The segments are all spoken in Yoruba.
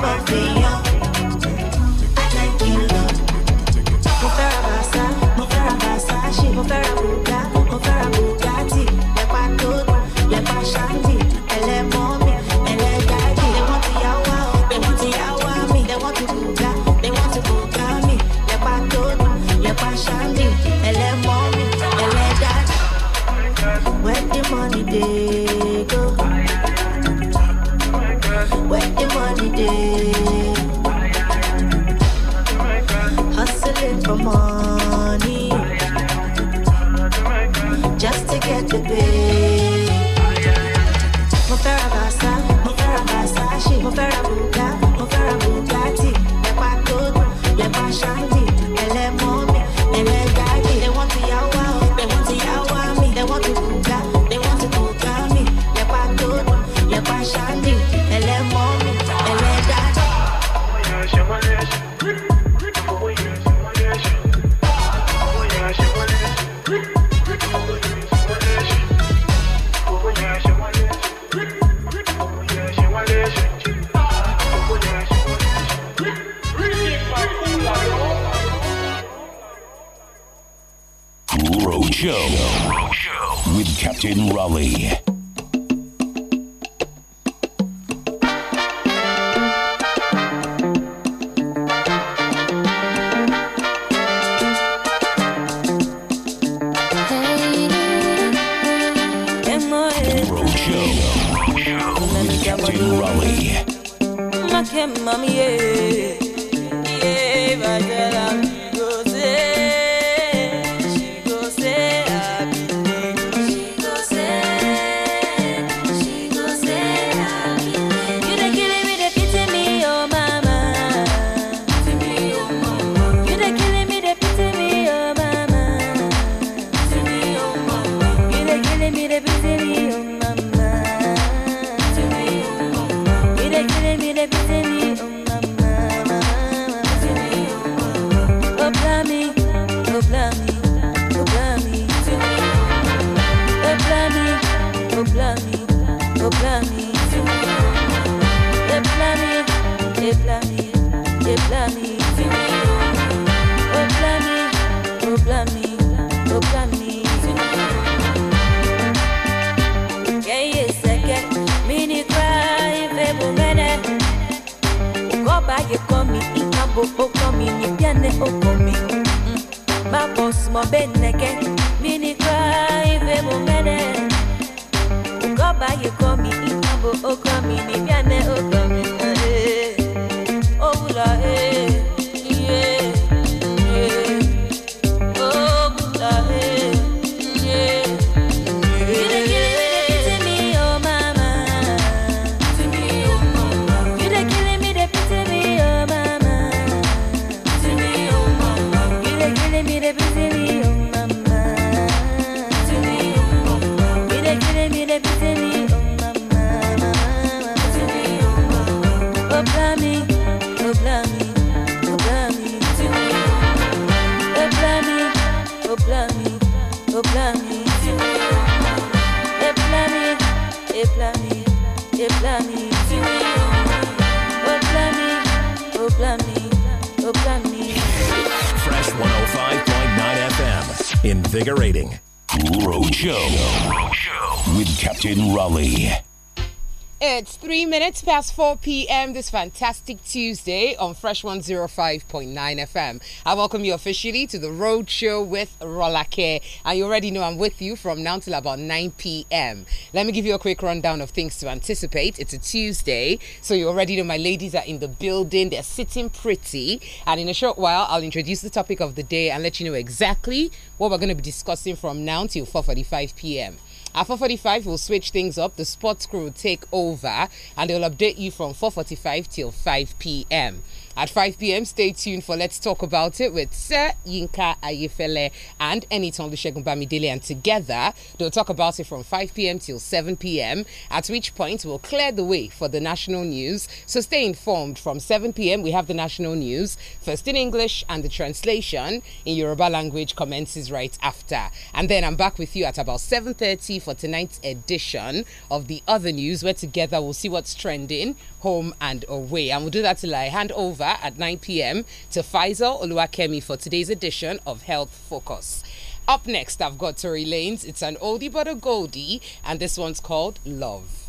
memory. plami, e plami, e plami, e plami, o plami, o plami, o plami. Fresh 105.9 FM, invigorating. Roadshow. Roadshow with Captain Raleigh. It's three minutes past 4 p.m. this fantastic Tuesday on Fresh 105.9 FM. I welcome you officially to the Road Show with Rolake. And you already know I'm with you from now till about 9 p.m. Let me give you a quick rundown of things to anticipate. It's a Tuesday, so you already know my ladies are in the building. They're sitting pretty. And in a short while, I'll introduce the topic of the day and let you know exactly what we're going to be discussing from now till 4.45 p.m. At 4.45, we'll switch things up. The sports crew will take over and they'll update you from 4.45 till 5 p.m. At 5 p.m., stay tuned for Let's Talk About It with Sir Yinka Ayefele and Eniton Olusegun Bamidele. And together, they'll talk about it from 5 p.m. till 7 p.m., at which point we'll clear the way for the national news. So stay informed. From 7 p.m., we have the national news, first in English, and the translation in Yoruba language commences right after. And then I'm back with you at about 7.30 for tonight's edition of The Other News, where together we'll see what's trending home and away. And we'll do that till I hand over at 9 p.m. to Faisal Oluwakemi for today's edition of Health Focus. Up next, I've got Tory Lanes. It's an oldie but a goldie, and this one's called Love.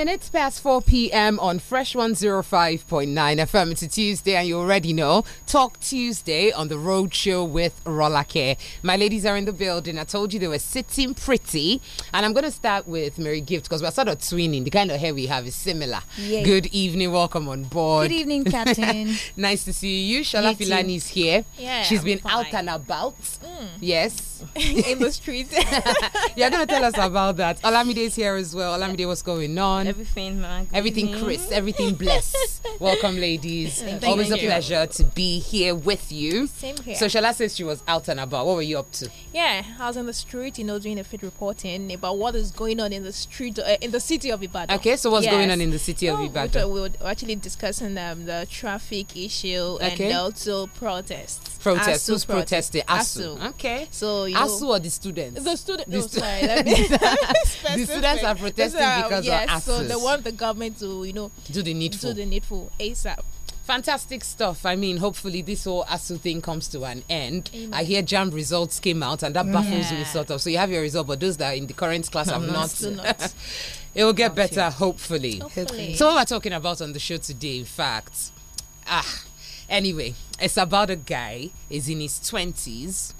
minutes past 4 p.m. on Fresh 105.9 FM. It's a Tuesday, and you already know Talk Tuesday on the road show with Rolake. My ladies are in the building. I told you they were sitting pretty. And I'm going to start with Mary Gift because we're sort of twinning. The kind of hair we have is similar. Good evening. Welcome on board. Good evening, Captain. nice to see you. Shala you Filani is here. Yeah, She's I'm been fine. out and about. Mm. Yes. in the streets. You're going to tell us about that. Olamide is here as well. Olamide, what's going on? everything, Everything, Chris. Everything, bless. Welcome, ladies. Thank Always a pleasure to be here with you. Same here. So, Shala says she was out and about. What were you up to? Yeah, I was in the street, you know, doing a fit reporting about what is going on in the street, uh, in the city of Ibadan. Okay, so what's yes. going on in the city of Ibadan? We were actually discussing um, the traffic issue okay. and also protests. Protests. Who's protesting? ASU. Okay. So, you ASU or the students? The students. The, stu- the students are protesting because yes, of ASU. So they want the government to, you know, do the needful. Do the needful ASAP fantastic stuff. I mean, hopefully this whole ASU thing comes to an end. Amen. I hear jam results came out, and that yeah. baffles me sort of. So you have your result, but those that are in the current class have not. not. it will get better, hopefully. hopefully. So what we're talking about on the show today, in fact, ah, anyway, it's about a guy is in his twenties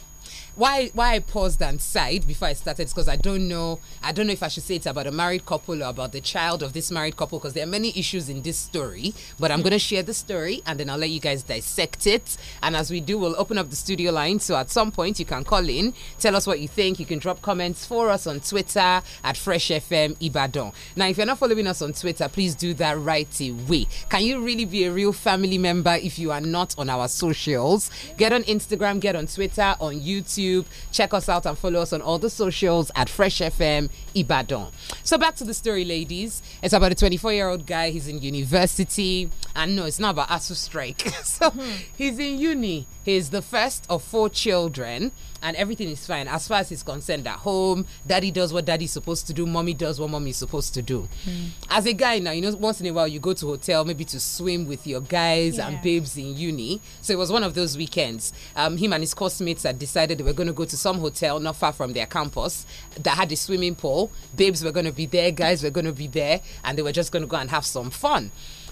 why why I paused and sighed before I started is because I don't know I don't know if I should say it's about a married couple or about the child of this married couple because there are many issues in this story. But I'm going to share the story and then I'll let you guys dissect it. And as we do, we'll open up the studio line. So at some point you can call in, tell us what you think. You can drop comments for us on Twitter at Fresh FM Ibadan. Now, if you're not following us on Twitter, please do that right away. Can you really be a real family member if you are not on our socials? Get on Instagram, get on Twitter, on YouTube. YouTube. Check us out and follow us on all the socials at Fresh FM Ibadan. So back to the story, ladies. It's about a 24 year old guy. He's in university. And no, it's not about ASU strike. so hmm. he's in uni. He's the first of four children and everything is fine as far as he's concerned at home daddy does what daddy's supposed to do mommy does what mommy's supposed to do mm. as a guy now you know once in a while you go to hotel maybe to swim with your guys yeah. and babes in uni so it was one of those weekends um, him and his classmates had decided they were going to go to some hotel not far from their campus that had a swimming pool babes were going to be there guys were going to be there and they were just going to go and have some fun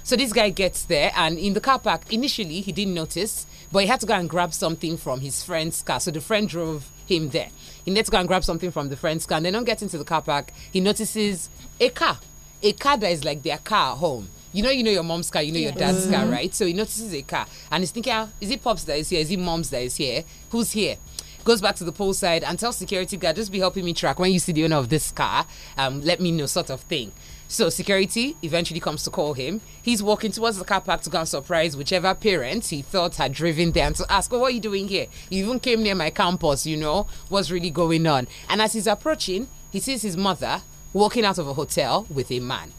so this guy gets there, and in the car park, initially he didn't notice, but he had to go and grab something from his friend's car. So the friend drove him there. He needs to go and grab something from the friend's car. And then on getting to the car park, he notices a car, a car that is like their car home you know you know your mom's car you know yes. your dad's car mm-hmm. right so he notices a car and he's thinking ah, is it pops that is here is it mom's that is here who's here goes back to the pole side and tells security guard just be helping me track when you see the owner of this car um, let me know sort of thing so security eventually comes to call him. He's walking towards the car park to go and surprise whichever parents he thought had driven there and to ask, oh, what are you doing here? You even came near my campus, you know, what's really going on? And as he's approaching, he sees his mother walking out of a hotel with a man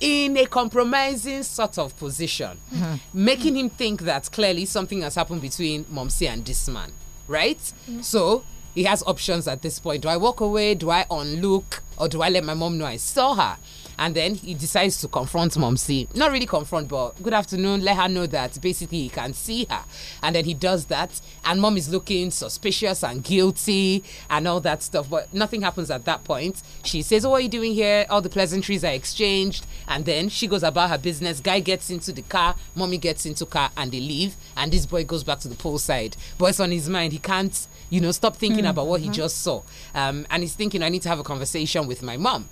in a compromising sort of position, mm -hmm. making him think that clearly something has happened between Momsi and this man, right? Mm -hmm. So he has options at this point. Do I walk away? Do I unlook? Or do I let my mom know I saw her? and then he decides to confront Momsi. Not really confront, but good afternoon, let her know that basically he can see her. And then he does that, and mom is looking suspicious and guilty and all that stuff, but nothing happens at that point. She says, Oh, what are you doing here? All the pleasantries are exchanged, and then she goes about her business. Guy gets into the car, mommy gets into car, and they leave, and this boy goes back to the poolside. side. Boy's on his mind. He can't, you know, stop thinking mm -hmm. about what he mm-hmm. just saw. Um, and he's thinking, I need to have a conversation with my mom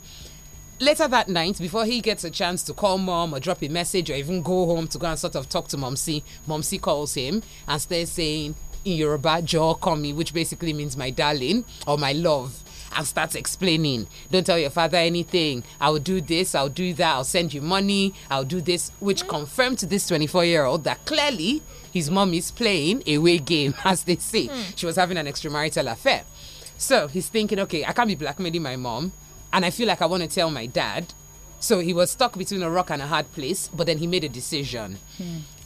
later that night, before he gets a chance to call mom or drop a message or even go home to go and sort of talk to Momsi, Momsi calls him and starts saying in Yoruba, Jo Komi, which basically means my darling or my love. And starts explaining. Don't tell your father anything. I'll do this, I'll do that, I'll send you money, I'll do this, which confirmed to this 24 year old that clearly his mom is playing a way game, as they say. Mm. She was having an extramarital affair. So he's thinking, okay, I can't be blackmailing my mom and I feel like I want to tell my dad. So he was stuck between a rock and a hard place, but then he made a decision.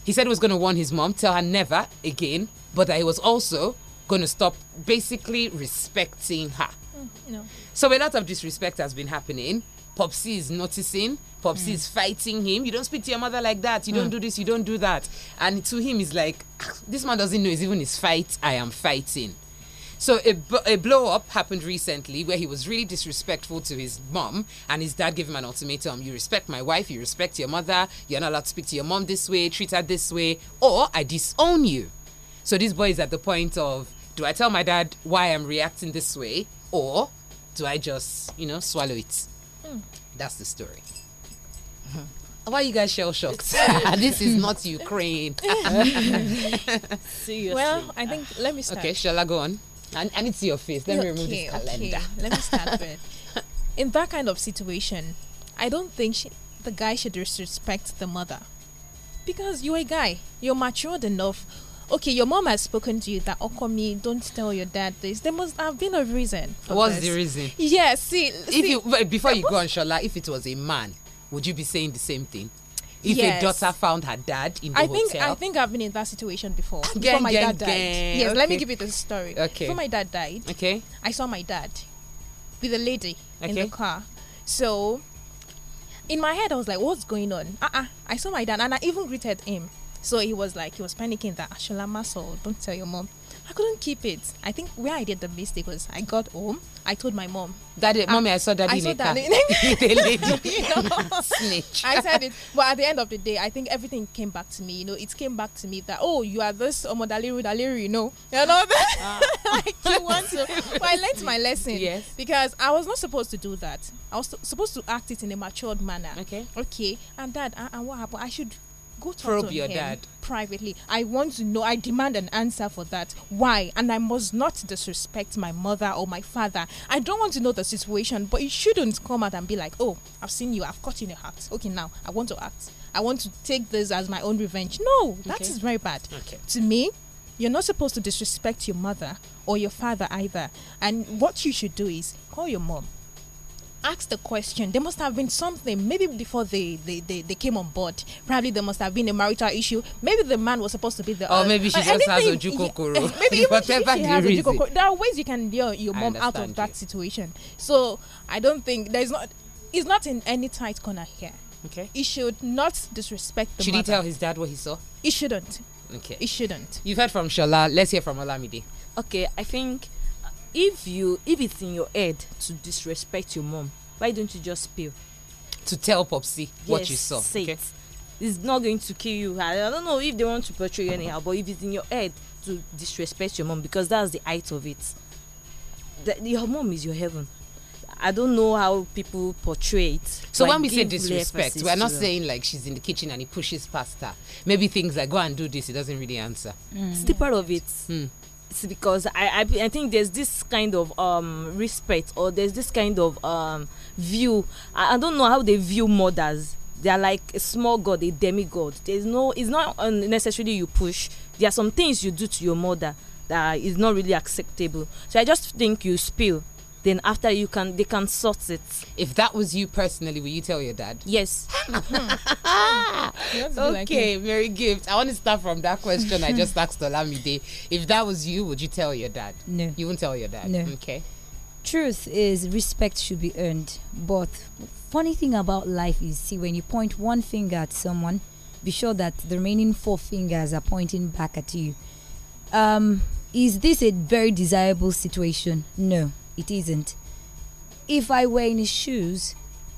He said he was going to warn his mom, tell her never again, but that he was also going to stop basically respecting her. Mm, no. So a lot of disrespect has been happening. Popsy is noticing. Popsy mm. is fighting him. You don't speak to your mother like that. You mm. don't do this. You don't do that. And to him, he's like, ah, this man doesn't know it's even his fight I am fighting. So a, a blow up happened recently where he was really disrespectful to his mom, and his dad gave him an ultimatum: you respect my wife, you respect your mother, you're not allowed to speak to your mom this way, treat her this way, or I disown you. So this boy is at the point of: do I tell my dad why I'm reacting this way, or do I just, you know, swallow it? Hmm. That's the story. Why you guys shell shocked? this is not Ukraine. well, I think let me start. Okay, shall I go on? I, I need to see your face. Let okay, me remove this calendar. Okay. Let me start with. In that kind of situation, I don't think she, the guy should disrespect the mother. Because you're a guy, you're matured enough. Okay, your mom has spoken to you that Okomi, oh, don't tell your dad this. There must have been a reason. What's this. the reason? Yeah, see, if you before you go on, Shola, if it was a man, would you be saying the same thing? if yes. a daughter found her dad in the I think, hotel. I think I've been in that situation before. Ah, before my dad died. Yes, okay. let me give you the story. Okay. Before my dad died, okay, I saw my dad with a lady okay. in the car. So in my head, I was like, "What's going on?" Uh uh I saw my dad, and I even greeted him. So he was like, he was panicking that Ashola Maso, don't tell your mom. I couldn't keep it. I think where I did the mistake was I got home. I told my mom. Daddy, ah, mommy, I saw daddy I saw in daddy. the lady. you know? Snitch. I said it. But at the end of the day, I think everything came back to me. You know, it came back to me that, oh, you are this Omodaliru Daliru, you know. You know that? Ah. like, you want to. But I learned my lesson. Yes. Because I was not supposed to do that. I was supposed to act it in a matured manner. Okay. Okay. And dad, and ah, ah, what happened? I should go talk to your him dad privately. I want to know. I demand an answer for that. Why? And I must not disrespect my mother or my father. I don't want to know the situation, but you shouldn't come out and be like, "Oh, I've seen you. I've caught in your act. Okay, now I want to act. I want to take this as my own revenge." No, that okay. is very bad. Okay. To me, you're not supposed to disrespect your mother or your father either. And what you should do is call your mom asked the question, there must have been something. Maybe before they, they, they, they, came on board, probably there must have been a marital issue. Maybe the man was supposed to be the. Or uh, maybe she uh, just anything, has ojukokoro. Yeah, maybe even whatever she, she has ojukokoro. There are ways you can lure your mom out of that situation. So I don't think there's not. He's not in any tight corner here. Okay. He should not disrespect the. Should mother. he tell his dad what he saw? He shouldn't. Okay. He shouldn't. You've heard from Shola. Let's hear from Olamide. Okay, I think if you if it's in your head to disrespect your mom why don't you just spill. to tell popsi yes, what you saw say okay? it it's not going to kill you i don't know if they want to portray you anyhow but if it's in your head to disrespect your mom because that's the height of it the, your mom is your heaven I don't know how people portray it. So when we say disrespect, we are not saying like she's in the kitchen and he pushes past her. Maybe things like go and do this, he doesn't really answer. Mm. It's part of it. Mm it's because I, I, I think there's this kind of um, respect or there's this kind of um, view. I, I don't know how they view mothers. They are like a small god, a demigod. There's no, it's not necessarily you push. There are some things you do to your mother that is not really acceptable. So I just think you spill then after you can they can sort it if that was you personally will you tell your dad yes okay like mary gift i want to start from that question i just asked olamide if that was you would you tell your dad no you won't tell your dad no okay truth is respect should be earned but funny thing about life is see when you point one finger at someone be sure that the remaining four fingers are pointing back at you um, is this a very desirable situation no it isn't. If I were in his shoes,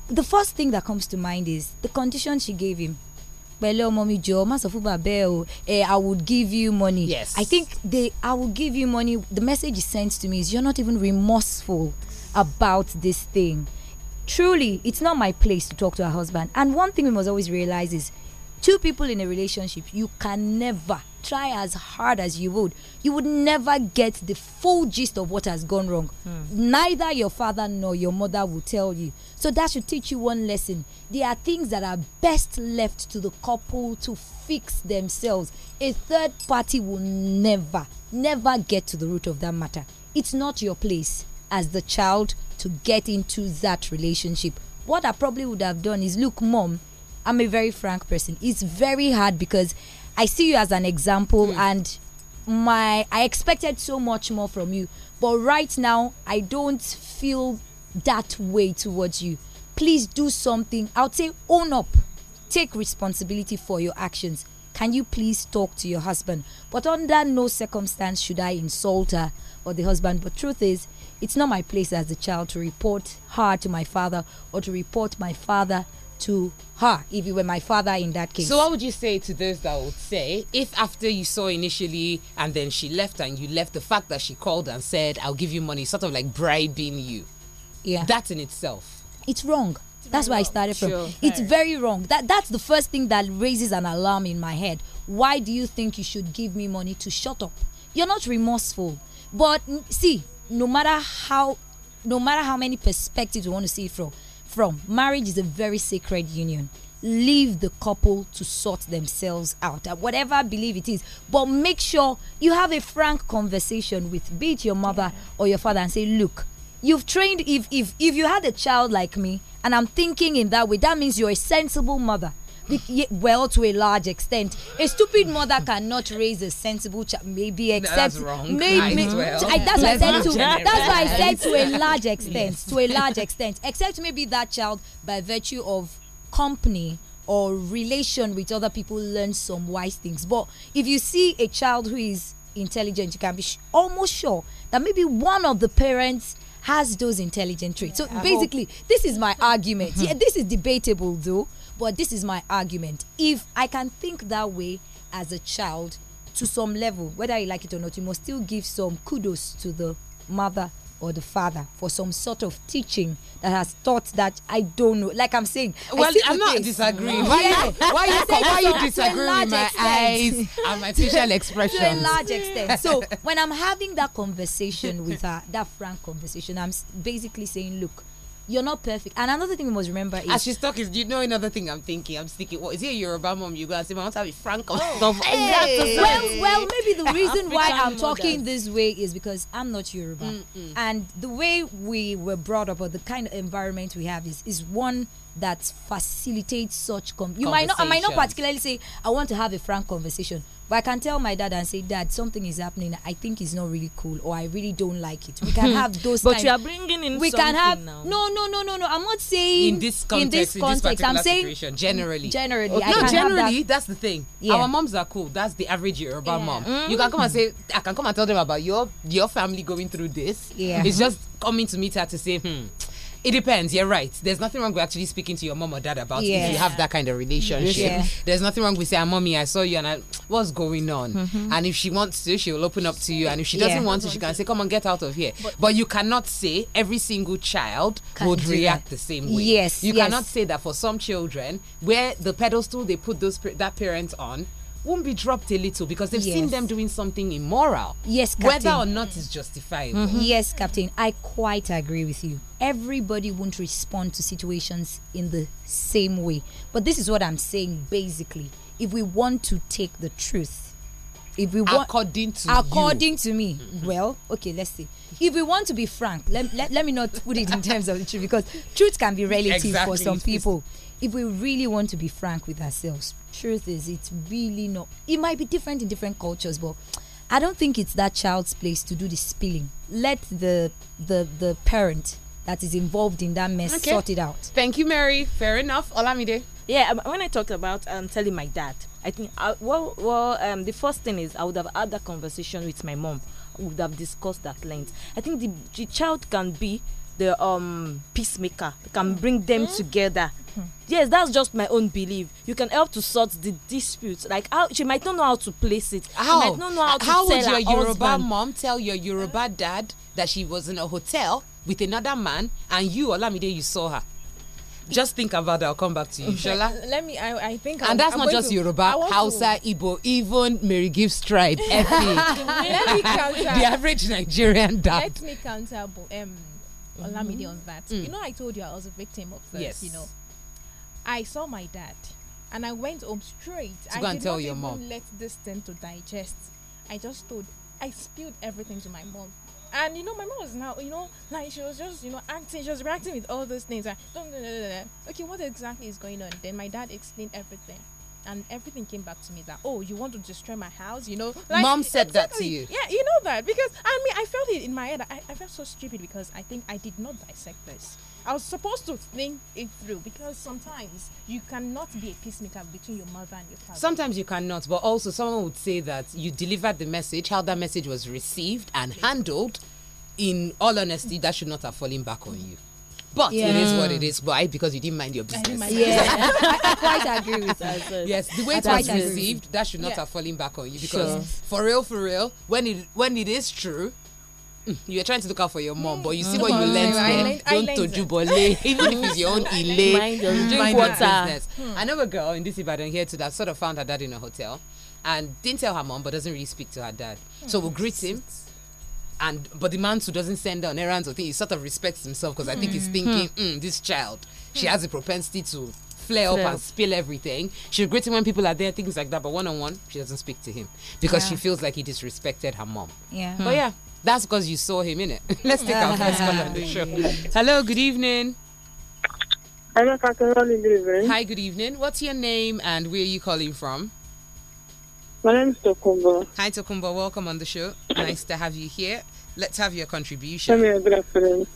the first thing that comes to mind is the condition she gave him. Eh, I ọmọ would give you money yes. i think they i will give you money the message he sent to me is you're not even remorseful about this thing truly it's not my place to talk to her husband and one thing we must always realize is two people in a relationship you can never try as hard as you would, you would never get the full gist of what has gone wrong. Mm. Neither your father nor your mother will tell you. So that should teach you one lesson. There are things that are best left to the couple to fix themselves. A third party will never, never get to the root of that matter. It's not your place as the child to get into that relationship. What I probably would have done is look, mom, I'm a very frank person. It's very hard because I see you as an example mm. and my I expected so much more from you. But right now I don't feel that way towards you. Please do something. I'll say own up. Take responsibility for your actions. Can you please talk to your husband? But under no circumstance should I insult her or the husband. But truth is, it's not my place as a child to report her to my father or to report my father to her if you were my father in that case. So, what would you say to those that would say, if after you saw initially and then she left and you left, the fact that she called and said, I'll give you money, sort of like bribing you? Yeah. That in itself. It's wrong. It's that's where wrong. I started from. Sure. It's very wrong. That that's the first thing that raises an alarm in my head. Why do you think you should give me money to shut up? You're not remorseful. But see, no matter how no matter how many perspectives we want to see it from, from. Marriage is a very sacred union. Leave the couple to sort themselves out at uh, whatever belief it is. But make sure you have a frank conversation with be it your mother or your father and say, look, you've trained if if if you had a child like me and I'm thinking in that way, that means you're a sensible mother well, to a large extent, a stupid mother cannot raise a sensible child. Maybe except maybe that's why I said to. That's I said to a large extent. Yes. To a large extent, except maybe that child, by virtue of company or relation with other people, learns some wise things. But if you see a child who is intelligent, you can be almost sure that maybe one of the parents has those intelligent traits. Yeah, so I basically, hope. this is my argument. Mm-hmm. yeah, this is debatable though, but this is my argument. If I can think that way as a child, to some level, whether you like it or not, you must still give some kudos to the mother or the father for some sort of teaching that has taught that I don't know. Like I'm saying, well, I'm not disagreeing. Why, yeah. why, you, why you disagreeing with my eyes and my facial expression? to a large extent. So when I'm having that conversation with her, that frank conversation, I'm basically saying, look, you're not perfect. And another thing we must remember is as she's talking, do you know another thing I'm thinking? I'm thinking, what is it a Yoruba mom? You guys, I want to a frank or oh, stuff. Hey. Well, well, maybe the reason why I'm talking this way is because I'm not Yoruba, mm -mm. and the way we were brought up or the kind of environment we have is is one that facilitates such. Com- you might not, I might not particularly say I want to have a frank conversation but I can tell my dad and say, Dad, something is happening. I think it's not really cool, or I really don't like it. We can have those. but kind, you are bringing in. We can have now. no, no, no, no, no. I'm not saying in this context. In this context, in this I'm saying generally. Generally, okay. no, generally. That. That's the thing. Yeah. Our moms are cool. That's the average Yoruba yeah. mom. Mm. You can come and say, I can come and tell them about your your family going through this. Yeah, it's just coming to meet her to say, hmm it depends. You're right. There's nothing wrong with actually speaking to your mom or dad about yeah. if you have that kind of relationship. Yeah. There's nothing wrong with saying, "Mommy, I saw you and I, what's going on?" Mm -hmm. And if she wants to, she will open up to you. And if she doesn't yeah. want to, she can say, "Come on, get out of here." But, but you cannot say every single child would react that. the same way. Yes, you yes. cannot say that for some children, where the pedestal they put those that parents on won't be dropped a little because they've yes. seen them doing something immoral. Yes, Captain. Whether or not it's justifiable. Mm -hmm. Yes, Captain. I quite agree with you. Everybody won't respond to situations in the same way. But this is what I'm saying basically. If we want to take the truth, if we want according to according you. to me mm-hmm. well okay let's see if we want to be frank let, let, let me not put it in terms of the truth because truth can be relative exactly. for some people if we really want to be frank with ourselves truth is it's really not it might be different in different cultures but i don't think it's that child's place to do the spilling let the the the parent that is involved in that mess okay. sort it out thank you mary fair enough olamide yeah um, when i talk about um, telling my dad i think uh, well well um, the first thing is i would have had that conversation with my mom would have discussed that length i think the, the child can be the um peacemaker can bring them mm. together yes that's just my own belief you can help to sort the dispute like how she might not know how to place it how she might not know how, to would your yoruba husband. mom tell your yoruba dad that she was in a hotel with another man and you olamide you saw her just think about that. I'll come back to you. Shola? Let me. I, I think. And I'm, that's I'm not just to, Yoruba, Hausa, to. Igbo, even Mary Gibbs tribe. let me counter. the average Nigerian dad. Let me counter um, Olamide mm -hmm. on that. Mm. You know, I told you I was a victim of this. Yes. You know, I saw my dad and I went home straight. To I go and tell your mom. Let this thing to digest. I just told. I spilled everything to my mom. And you know, my mom was now, you know, like she was just, you know, acting. She was reacting with all those things. Like, okay, what exactly is going on? Then my dad explained everything and everything came back to me that oh you want to destroy my house you know like, mom said exactly, that to you yeah you know that because i mean i felt it in my head I, I felt so stupid because i think i did not dissect this I was supposed to think it through because sometimes you cannot be a peacemaker between your mother and your father. Sometimes you cannot, but also someone would say that you delivered the message, how that message was received and handled. In all honesty, that should not have fallen back on you. But yeah. it is what it is. Why? Because you didn't mind your business. Mind yeah, I, I, quite agree with that. So yes, the way it was received, that should not yeah. have fallen back on you. Because sure. for real, for real, when it when it is true, Mm, you are trying to look out for your mom, but you see mm. what you learned there. Don't toju bole, even if it's your own ile. Drink water. Hmm. I know a girl in this Ibadan here too that sort of found her dad in a hotel, and didn't tell her mom, but doesn't really speak to her dad. So we'll greet him and but the man who doesn't send her on errands or things, he sort of respects himself because I think he's hmm. thinking, hmm. mm, this child, she has a propensity to flare up and spill everything. She'll greet him when people are there, things like that. But one on one, she doesn't speak to him because yeah. she feels like he disrespected her mom. Yeah. But yeah, that's because you saw him in it. Let's take our first call on the show. Hello, good evening. Hello, good evening. Hi, good evening. What's your name and where are you calling from? My name is Tokumbo. Hi, Tokumbo. Welcome on the show. nice to have you here. Let's have your contribution. good afternoon.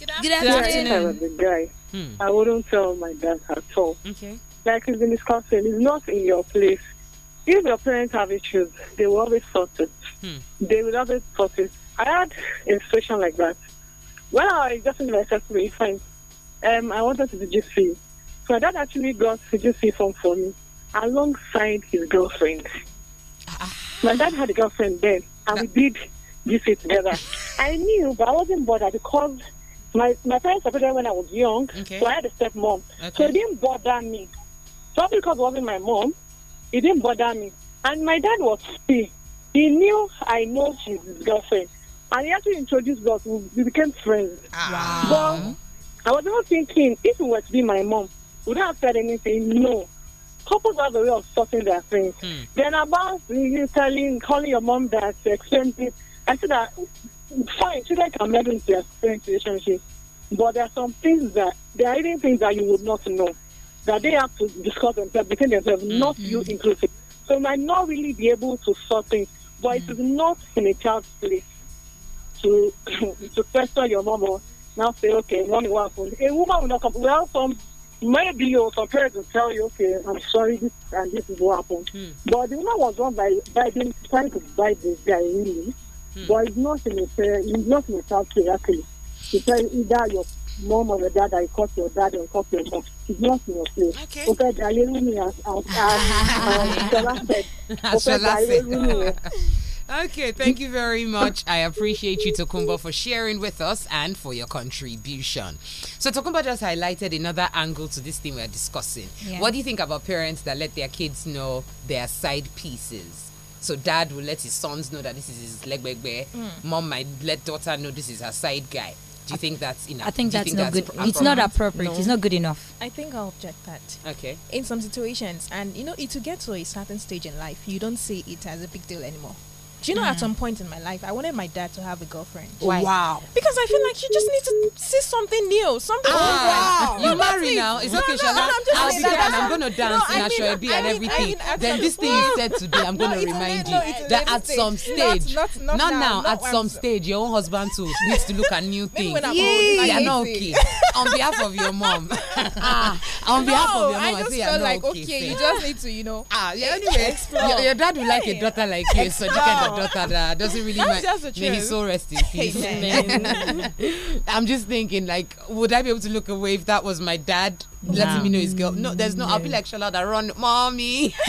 Good afternoon. Good afternoon. Good guy. Hmm. I wouldn't tell my dad at all. Okay. Like he's been discussing, it's not in your place. If your parents have issues, they will always sort it. Hmm. They will always sort it. I had a situation like that. When I just made myself to be fine, um, I wanted to do GC. So my dad actually got a GC form for me alongside his girlfriend. Ah. my dad had a girlfriend then, and we did GC together. I knew, but I wasn't bothered because my, my parents separated when I was young, okay. so I had a stepmom. Okay. So it didn't bother me. Probably because it wasn't my mom, it didn't bother me. And my dad was free. He knew I know his girlfriend and he actually introduced us. We became friends. Wow. Ah. But I was not thinking, if it were to be my mom, would I have said anything? No. Couples have a way of sorting their things. Hmm. Then about you telling, calling your mom that expensive, I said that fine, children can meddle into their parent relationship, but there are some things that there are even things that you would not know that they have to discuss themselves between themselves, mm -hmm. not mm-hmm. you inclusive. So you might not really be able to sort things, but mm -hmm. it is not in a child's place to to question your mom now say, okay, mommy, what happened? A woman will not come. Well, some maybe your some parents will tell you, okay, I'm sorry, this and this is what happened. Mm. But the woman was wrong by by being trying to bite this guy really, mm. but it's not in a fair, it's not in a fair actually. To tell either your mom or your dad that you caught your dad and caught your mom, it's not in your place. Okay. Okay, last has Okay, darling, me. Okay, thank you very much. I appreciate you, Tokumbo, for sharing with us and for your contribution. So, Tokumbo just highlighted another angle to this thing we're discussing. Yeah. What do you think about parents that let their kids know their side pieces? So, dad will let his sons know that this is his legbegbe. Mm. Mom might let daughter know this is her side guy. Do you think that's enough? I think that's not no good. It's not appropriate. No. It's not good enough. I think I'll object that. Okay. In some situations, and you know, it will get to a certain stage in life, you don't see it as a big deal anymore. Do you know, mm. at some point in my life, I wanted my dad to have a girlfriend. Oh, Why? Wow. Because I feel like you just need to see something new, something ah, wow. You no, marry now. It's no, okay, no, Shola. No, I'll be there and I'm going to dance no, in Ashwabi mean, and I mean, everything. I mean, then this thing you said today, I'm going to remind you that at stage. some stage, not, not, not now, now, at some stage, your own husband too needs to look at new things. Yeah, not okay. on behalf of your mom. Ah. ah, on behalf no, of your mom, I just I feel am like okay, okay you just need to, you know. Ah, yeah, anyway, your, your, dad would like a daughter like you, so you kind of daughter that doesn't really matter. May his soul rest in peace. I'm just thinking, like, would I be able to look away if that was my dad letting me know his girl? No, there's no. I'll be like, Shala, run, mommy.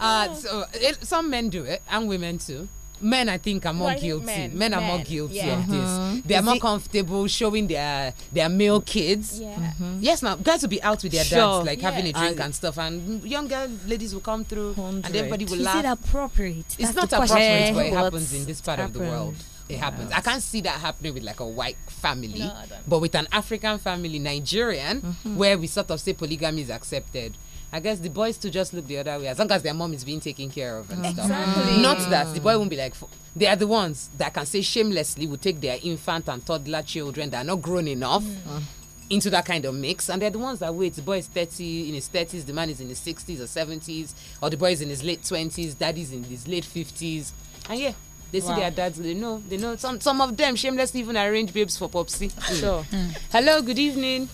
uh, so it, some men do it, and women too men I think are more well, guilty. Men, men are men, more guilty yeah. of this. Mm -hmm. They are more comfortable showing their their male kids. Yeah. Mm -hmm. Yes, now guys will be out with their sure. dads, like yeah. having a drink and, and stuff, and younger ladies will come through, 100. and everybody will laugh. Is it appropriate? That's it's not appropriate, yeah. but it happens in this part happened. of the world it happens. Yes. I can't see that happening with like a white family, no, but with an African family, Nigerian, mm -hmm. where we sort of say polygamy is accepted. I guess the boys to just look the other way as long as their mom is being taken care of and exactly. stuff. Not that the boy won't be like, they are the ones that can say shamelessly will take their infant and toddler children that are not grown enough. Mm. Into that kind of mix, and they're the ones that wait. The boy is 30 in his 30s, the man is in his 60s or 70s, or the boy is in his late 20s, daddy's in his late 50s, and yeah, they see their dads they know they know some some of them shamelessly even arrange babes for popsy sure mm. hello good evening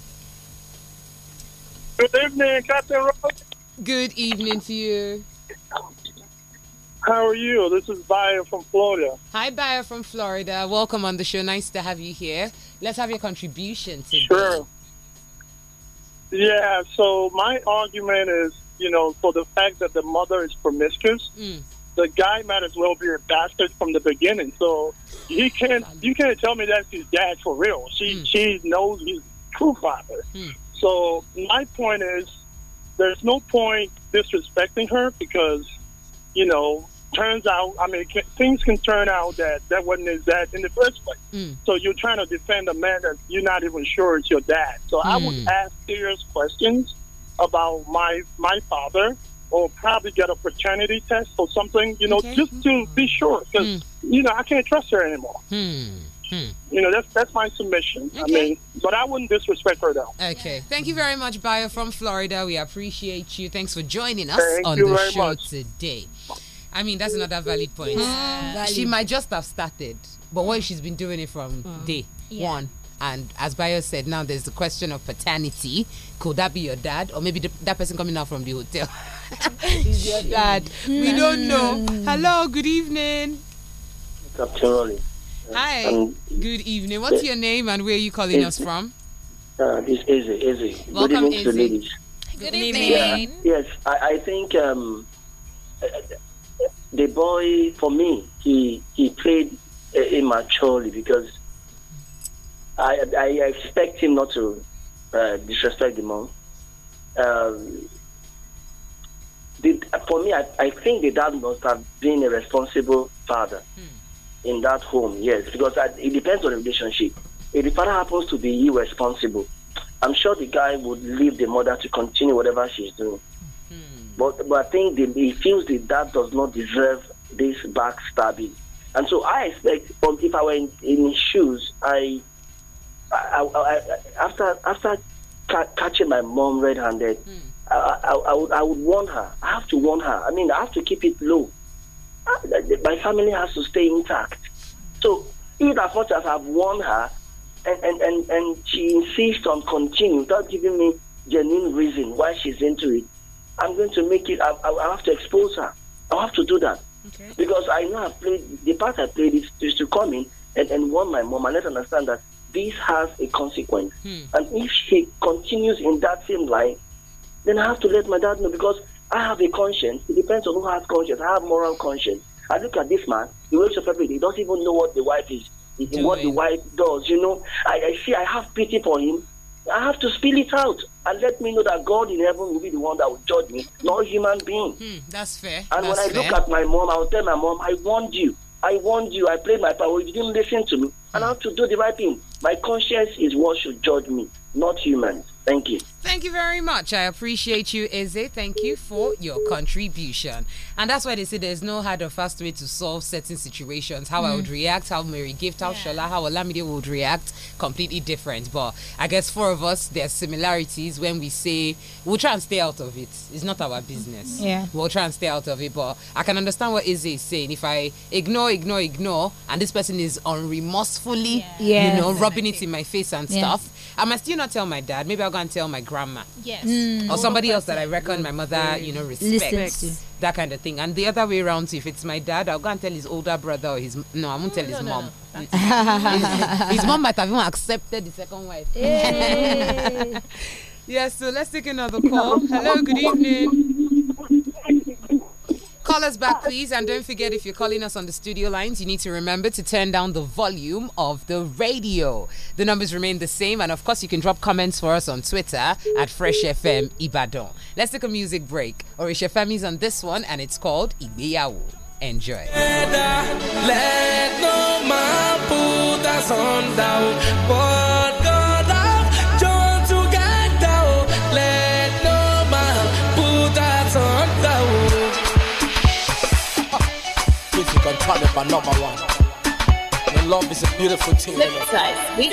Good evening, Captain Rose. Good evening to you. How are you? This is Bayer from Florida. Hi, Bayer from Florida. Welcome on the show. Nice to have you here. Let's have your contribution today. Sure. Yeah, so my argument is, you know, for the fact that the mother is promiscuous, mm. the guy might as well be a bastard from the beginning. So he can't, you can't tell me that's his dad for real. She, mm. she knows he's true father. Mm. So my point is, there's no point disrespecting her because, you know, turns out, I mean, can, things can turn out that that wasn't his dad in the first place. Mm. So you're trying to defend a man that you're not even sure is your dad. So mm. I would mm. ask serious questions about my my father, or probably get a paternity test or something, you know, okay. just to be sure because mm. you know I can't trust her anymore. Hmm. Hmm. You know, that's that's my submission. Okay. I mean, but I wouldn't disrespect her though. Okay. Thank you very much, Bio from Florida. We appreciate you. Thanks for joining us Thank on the show much. today. I mean, that's another valid point. Yeah. Mm, valid. She might just have started, but what she's been doing it from mm. day yeah. one? And as Bayo said, now there's the question of paternity. Could that be your dad? Or maybe the, that person coming out from the hotel is your dad. We don't know. Mm. Hello, good evening. Captain Rolling. Hi. Um, Good evening. What's yeah. your name and where are you calling us from? Uh, this is Izzy. Welcome, Good evening Good evening. Yeah, yes, I, I think um, the boy, for me, he he played uh, immaturely because I, I expect him not to uh, disrespect the mom. Um, the, for me, I, I, think the dad must have been a responsible father. Hmm in that home, yes, because I, it depends on the relationship. If the father happens to be irresponsible, I'm sure the guy would leave the mother to continue whatever she's doing. Mm-hmm. But, but I think the, he feels that that does not deserve this backstabbing. And so I expect, um, if I were in, in his shoes, I, I, I, I after after ca- catching my mom red-handed, mm. I, I, I, would, I would warn her. I have to warn her. I mean, I have to keep it low my family has to stay intact. So, even as much as I've warned her, and, and, and, and she insists on continuing without giving me genuine reason why she's into it, I'm going to make it, I, I have to expose her. I have to do that. Okay. Because I know I played, the part I played is, is to come in and, and warn my mom and let her understand that this has a consequence. Hmm. And if she continues in that same line, then I have to let my dad know because I have a conscience. It depends on who has conscience. I have moral conscience. I look at this man, he wakes up every day, he doesn't even know what the wife is, Doing. what the wife does. You know, I, I see I have pity for him. I have to spill it out and let me know that God in heaven will be the one that will judge me, not human being. Hmm, that's fair. And that's when I fair. look at my mom, I'll tell my mom, I warned you. I warned you. I played my part. You didn't listen to me. Hmm. And I have to do the right thing. My conscience is what should judge me, not humans. Thank you. Thank you very much. I appreciate you, Eze. Thank you for your contribution. And that's why they say there's no hard or fast way to solve certain situations. How mm. I would hmm. react, how Mary Gift, how yeah. Shola, how Olamide would react, completely different. But I guess four of us, there's similarities when we say we'll try and stay out of it. It's not our business. Yeah. We'll try and stay out of it. But I can understand what Eze is saying. If I ignore, ignore, ignore, and this person is unremorsefully, yeah. you know, rubbing it in my face and stuff I must still not tell my dad. Maybe I'll go and tell my grandma. Yes. Mm. Or somebody else that I reckon my mother, you know, respects. That kind of thing. And the other way around, if it's my dad, I'll go and tell his older brother or his. No, I won't tell no, his no, mom. No. his, his, mom might have even accepted the second wife. yes, yeah, so let's take another call. Hello, good evening. Call us back, please. And don't forget, if you're calling us on the studio lines, you need to remember to turn down the volume of the radio. The numbers remain the same. And of course, you can drop comments for us on Twitter at Fresh FM Ibadan. Let's take a music break. Orisha is on this one, and it's called Igbeyawo. Enjoy. Let no man put us on down, but God physical, Taliban number one. And love is a beautiful thing. Flip side, we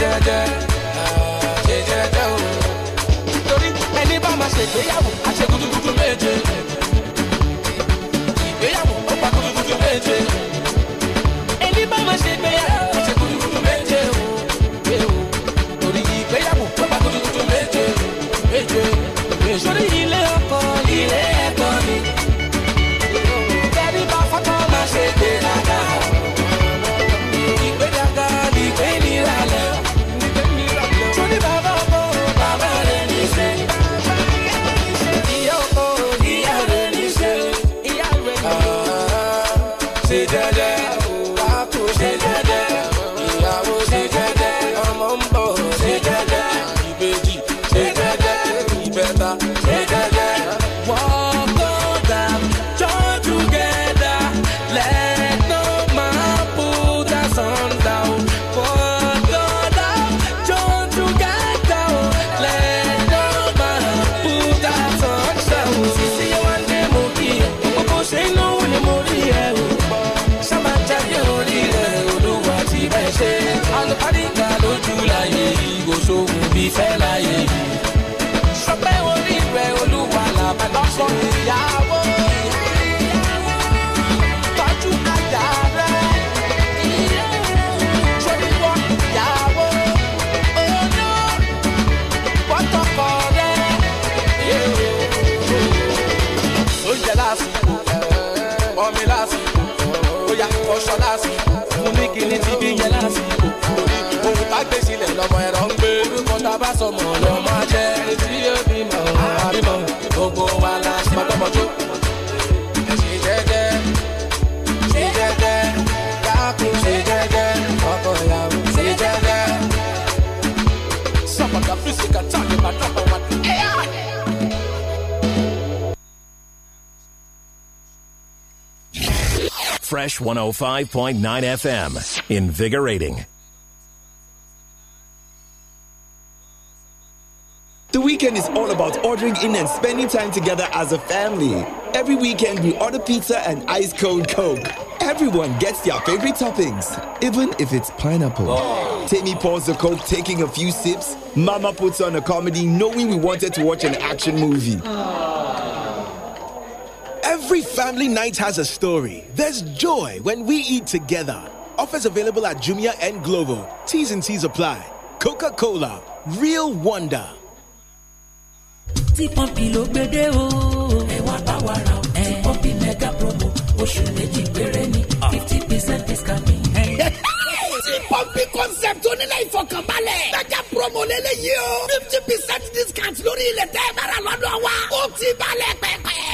jẹ́jẹ́ ṣe ah, jẹ́jẹ́ o. torí ẹni bá máa ṣègbéyàwó àṣekúdúkúdú méje ìgbéyàwó ó pa kúdúkúdú méje. Fresh 105.9 FM. Invigorating. The weekend is all about ordering in and spending time together as a family. Every weekend, we order pizza and ice cold Coke. Everyone gets their favorite toppings, even if it's pineapple. Oh. Tammy pours the Coke, taking a few sips. Mama puts on a comedy, knowing we wanted to watch an action movie. Oh. Family night has a story. There's joy when we eat together. Offers available at Jumia and Glovo. T's and C's apply. Coca Cola, real wonder. tí pọ́ǹpì ló gbédè o. ẹ mega promo oṣù méjì ah. fifty percent discount fifty percent discount lórí le tẹ́ ẹ bára lọ́dọ̀ wa. ó balẹ̀ pẹ́pẹ́.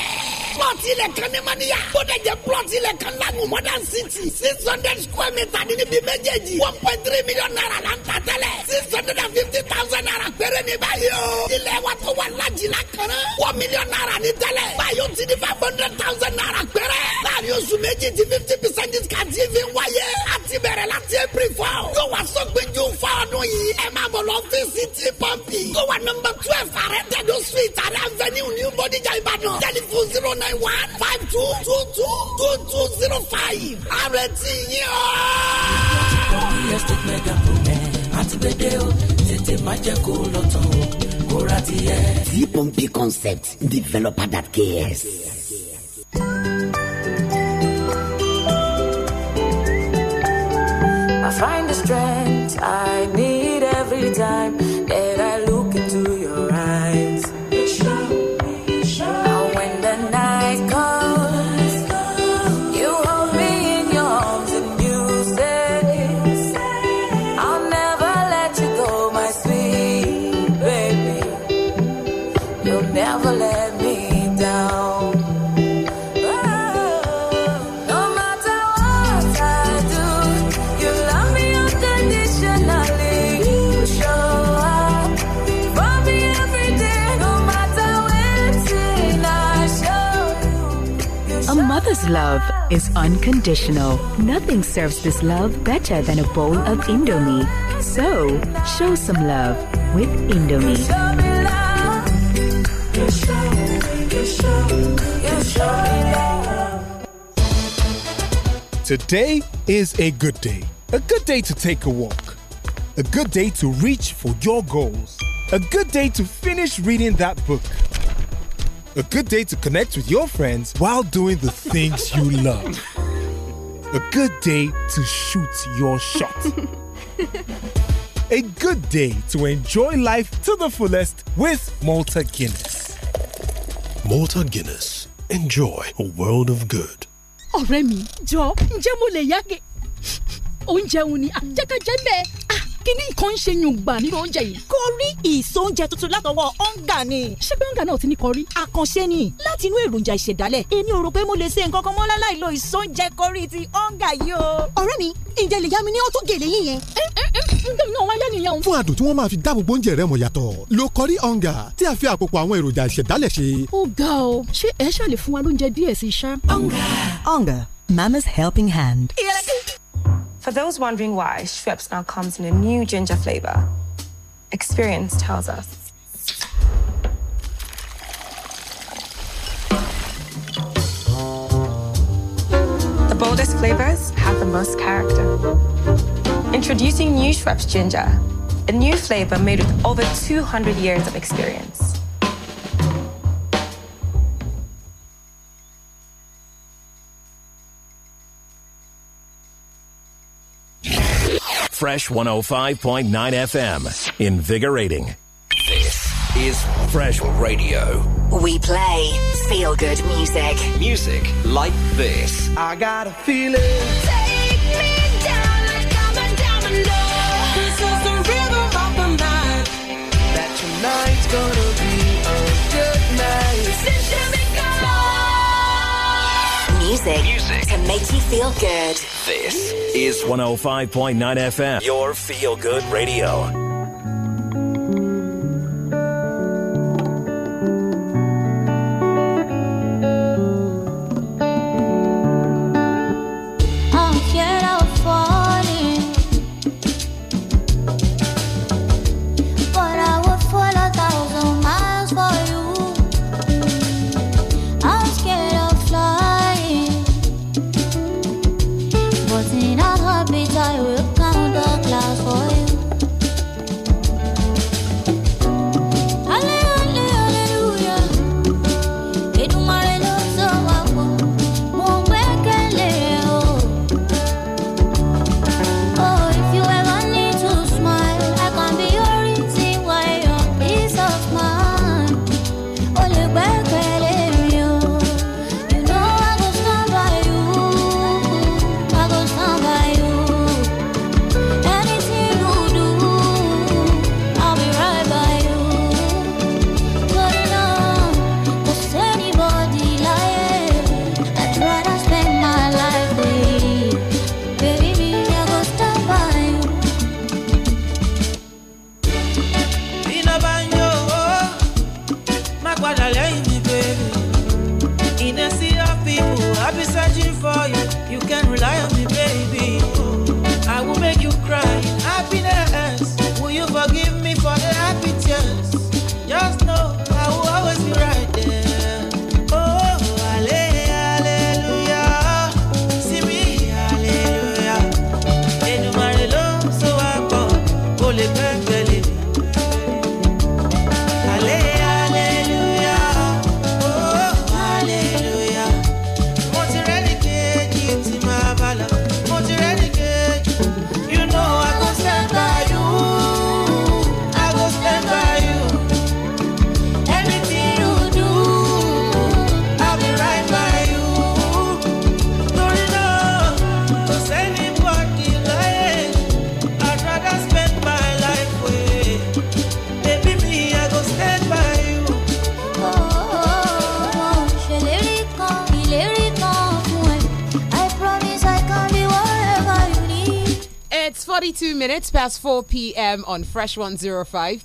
plot ilẹ̀ kan ní mọ́níyà. bódẹ̀jẹ̀ plot ilẹ̀ kan lanu modern city six hundred square meter ní níbi méjèèjì one point three million naira la ń ta tẹ́lẹ̀ six hundred and fifty thousand naira péré ní báyìí o. ilẹ̀ wa tó wà lajìlá kan one million naira ní tẹ́lẹ̀ báyìí o ti di five hundred thousand naira péré. láàrin oṣù méjì ti fifty percent discount yìí fi wáyé. a ti bẹ̀rẹ̀ láti april four. yóò wá sọ pé ju fún yìí. ẹ máa bọ̀ lọ ọ́fíìsì ti pọ́ǹpì. yóò wá nọmba twelve àrẹ tẹ̀dọ̀ street àrẹ avenue new body jà ìbàdàn. nine one five two two two two two zero five. àrètí yín ọ́. real estate mega promo o tètè má jẹ́ kó lọ tán o kó ra concept developer that cares. I find the strength I need every time love is unconditional. Nothing serves this love better than a bowl of Indomie. So, show some love with Indomie. Today is a good day. A good day to take a walk. A good day to reach for your goals. A good day to finish reading that book. A good day to connect with your friends while doing the things you love. A good day to shoot your shot. A good day to enjoy life to the fullest with Malta Guinness. Malta Guinness. Enjoy a world of good. ọ̀rẹ́ jọ ǹjẹ́ lè yáge oúnjẹ òun ni àjẹkẹ́jẹ́ ah, kíní kan ń ṣe yùngbà nínú oúnjẹ yìí. kọrí ìsò oúnjẹ tuntun látọwọ́ ọ̀ǹgà ni. ṣé pé ọ̀ǹgà náà ti ní kọrí. àkànṣe ni láti inú èròjà ìṣẹ̀dálẹ̀ èmi ò rò pé mo lè ṣe nǹkan kan mọ́ láláì lo ìsò oúnjẹ kọrí ti ọ̀ǹgà yìí o. ọ̀rẹ́ mi ǹjẹ́ lè yá mi ní ọtún gèlè yín yẹn. ẹ ẹ ẹ ǹjẹ́ náà wá lẹ́nu yẹn. fún àdùn tí wọ́n máa fi dáàbò bo oúnjẹ rẹ mọ̀ yàtọ̀ lo kọrí ọ̀ǹgà tí a fi àpòpọ̀ àwọn èròjà ìṣẹ̀dálẹ̀ ṣe. ó ga o ṣé ẹ ṣàlè fún wa lóúnjẹ díẹ̀ sí i ṣá. ọ̀ǹgà ọ̀ǹgà mama's helping hand. For those wondering why, Schweppes now comes in a new ginger flavor. Experience tells us. The boldest flavors have the most character. Introducing new Schweppes Ginger, a new flavor made with over 200 years of experience. Fresh 105.9 FM. Invigorating. This is Fresh Radio. We play feel good music. Music like this. I got a feeling. Take me down like I'm a domino. This is the rhythm of the night. That tonight's gonna be. music, music to make you feel good. This is 105.9 FM, your feel good radio. past 4 p.m. on Fresh 105.9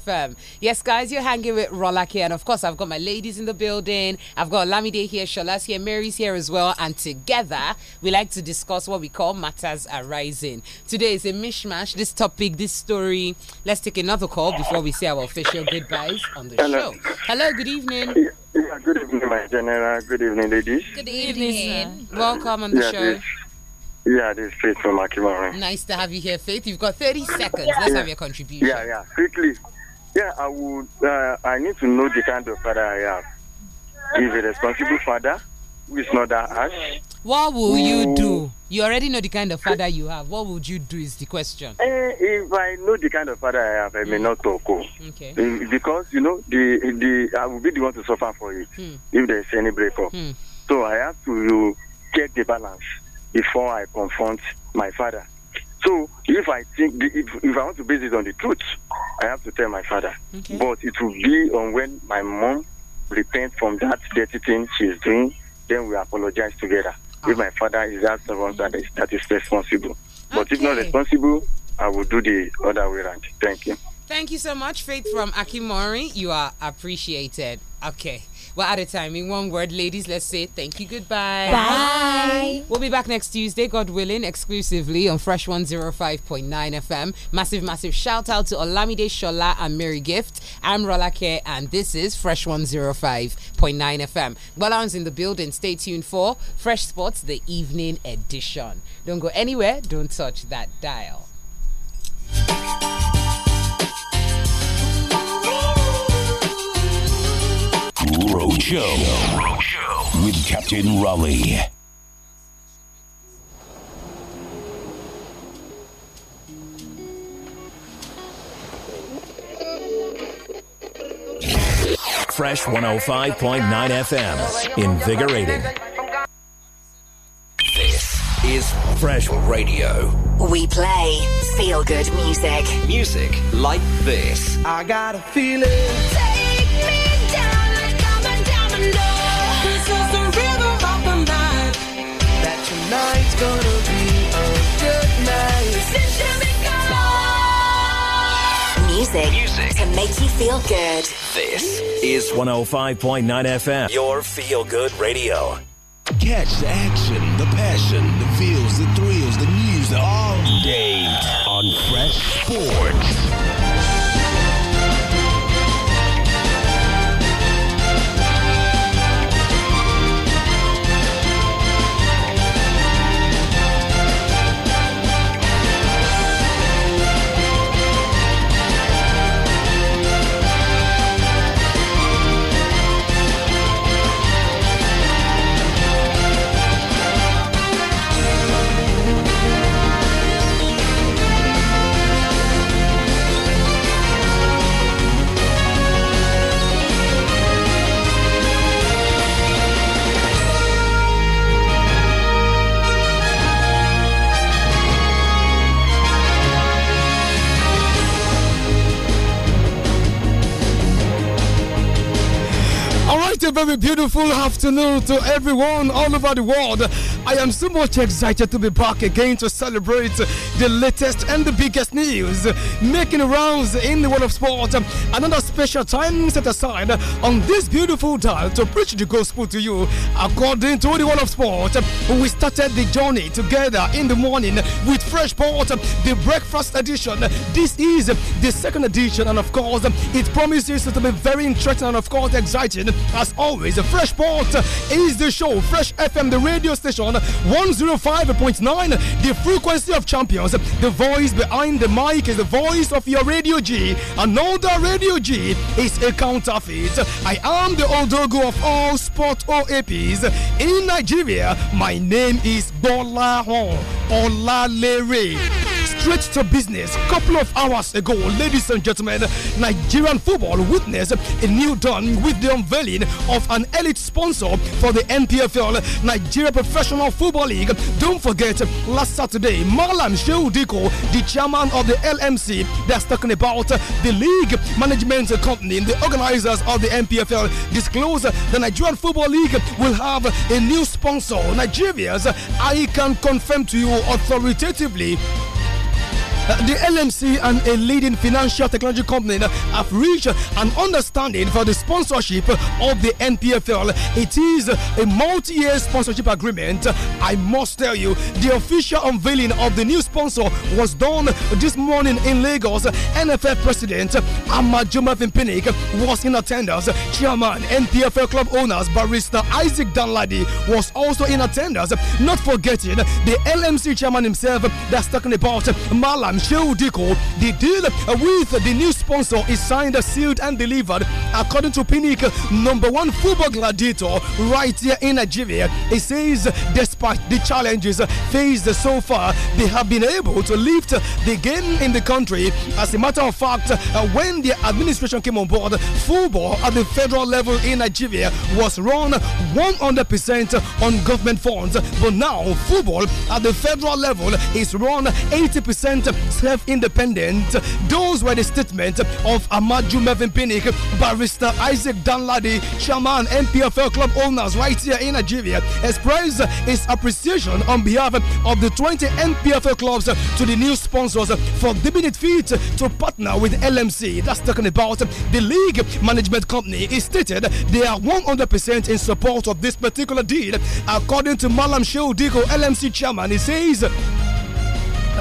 FM. Yes, guys, you're hanging with Rolake. And of course, I've got my ladies in the building. I've got Lamide here, Shola's here, Mary's here as well. And together, we like to discuss what we call matters arising. Today is a mishmash. This topic, this story. Let's take another call before we say our official goodbyes on the Hello. show. Hello, good evening. Yeah, good evening, my general. Good evening, ladies. Good evening. Good evening. Welcome on the yeah, show. Yeah, this is Faith from Akimara. Nice to have you here, Faith. You've got 30 seconds. Let's yeah. have your contribution. Yeah, yeah, quickly. Yeah, I would. Uh, I need to know the kind of father I have. He's a responsible father who is not that harsh. What will you do? You already know the kind of father you have. What would you do? Is the question. Uh, if I know the kind of father I have, I may mm. not talk. Oh. Okay. Uh, because you know the the I will be the one to suffer for it mm. if there's any breakup. Mm. So I have to you check the balance. before I confront my father. So if I think if, if I want to base it on the truth, I have to tell my father. Okay. But it will be on when my mom repents from that dirty thing she is doing, then we apologize together. If ah. my father is that the one that is that is responsible. Okay. But if not responsible, I will do the other way around. Thank you. Thank you so much, Faith from Akimori. You are appreciated. Okay. We're out of time. In one word, ladies, let's say thank you, goodbye. Bye. We'll be back next Tuesday, God willing, exclusively on Fresh 105.9 FM. Massive, massive shout out to Olamide Shola and Mary Gift. I'm Rolake, and this is Fresh 105.9 FM. Balance in the building. Stay tuned for Fresh Sports, the evening edition. Don't go anywhere, don't touch that dial. Roadshow. With Captain Raleigh. Fresh 105.9 FM. Invigorating. This is Fresh Radio. We play feel good music. Music like this. I got a feeling music, can make you feel good. This is 105.9 FM, your feel good radio. Catch the action, the passion, the feels, the thrills, the news all day on Fresh Sports. a very beautiful afternoon to everyone all over the world. I am so much excited to be back again to celebrate the latest and the biggest news making rounds in the world of sport. Another special time set aside on this beautiful dial to preach the gospel to you according to the world of sport. We started the journey together in the morning with fresh port, the breakfast edition. This is the second edition, and of course, it promises to be very interesting and of course exciting as always, Fresh Port is the show. Fresh FM, the radio station, 105.9, the frequency of champions. The voice behind the mic is the voice of your Radio G. Another Radio G is a counterfeit. I am the Odogo of all sport OAPs in Nigeria. My name is Bola Hon Lere straight to business. Couple of hours ago, ladies and gentlemen, Nigerian football witnessed a new dawn with the unveiling of an elite sponsor for the NPFL Nigeria Professional Football League. Don't forget, last Saturday, Marlon Sheudiko, the chairman of the LMC, that's talking about the league management company, the organizers of the NPFL, disclosed the Nigerian Football League will have a new sponsor. Nigerians, I can confirm to you authoritatively uh, the LMC and a leading financial technology company uh, have reached an understanding for the sponsorship of the NPFL. It is a multi year sponsorship agreement. I must tell you, the official unveiling of the new sponsor was done this morning in Lagos. NFF president Amajuma Vimpinik was in attendance. Chairman, NPFL club owners, barrister Isaac Danladi was also in attendance. Not forgetting the LMC chairman himself that's talking about Malam Shehu Diko, the deal with the new sponsor is signed, sealed, and delivered. According to Pinnick, number one football gladiator right here in Nigeria, he says despite the challenges faced so far, they have been able to lift the game in the country. As a matter of fact, uh, when the administration came on board, football at the federal level in Nigeria was run 100% on government funds. But now, football at the federal level is run 80% self independent. Those were the statements of Amadou Mevin Pinnick, barrister Isaac Danladi, chairman MPFL club owners right here in Nigeria, expressed his appreciation on behalf of the 20 MPFL clubs to the new sponsors for the it fit to partner with LMC. That's talking about the league management company. He stated they are 100% in support of this particular deal. According to Malam Shehu Diko, LMC chairman, he says.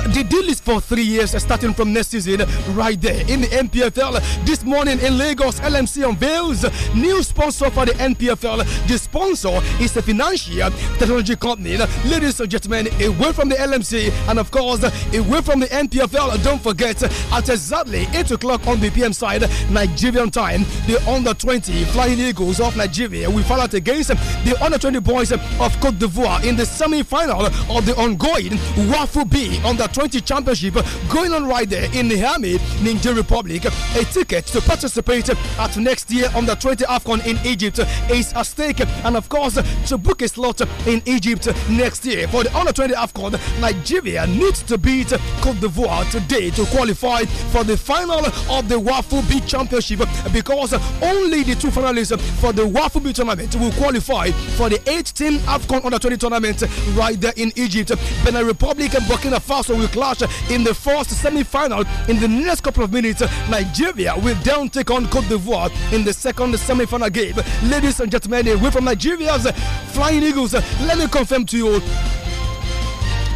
The deal is for three years, starting from next season, right there in the NPFL. This morning in Lagos, LMC unveils new sponsor for the NPFL. The sponsor is a financial technology company. Ladies and gentlemen, away from the LMC and of course away from the NPFL, don't forget at exactly 8 o'clock on the PM side, Nigerian time, the under 20 Flying Eagles of Nigeria will fall out against the under 20 boys of Cote d'Ivoire in the semi final of the ongoing Wafu B under 20 Championship going on right there in Niamey, Niger Republic. A ticket to participate at next year on the 20 AFCON in Egypt is at stake, and of course, to book a slot in Egypt next year for the under 20 AFCON. Nigeria needs to beat Cote d'Ivoire today to qualify for the final of the WAFU B Championship because only the two finalists for the WAFU B tournament will qualify for the 18 AFCON under 20 tournament right there in Egypt. Benin Republic and Burkina Faso also will clash in the first semi final in the next couple of minutes. Nigeria will then take on Cote d'Ivoire in the second semi final game. Ladies and gentlemen, away from Nigeria's Flying Eagles, let me confirm to you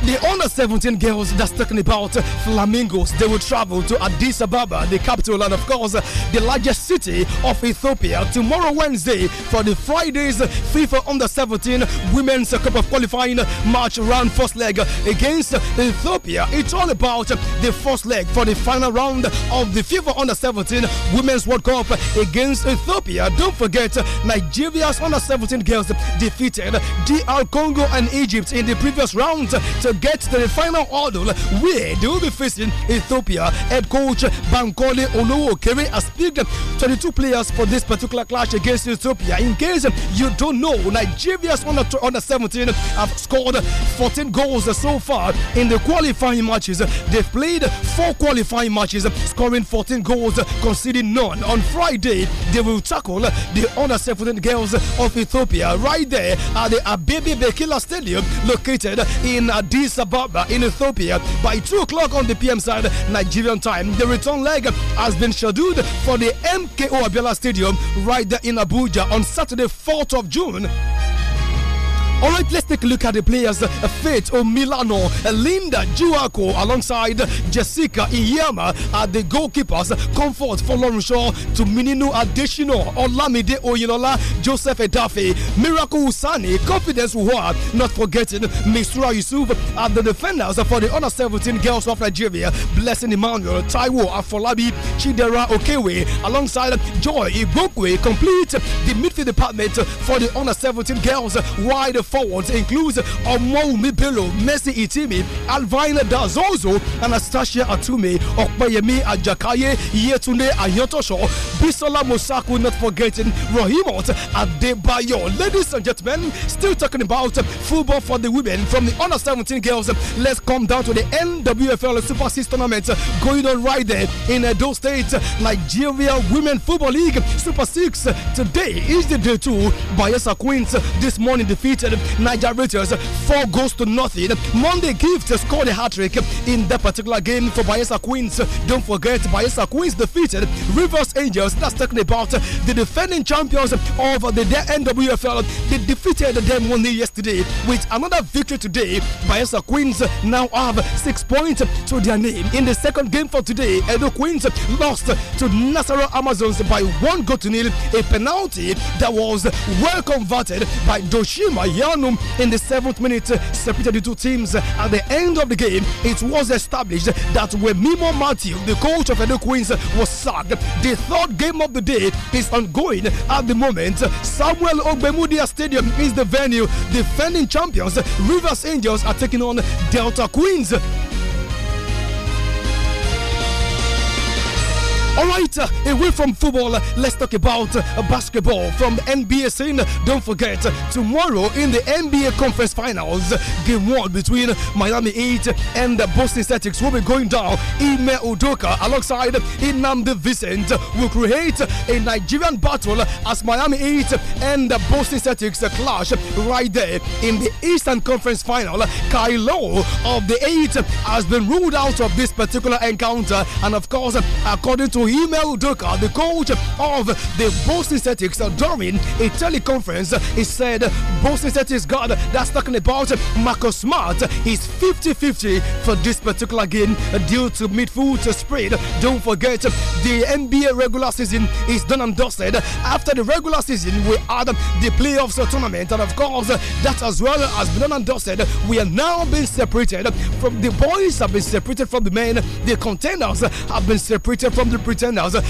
the under 17 girls that's talking about flamingos, they will travel to Addis Ababa, the capital, and of course, the largest city of Ethiopia tomorrow, Wednesday, for the Friday's FIFA under 17 Women's Cup of Qualifying match round first leg against Ethiopia. It's all about the first leg for the final round of the FIFA under 17 Women's World Cup against Ethiopia. Don't forget, Nigeria's under 17 girls defeated DR Congo and Egypt in the previous round get to the final hurdle where they will be facing Ethiopia. Head coach Bankole Kere, has picked 22 players for this particular clash against Ethiopia. In case you don't know, Nigeria's under, under 17 have scored 14 goals so far in the qualifying matches. They've played four qualifying matches, scoring 14 goals, conceding none. On Friday, they will tackle the under 17 girls of Ethiopia right there at the Abebe Bekila Stadium located in Addis Addis Ababa in Ethiopia by 2 o'clock on the PM side Nigerian time. The return leg has been scheduled for the MKO Abiola Stadium right there in Abuja on Saturday, 4th of June. All right, let's take a look at the players. Uh, Faith Milano, uh, Linda Juaco, alongside Jessica Iyama are uh, the goalkeepers. Comfort for Lorenshaw to Minino Adesino, Olamide Oyinola, Joseph Edafe, Miracle Usani, Confidence Uhua, not forgetting Mistura Yusuf at the defenders for the under 17 girls of Nigeria. Blessing Emmanuel, Taiwo Afolabi, Chidera Okewe alongside Joy Ibokwe complete the midfield department for the under 17 girls. Wide forwards includes Omoumi Bello, Messi Itimi, Alvin Dazozo, Anastasia Atume, Okpayemi Ajakaye, Yetunde Ayotosho, Bisola Musaku, not forgetting Rahimot Adebayo. Ladies and gentlemen, still talking about football for the women from the under 17 girls. Let's come down to the NWFL Super Six tournament going on right there in Edo State, Nigeria Women Football League Super Six. Today is the day two. Bayelsa Queens this morning defeated defeated Niger Raiders four goals to nothing. Monday Gift scored a hat trick in that particular game for Bayesa Queens. Don't forget, Bayesa Queens defeated Rivers Angels. That's talking about the defending champions of the NWFL. They defeated them only yesterday with another victory today. Bayesa Queens now have six points to their name. In the second game for today, Edo Queens lost to Nassau Amazons by one goal to nil. A penalty that was well converted by Doshima in the seventh minute separated the two teams. At the end of the game, it was established that Wemimo Matthew, the coach of Edo Queens, was sacked. The third game of the day is ongoing at the moment. Samuel Ogbemudia Stadium is the venue. Defending champions Rivers Angels are taking on Delta Queens. All right, uh, away from football, uh, let's talk about uh, basketball from the NBA scene. Don't forget, tomorrow in the NBA Conference Finals, game one between Miami Heat and the Boston Celtics will be going down. Ime Udoka alongside Inamde Vincent will create a Nigerian battle as Miami Heat and the Boston Celtics clash right there in the Eastern Conference Final. Kylo of the Heat has been ruled out of this particular encounter, and of course, according to Bohemel Doka, the coach of the Boston Celtics, during a teleconference, he said Boston Celtics guard that's talking about Marcus Smart is 50-50 for this particular game due to midfield spread. Don't forget the NBA regular season is done and dusted. After the regular season, we add the playoffs tournament, and of course, that as well has been done and dusted. We are now being separated from the boys have been separated from the men. The contenders have been separated from the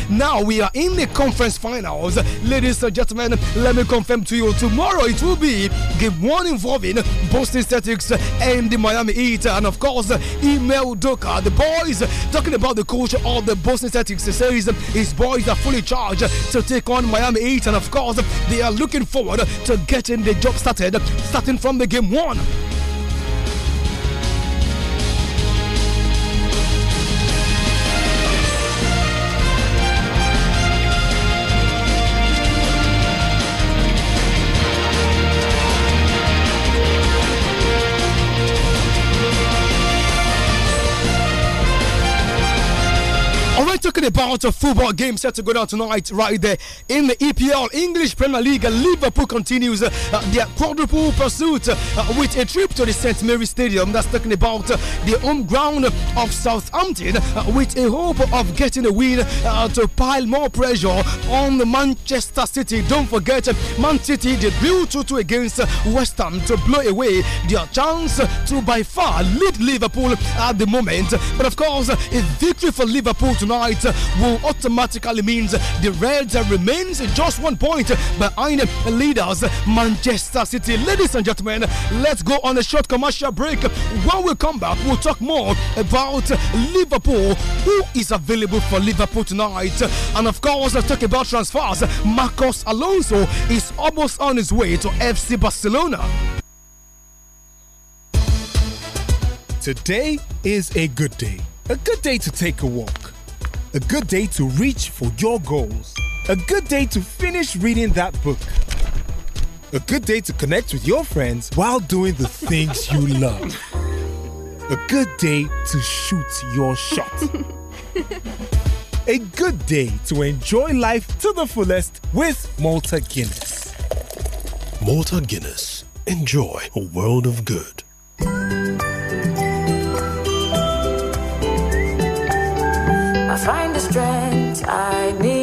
now we are in the conference finals. Ladies and gentlemen, let me confirm to you tomorrow it will be game one involving Boston Celtics and the Miami Heat. And of course, email Doka, the boys, talking about the coach of the Boston Celtics, says his boys are fully charged to take on Miami Heat. And of course, they are looking forward to getting the job started, starting from the game one Talking about a football game set to go down tonight, right there in the EPL, English Premier League. Liverpool continues uh, their quadruple pursuit uh, with a trip to the St Mary's Stadium. That's talking about uh, the home ground of Southampton, uh, with a hope of getting a win uh, to pile more pressure on Manchester City. Don't forget, Man City did build 2 2 against West Ham to blow away their chance to by far lead Liverpool at the moment. But of course, a victory for Liverpool tonight will automatically mean the Reds remains just one point behind leaders Manchester City. Ladies and gentlemen, let's go on a short commercial break. When we come back, we'll talk more about Liverpool, who is available for Liverpool tonight. And of course, let's talk about transfers. Marcos Alonso is almost on his way to FC Barcelona. Today is a good day. A good day to take a walk a good day to reach for your goals. A good day to finish reading that book. A good day to connect with your friends while doing the things you love. A good day to shoot your shot. A good day to enjoy life to the fullest with Malta Guinness. Malta Guinness. Enjoy a world of good. I find the strength I need.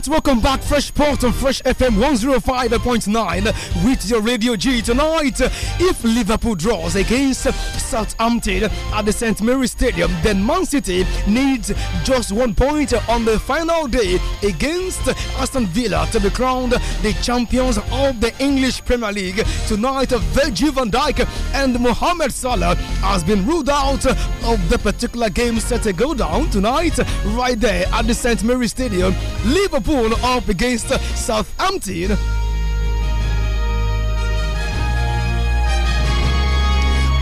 right, welcome back, Fresh Port on Fresh FM 105.9 with your Radio G tonight. If Liverpool draws against Southampton at the St Mary's Stadium, then Man City needs just one point on the final day against Aston Villa to be crowned the champions of the English Premier League. Tonight, Virgil van Dijk and Mohamed Salah has been ruled out of the particular game set to go down tonight, right there at the St Mary's Stadium. Liverpool Liverpool up against Southampton.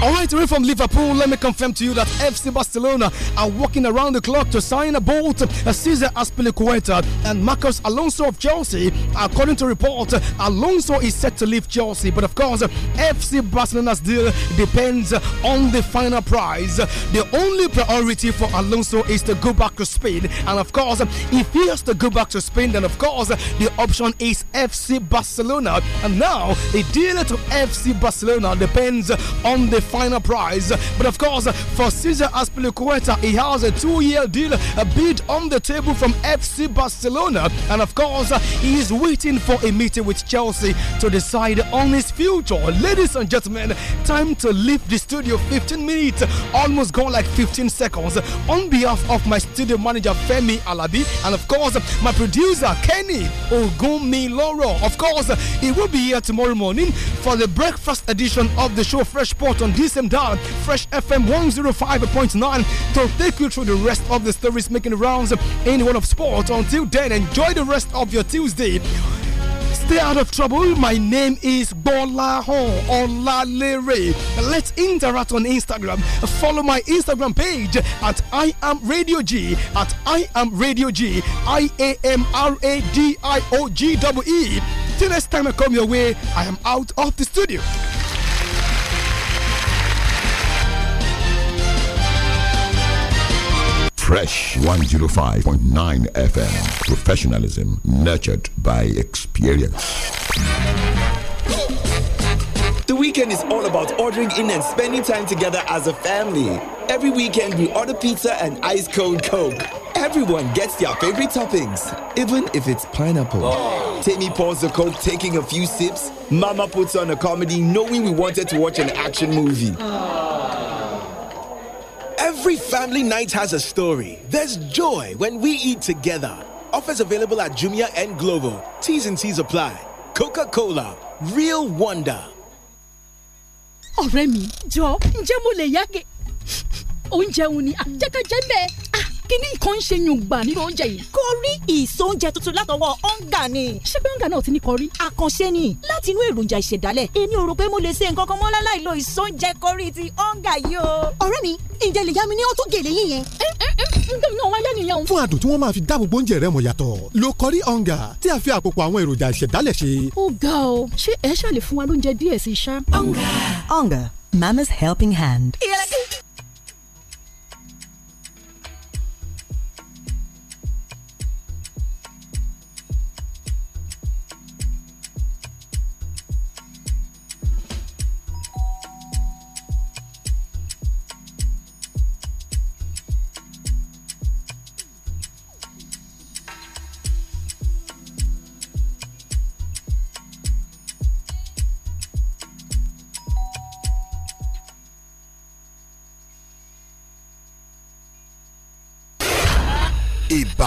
All right, away from Liverpool, let me confirm to you that FC Barcelona are working around the clock to sign a bolt. Cesar Azpilicueta, and Marcos Alonso of Chelsea. According to report, Alonso is set to leave Chelsea, but of course, FC Barcelona's deal depends on the final price. The only priority for Alonso is to go back to Spain, and of course, if he has to go back to Spain, then of course the option is FC Barcelona. And now the deal to FC Barcelona depends on the final prize, But of course, for Cesar Aspilicueta, he has a two-year deal a bid on the table from FC Barcelona, and of course, he is waiting for a meeting with Chelsea to decide on his future. Ladies and gentlemen, time to leave the studio. 15 minutes, almost gone like 15 seconds. On behalf of my studio manager Femi Alabi, and of course, my producer Kenny Ogumiloro. Of course, he will be here tomorrow morning for the breakfast edition of the show Fresh Port on DSM Down, Fresh FM 105.9 to take you through the rest of the stories making rounds in one of sports. Until then, enjoy the rest of your Tuesday. Stay out of trouble. My name is Bola Hon Olalere. Let's interact on Instagram. Follow my Instagram page at I am Radio G at I am Radio G I A M R A D I O G W E. Till next time I come your way, I am out of the studio. Fresh 105.9 FM. Professionalism nurtured by experience. The weekend is all about ordering in and spending time together as a family. Every weekend, we order pizza and ice cold Coke. Everyone gets their favorite toppings, even if it's pineapple. Oh. Tammy pours the Coke, taking a few sips. Mama puts on a comedy, knowing we wanted to watch an action movie. Oh. Every family night has a story. There's joy when we eat together. Offers available at Jumia and Glovo. T's and T's apply. Coca Cola, real wonder. ọ̀rẹ́ mi jọ yáge oúnjẹ òun ni àjẹkẹjẹ ah, bẹ́ẹ̀ ah, kíní kan ń ṣe yùngbà nínú oúnjẹ yìí. kọrí ìsọ oúnjẹ tuntun látọwọ́ ọ̀ǹgà ni. ṣé pé ọ̀ǹgà náà ti ní kọrí. àkànṣe ni láti inú èròjà ìṣẹ̀dálẹ̀ èmi ò rò pé mo lè ṣe nǹkan kan mọ́ láláì lo ìsọ oúnjẹ kọrí ti ọ̀ǹgà yìí o. ọ̀rẹ́ mi ǹjẹ́ lè yá mi ní ọtún gèlè yín yẹn. ǹjẹ́ náà wáyé nìyẹn. fún àdùn tí wọ́n máa fi dáàbò bóúnjẹ rẹ mọ̀ yàtọ̀ lo kọrí ọ̀ǹgà tí a fi àpòpọ̀ àwọn èròjà ìṣẹ̀dálẹ̀ ṣe. ó ga ọ ṣé ẹ ṣàlè fún wa lóúnjẹ díẹ̀ sí i ṣá. ọ̀ǹgà ọ̀ǹgà mama's helping hand.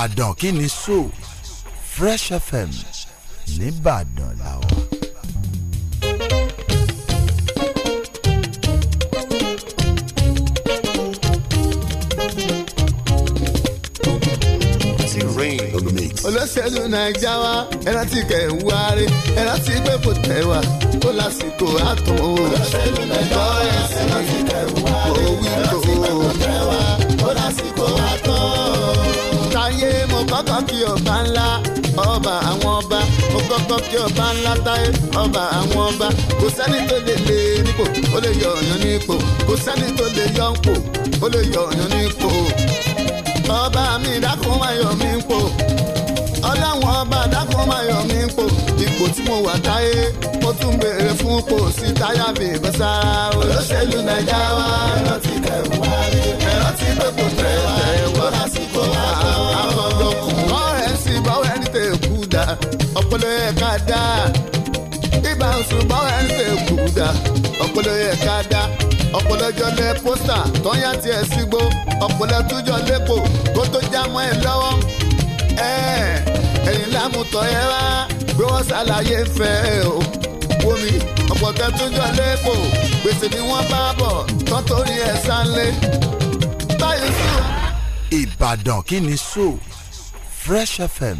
ìbàdàn kí ni so fresh fm nìbàdàn làwọn. olóṣèlú naija wa ẹran tí kẹ̀ ń wárí ẹran tí gbé kò tẹ̀ wá ó lásìkò àtúnwò. olóṣèlú naija wa ẹran tí kẹ̀ ń wárí ẹran tí gbé kò tẹ̀ wá ó lásìkò àtúnwò láyé mo kọ́kọ́ kí ọba ńlá ọba àwọn ọba mo kọ́kọ́ kí ọba ńlá táyé ọba àwọn ọba kò sẹ́ni tó lè lè nípò ó lè yọ ọ̀yàn nípò kò sẹ́ni tó lè yọ ńpò ó lè yọ ọ̀yàn nípò ọba mi dákun máa yọ mí ńpò ọlọ́run ọba dákun máa yọ mí ńpò ipò tí mo wà táyé mo tún béèrè fún pò sí táyà mi ìbẹ́sà olóṣèlú nàìjíríà wa ẹ̀rọ ti tẹ̀ wá ẹ̀rọ ti gbẹ́kùn tẹ̀ wá. ọpọlọ yẹ ká dá ibà ń sùn báwa ń ṣe gbùdà ọpọlọ yẹ ká dá ọpọlọ jọlẹ pósítà tọ́yà tiẹ̀ sígbó ọpọlọ tújọ lẹ́kọ̀ọ́ kó tó já mọ́ ẹ lọ́wọ́ ẹ̀yìn lámùtọ̀ ẹ wá bí wọ́n ṣàlàyé fẹ́ o wómi ọ̀pọ̀tẹ́ túnjọ lẹ́kọ̀ọ́ gbèsè ni wọ́n bá bọ̀ tán torí ẹ̀ sánlé báyìí sùn. Ìbàdàn kí ni sọ Fresh FM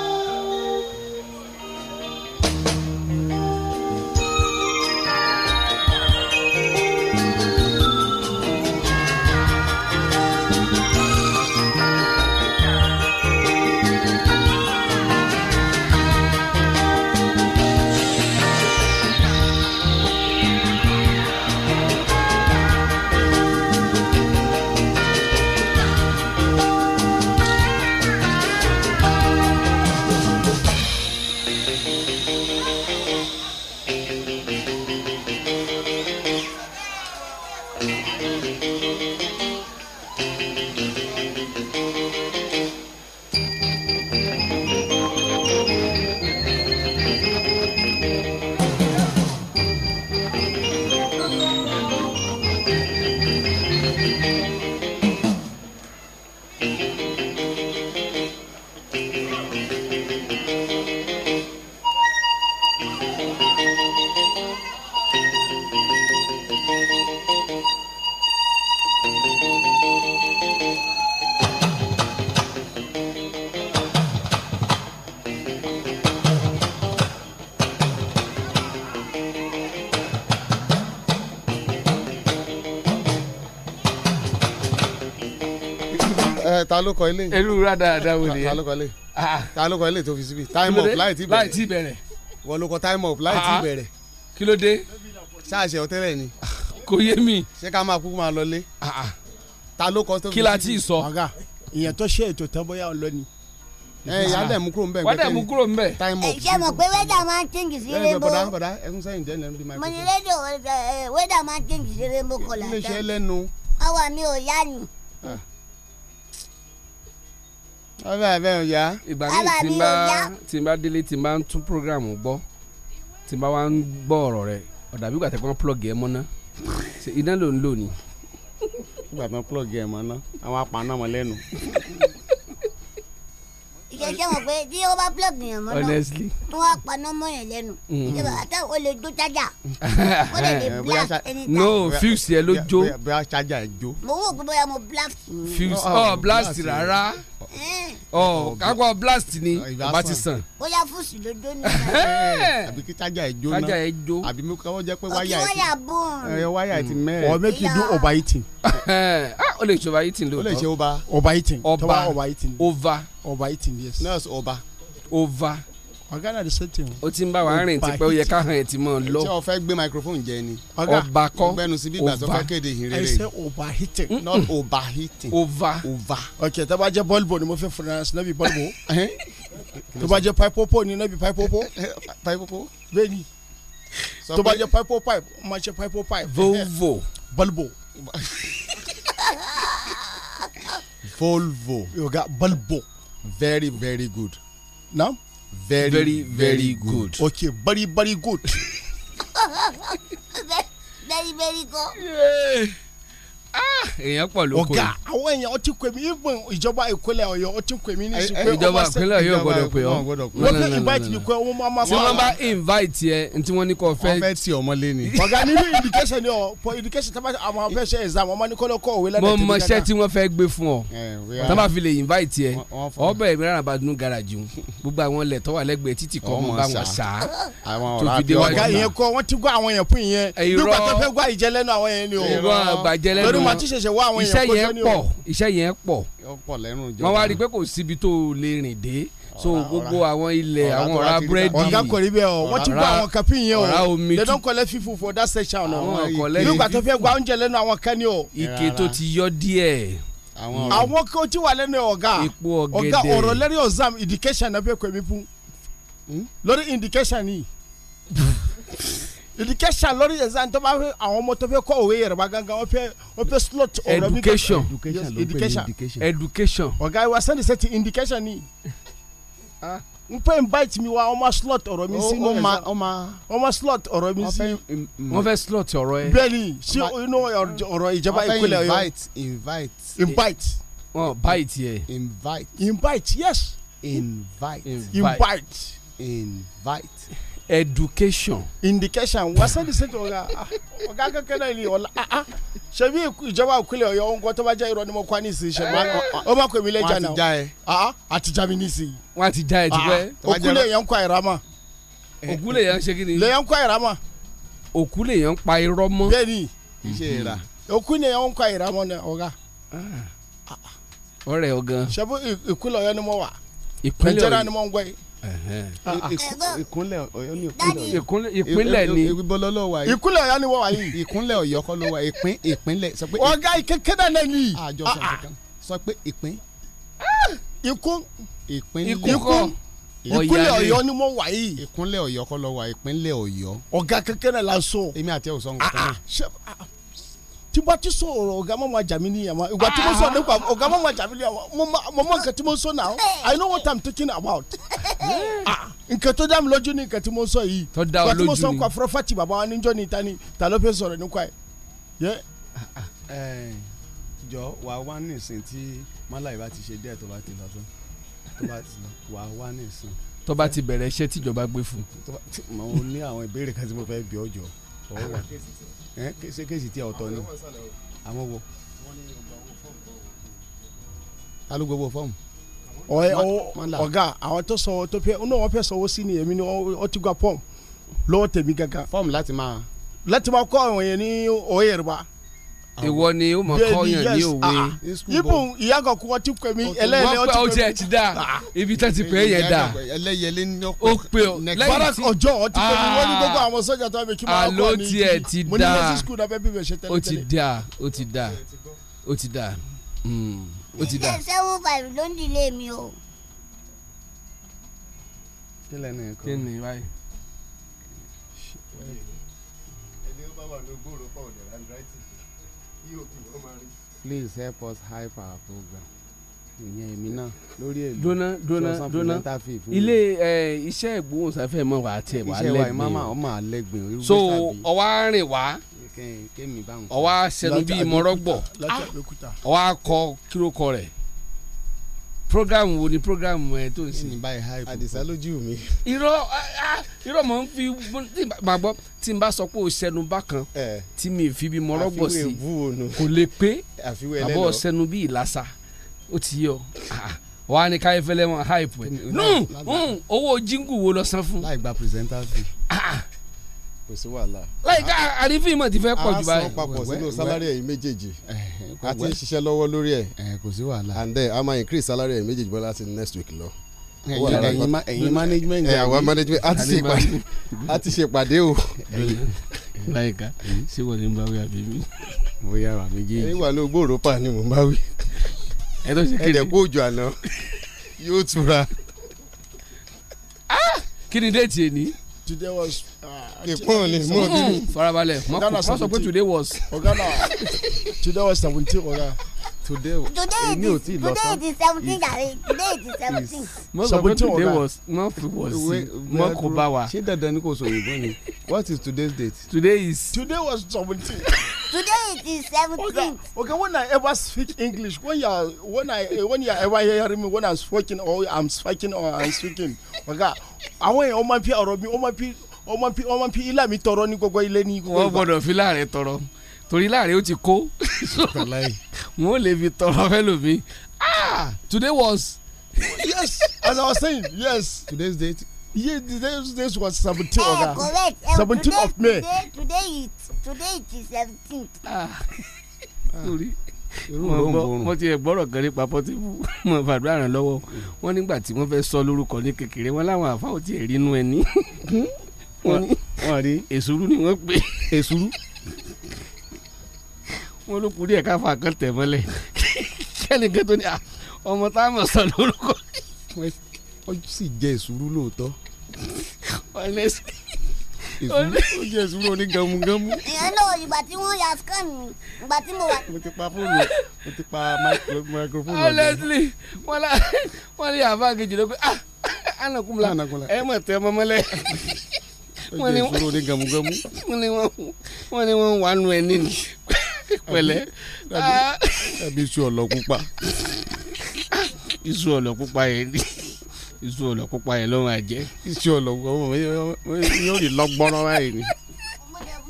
ta ló kọ ilé. eru rádaràda wo nìyẹn. ta ló kọ ilé ta ló kọ ilé tó fi síbi time of light tí bẹ̀rẹ̀ láì wọ́n ló kọ time of light tí ah, ah. bẹ̀rẹ̀. kí ló dé. ṣáàṣẹ ọtẹlẹ ni. Ah, kò yé mi. ṣé ká máa kúkú máa lọ lé. ta ló kọ tó fi síbi. kí la ti sọ. ọ̀gá ìyẹn tó ṣe ètò tán bóyá ọ̀lọ́ ni ẹ yà á dẹ̀ mú kúrò nbẹ gbẹkẹ ni kúrò nbẹ. ẹ ṣe mọ̀ pé wẹ́dà máa ń tẹ̀ǹkì sí rainbow. bọ̀dá bọ̀dá jẹ́ lẹ́nu bí wẹ́dà eh, máa ń ọbẹ̀ abẹ́ ò yá. ìgbà míì tí n bá délé tí n bá ń tún program gbọ́ tí n bá wá ń gbọ́ ọ̀rọ̀ rẹ̀ ọ̀dà bí gbàtẹ́ kan plug ẹ̀ mọ́ná iná ló ń lò ní. nígbà tí wọ́n plug ẹ̀ mọ́ná àwọn apaná mọ́ lẹ́nu. ìṣẹ̀ṣẹ̀ mọ̀ pé tí ó bá plug yẹn mọ́ná honestly tí wọ́n apaná mọ́ yẹn lẹ́nu mm-hmm. ìjọba àti o lè jó chájà o lè lè blast anytime. no fuse yẹn ló jó. bóyá chájà ẹ jó. mo wò pé bóyá mo blast. fuse ọ oh, blast rárá ọ kágbọ́ blast ni ọba ti sàn. bóyá fúùsì ló jóná. àbí kí tájà ẹ jóná tájà ẹ jó àbí mi kọ́ jẹ́ pé wáyà ẹ ti wáyà bọ́ọ̀n ẹ wáyà ẹ ti mẹ́rẹ̀. ọ̀ mẹ́kì dún overheating. Ah, ó lè ṣe overheating lóòótọ́ ó lè ṣe over overheating ọba overheating over overheating yes nurse ọba over ọ̀gá náà di sẹ́tì o. ti ń bá wa rìn tipẹ́ o yẹ ká hàn ẹ̀ ti mọ̀ lọ. ṣé o fẹ́ gbé microphone jẹ ni. ọ̀gá ọba kọ́ ọgbẹ́nu síbi ìgbà tó fẹ́ kéde ìhìn rere. ẹsẹ̀ overheating. not overheating. over. over. ok tó bá jẹ́ bọ́ọ̀lù bò ni mo fẹ́ fúnra sí náà bí bọ́ọ̀lù bò. Eh? Eh? tó bá jẹ́ pipe popo ni nabi pipe popo. Eh, pipe popo. bẹ́ẹ̀ni tó bá jẹ́ pipe pipe o máa jẹ́ pipe pipe. volvo. bọ́ọ̀lù bò. volvo. ọ̀gá bọ́ọ̀lù bò. very very good. now. very, very, very good. good. Okay, very, very good. very, very good. Yeah. Ah, èèyàn pọ̀ ló kó yìí. ọ̀gá àwọn èèyàn ọtí pè mí even ìjọba ìpínlẹ̀ ọ̀yọ́ ọtí pè mí ní eh, sùn eh, pé ìjọba ìpínlẹ̀ ọ̀yọ́ gbọ́dọ̀ pè ọ́ wọ́n ní invite mi kọ́ wọ́n máa ma fọ́. wọ́n bá invite yẹ ntí wọ́n ní kò fẹ́. wọ́n fẹ́ ti ọmọ lé ni. ọ̀gá nínú education ni ọ for education tábà àwọn afẹ́ ṣe exam ọmọ ní kọ́lọ́ kọ́ òwe lẹ́nu tèmi dáadáa. mo mọṣẹ́ tí wọ́n fẹ́ gbé fún ọ eh, tábà fi lè invite yẹ ọbẹ̀ ìmíràn àbádùn garage wọn gbogbo àwọn ilẹ̀ tọ́wà lẹ́gbẹ̀ẹ́ títì kọ́ mọ bá wọn sá tó fi dé wọn. ọ̀gá yẹn kọ́ wọ́n ti gbọ́ àwọn yẹn fún yẹn bí wọ́n ti fẹ́ gbọ́ àìjẹ́lẹ́nu àwọn yẹn ni o. ìrọ̀ àgbàjẹ́lẹ́nu olúwa tí ṣẹ̀ṣẹ̀ wá àwọn èèyàn kọjá ní o iṣẹ́ yẹn pọ̀ iṣẹ́ yẹn pọ̀ wọ́n wá rí i pé kò síbi tó lè rìn dé so gbogbo àwọn ilẹ̀ àwọn ọ̀rá búrẹ́dì ọ̀gá kò rí bẹ́ẹ̀ ọ wọ́n ti gba àwọn kan pín yẹn o ọ̀rá omi they don collect fífò for that section ọ̀nà ìlú ìgbà tó fẹ́ gba oúnjẹ lẹ́nu àwọn kan ni o. ike tó ti yọ díẹ̀ àwọn hmm. kò tí wà lẹ́nu ọ̀gá ọ̀gá ọ̀rọ̀ lẹ́rìí ọ̀zam indication náà fẹ́ kọ́ mi fún hmm? lórí indication yìí. education lórí exam tó bá fẹ́ àwọn ọmọ tó fẹ́ kọ́ òwe yorùbá gangan wọ́n fẹ́ wọ́n fẹ́ slot ọ̀rọ̀ mi kan education education education ọ̀gá ah. wa sẹ́ni sẹ́ti indication ni n pẹ́ invite mi wa ọmọ slot ọ̀rọ̀ mi sí ọmọ ọmọ slot ọ̀rọ̀ mi sí. wọ́n fẹ́ slot ọ̀rọ̀ ẹ. bẹ́ẹ̀ni ṣé inú ọ̀rọ̀ ìjọba ìpínlẹ̀ ọ̀yọ́ invite invite invite. wọn bite yẹ. invite invite yes. invite invite invite education. indication wasan de sèche ọ̀gá ọ̀gá kankan náà ni ọ̀la ah, ah. ṣebí ìjọba òkúlẹ̀ ọ̀yọ́ ohun kan tó bá jẹ́ irọ́ ni mo kọ́ nísìnyí ṣe máa ọ eh. máa kọ́ èmi lẹ́jà náà ah, wọ́n ti já ẹ àti já mi nísìnyí. wọ́n ti já ẹ ti pẹ́. òkúlẹ̀ yẹn ń kọ́ àìrá eh. mà. òkúlẹ̀ yẹn ń ṣe kí ni. lẹ́yìn ń kọ́ àìrá mà. òkúlẹ̀ yẹn ń pa irọ́ mọ́. bẹ́ẹ̀ni òkúlẹ̀ yẹn ń kọ́ àìrá mọ́ náà ọ̀gá. ọ̀rẹ́ ọ̀gán. ṣebí ìkúlẹ̀ ọ̀yọ́ ni mo wà. ìpínlẹ̀ Ah, ah. ìkúnlẹ̀ Ọ̀yọ́ ni ìkúnlẹ̀ ìpínlẹ̀ ni ìbọlọ lọ wà yìí ìkúnlẹ̀ Ọ̀yọ́ ni wọ́n wà yìí ìkúnlẹ̀ Ọ̀yọ́ kọ́ ló wà ìpín ìpínlẹ̀ sọ pé. ọ̀gá ìkékeré náà ni. àjọ ah, sọ kankan sọ pé ìpín. ikú ikú ìkúnlẹ̀ Ọ̀yọ́ ni mo wà yìí. ìkúnlẹ̀ Ọ̀yọ́ kọ́ ló wà ìpínlẹ̀ Ọ̀yọ́. ọ̀gá kékeré la so. èmi àti ẹ̀ ò sọ nǹkan kan tí so ti sọ ọ̀rọ̀ ọ̀gá mọ́ máa jà mí níyà máa ìgbà tí mo sọ ah. nípa ọ̀gá mọ́ máa jà mí níyà nǹkan tí mo sọ náà I know what I'm talking about ah, nǹkan tó dá mi lójú ni nǹkan tí mo sọ yìí tó dá ọ lójú ni ìgbà tí mo sọ nípa fúrọ́fàtì bàbá wa níjọ́ ni tani ta ló fẹ́ sọ̀rọ̀ nípa ẹ̀ yẹ. Eh, jọ wàá wá ní ìsìn tí mọ́láì bá ti ṣe díẹ̀ tó bá ti lọ tán tó bá ti lọ wàá wá ní ìsìn. tó bá ti bẹ̀rẹ̀ iṣẹ́ tíjọba gbé fún. mo ní àwọn ìbéèrè kan tí mo fẹ́ bí ọjọ́ ọwọ́ wa ṣé kéèsì tí ọ̀tọ̀ ni àwọn wo ta ló gbogbo fọ́ọ̀mù. ọ̀gá àwọn tó sọ tó pẹ́ ọ̀nà wọ́n sọ owó ni èmi ni ó ti gba fọ́ọ̀mù lọ́wọ́ tèmi gàgà. fọ́ọ̀mù láti máa. láti máa kọ́ àwọn yẹn ní òye rẹ̀ Ah. ìwọ ni ó mọ kọyàn ní òwe. Ibu, ah, ah. ìyá kan kú ọtí pè mí ẹlẹ́yẹlé ọtí pè mí. wọ́n pẹ́ ọtí ẹ̀ ti dà ibi tẹ́ ti pè é yẹn dà. ẹlẹ́yẹlé ni ó pè ọ́ lẹ́yìn tí barak ọjọ́ ọtí pè mí wọ́n ní gbogbo àwọn sọ́jà tó ẹ̀mí kí máa kọ́ ni ìdí mo ní lọ sí skul náà bẹ́ẹ̀ bí bẹ̀ ṣe tẹ́lẹ̀ tẹ́lẹ̀. ó ti dà ó ti dà ó ti dà. Hmm, ṣé seven five ló ń dilé mi o. kí lẹ́nu ẹ̀kọ́ please help us hype our program ìyẹn èmi náà lórí èlò dona dona dona ilé iṣẹ́ ìgbóhùnsáfẹ́ mọ̀ wá tiẹ̀ wá lẹ́gbẹ̀ẹ́ iṣẹ́ wa ìmọ̀ ọmọ àlẹ́gbẹ̀ẹ́ so ọwọ́ rìn wá ọwọ́ sẹnu bíi mọ́rọ́gbọ̀ ọwọ́ akọ kírókọ rẹ̀ program wo ni program ẹ eh, tó ń sìn. ìnìbá ìhà ìpò àdìsá lójú mi. irọ́ ah, ah, irọ́ mọ̀ ń fi máa gbọ́ tí n bá sọ pé o sẹnu bá kan tí mi fi bí mọ rọ́gbọ̀ sí kò lè pé àbọ̀ sẹnu bí ìlàsà ó ti yọ ah, wàá ní káyọ̀ wọn hype ẹ̀ nù owó jíngù wo lọ san fún. láì gba presenter fee kò sí wàhálà. láyìíká àrífín mọ̀ ti fẹ́ pọ̀ jù báyìí. a sọ papọ̀ sínú sálárì ẹ̀yìn méjèèjì eh, eh, a ti ń ṣiṣẹ́ lọ́wọ́ lórí ẹ̀ eh, kò sí wàhálà and then a máa increase sálárì ẹ̀yìn méjèèjì bọ́lá ti next week lọ. ẹ̀yin management ẹ̀ àwa management a ti ṣe ìpàdé a ti ṣe ìpàdé o. láyìíká ṣé wọ́n ní bá wí àbí mi. mo yà wà méjèèjì. ẹ̀yin wà ló gbòòrò pa ni mo bá wí. ẹ̀ dẹ̀ kó òjò àná yóò tura. Ah, kí ni déètì ẹ̀ ní today was. ìpọ́n ni mo bí mi. farabalẹ̀ mọ́kù wọ́n sọ pé today was. ọ̀gá oh, náà today was seventeen ọ̀gá today today today is seventeen jàre today is seventeen. most of today was month was month ṣé dandan ni kò sọ òyìnbó ni what is today's date. today is. today was seventeen. today is seventeen. okay okay when i ever speak english when you are when i when you are ever hearing me when i'm speaking or i'm speaking or i'm speaking oga àwọn èèyàn ọmọ fi ọ̀rọ̀ mi ọmọ fi ọmọ fi ọmọ fi ilá mi tọrọ ní gbogbo ilé ní gbogbo. wọ́n gbọ́dọ̀ fi láàrin tọrọ torí láàrin ó ti kó wọn ò lè fi tọrọ fẹlòmí ah today was. yes as i was saying yes today's date yes today was seventeen ah, oga correct oh, seventeen of may. today today it today it is seventeen. Ah. ah torí wọ́n ti gbọ́rọ̀ kan nípa pọ́tébù mọ̀ fàdúrà ràn lọ́wọ́ wọ́n nígbà tí wọ́n fẹ́ sọ lórúkọ ní kékeré wọn láwọn àfáà ò tí ì rí inú ẹni hmm? wọ́n ní èsúrú ni wọ́n pè é èsúrú wọn ló kú díẹ̀ káfa kan tẹ̀ mọ́lẹ̀ kẹ́nìkan tó ní ọmọ tá a mọ̀ sọ lórúkọ. wọ́n sì jẹ ìṣúrú lóòótọ́. ó jẹ ìṣúrú oní gàmúgàmú. ìyẹn náà ìgbà tí wọ́n ya scan mi ìgbà tí mo wà. mo ti pa fóònù mo ti pa microphone. honestly wọ́n lè àbá kejì ló pé ah anakunla ẹ mọ̀ tẹ́ ọmọ mọ́lẹ̀ wọ́n ní wọ́n wà nù ẹ̀ nínú pẹ̀lẹ́ tàbí ah. iṣu ọlọ pupa iṣu ọlọ pupa yẹn ni iṣu ọlọ pupa yẹn lọ́rùn àjẹ́ iṣu ọlọ pupa yóò rí lọ́gbọ́nrán báyìí ni.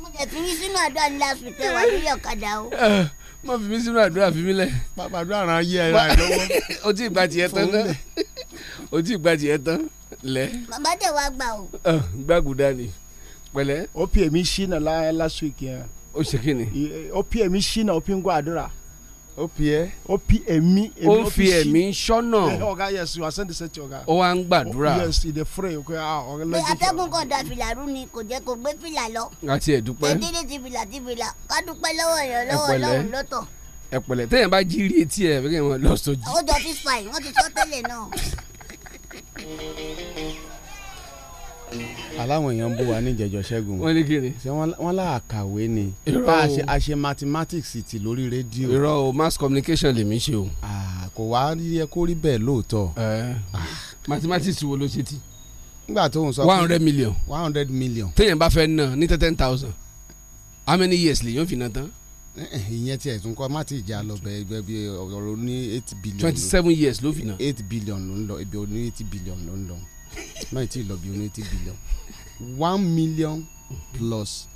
mo jẹ fi mí sínú àdúrà ní last week wà lórí ọ̀kadà o. Ah, mo fi mí sínú àdúrà fi mí lẹ̀. pàpà àdúrà ràn án yé ẹ rà lọ́wọ́. o ti gba tiẹ̀ tán náà o ti gba tiẹ̀ tán lẹ. bàbá tẹ wá gbà o. Ah, gbàgùdà ni pẹ̀lẹ́. ó pè mí sí náà last week yẹn osekini. Eh, opi ẹ̀mí sí náà opi ń gbọ́ àdúrà. opi ẹ. E? opi ẹ̀mí. ó ń fi ẹ̀mí sọ́nà. Eh, ọ̀gá yẹsù asẹ́ndì sẹ́tì ọ̀gá. ó wá ń gbàdúrà. yẹsù ìdè fúrẹ́ ìkọ́ ọ̀gá lọ́jọ́. pé atẹ́gùn kan da fìlà rú ni kò jẹ́ kó gbé fìlà lọ. àti ẹ̀dúpẹ́. ẹ̀dẹ́dẹ́ ti fìlà ti fìlà ká dúpẹ́ lọ́wọ́ èèyàn lọ́wọ́ Ọlọ́run lọ́tọ̀. ẹ̀pẹ̀lẹ̀ téèyàn bá jí rí etí ẹ̀ fẹ́ kí wọ́n lọ sójú. ó jọ fífà yìí wọ́n ti sọ tẹ́lẹ̀ náà. aláwọn èèyàn ń bú wa ní ìjẹjọ ṣẹ́gun wọ́n ní kiri ṣé wọ́n là á kàwé ni bá a ṣe a ṣe mathematics ti lórí rédíò. irọ́ o mass communication lèmi ṣe o. kò wá yẹ kó rí bẹ́ẹ̀ lóòótọ́. mathematics wo ló ṣe ti. nígbà tó ń sọ pé one hundred million. one hundred million. téèyàn bá fẹ́ ná ní ten thousand how many years lèyàn fi ná tán eh, eh, ìyẹn tí ẹ̀sùn kọ́ má ti jà lọ bẹ ẹgbẹ́ bí ọ̀rọ̀ ní eight billion. twenty seven years ló fi ná. eight billion ló ń lọ ibi ò ní eight billion ló ń lọ máa tí ì lọ bí one eighty billion one million plus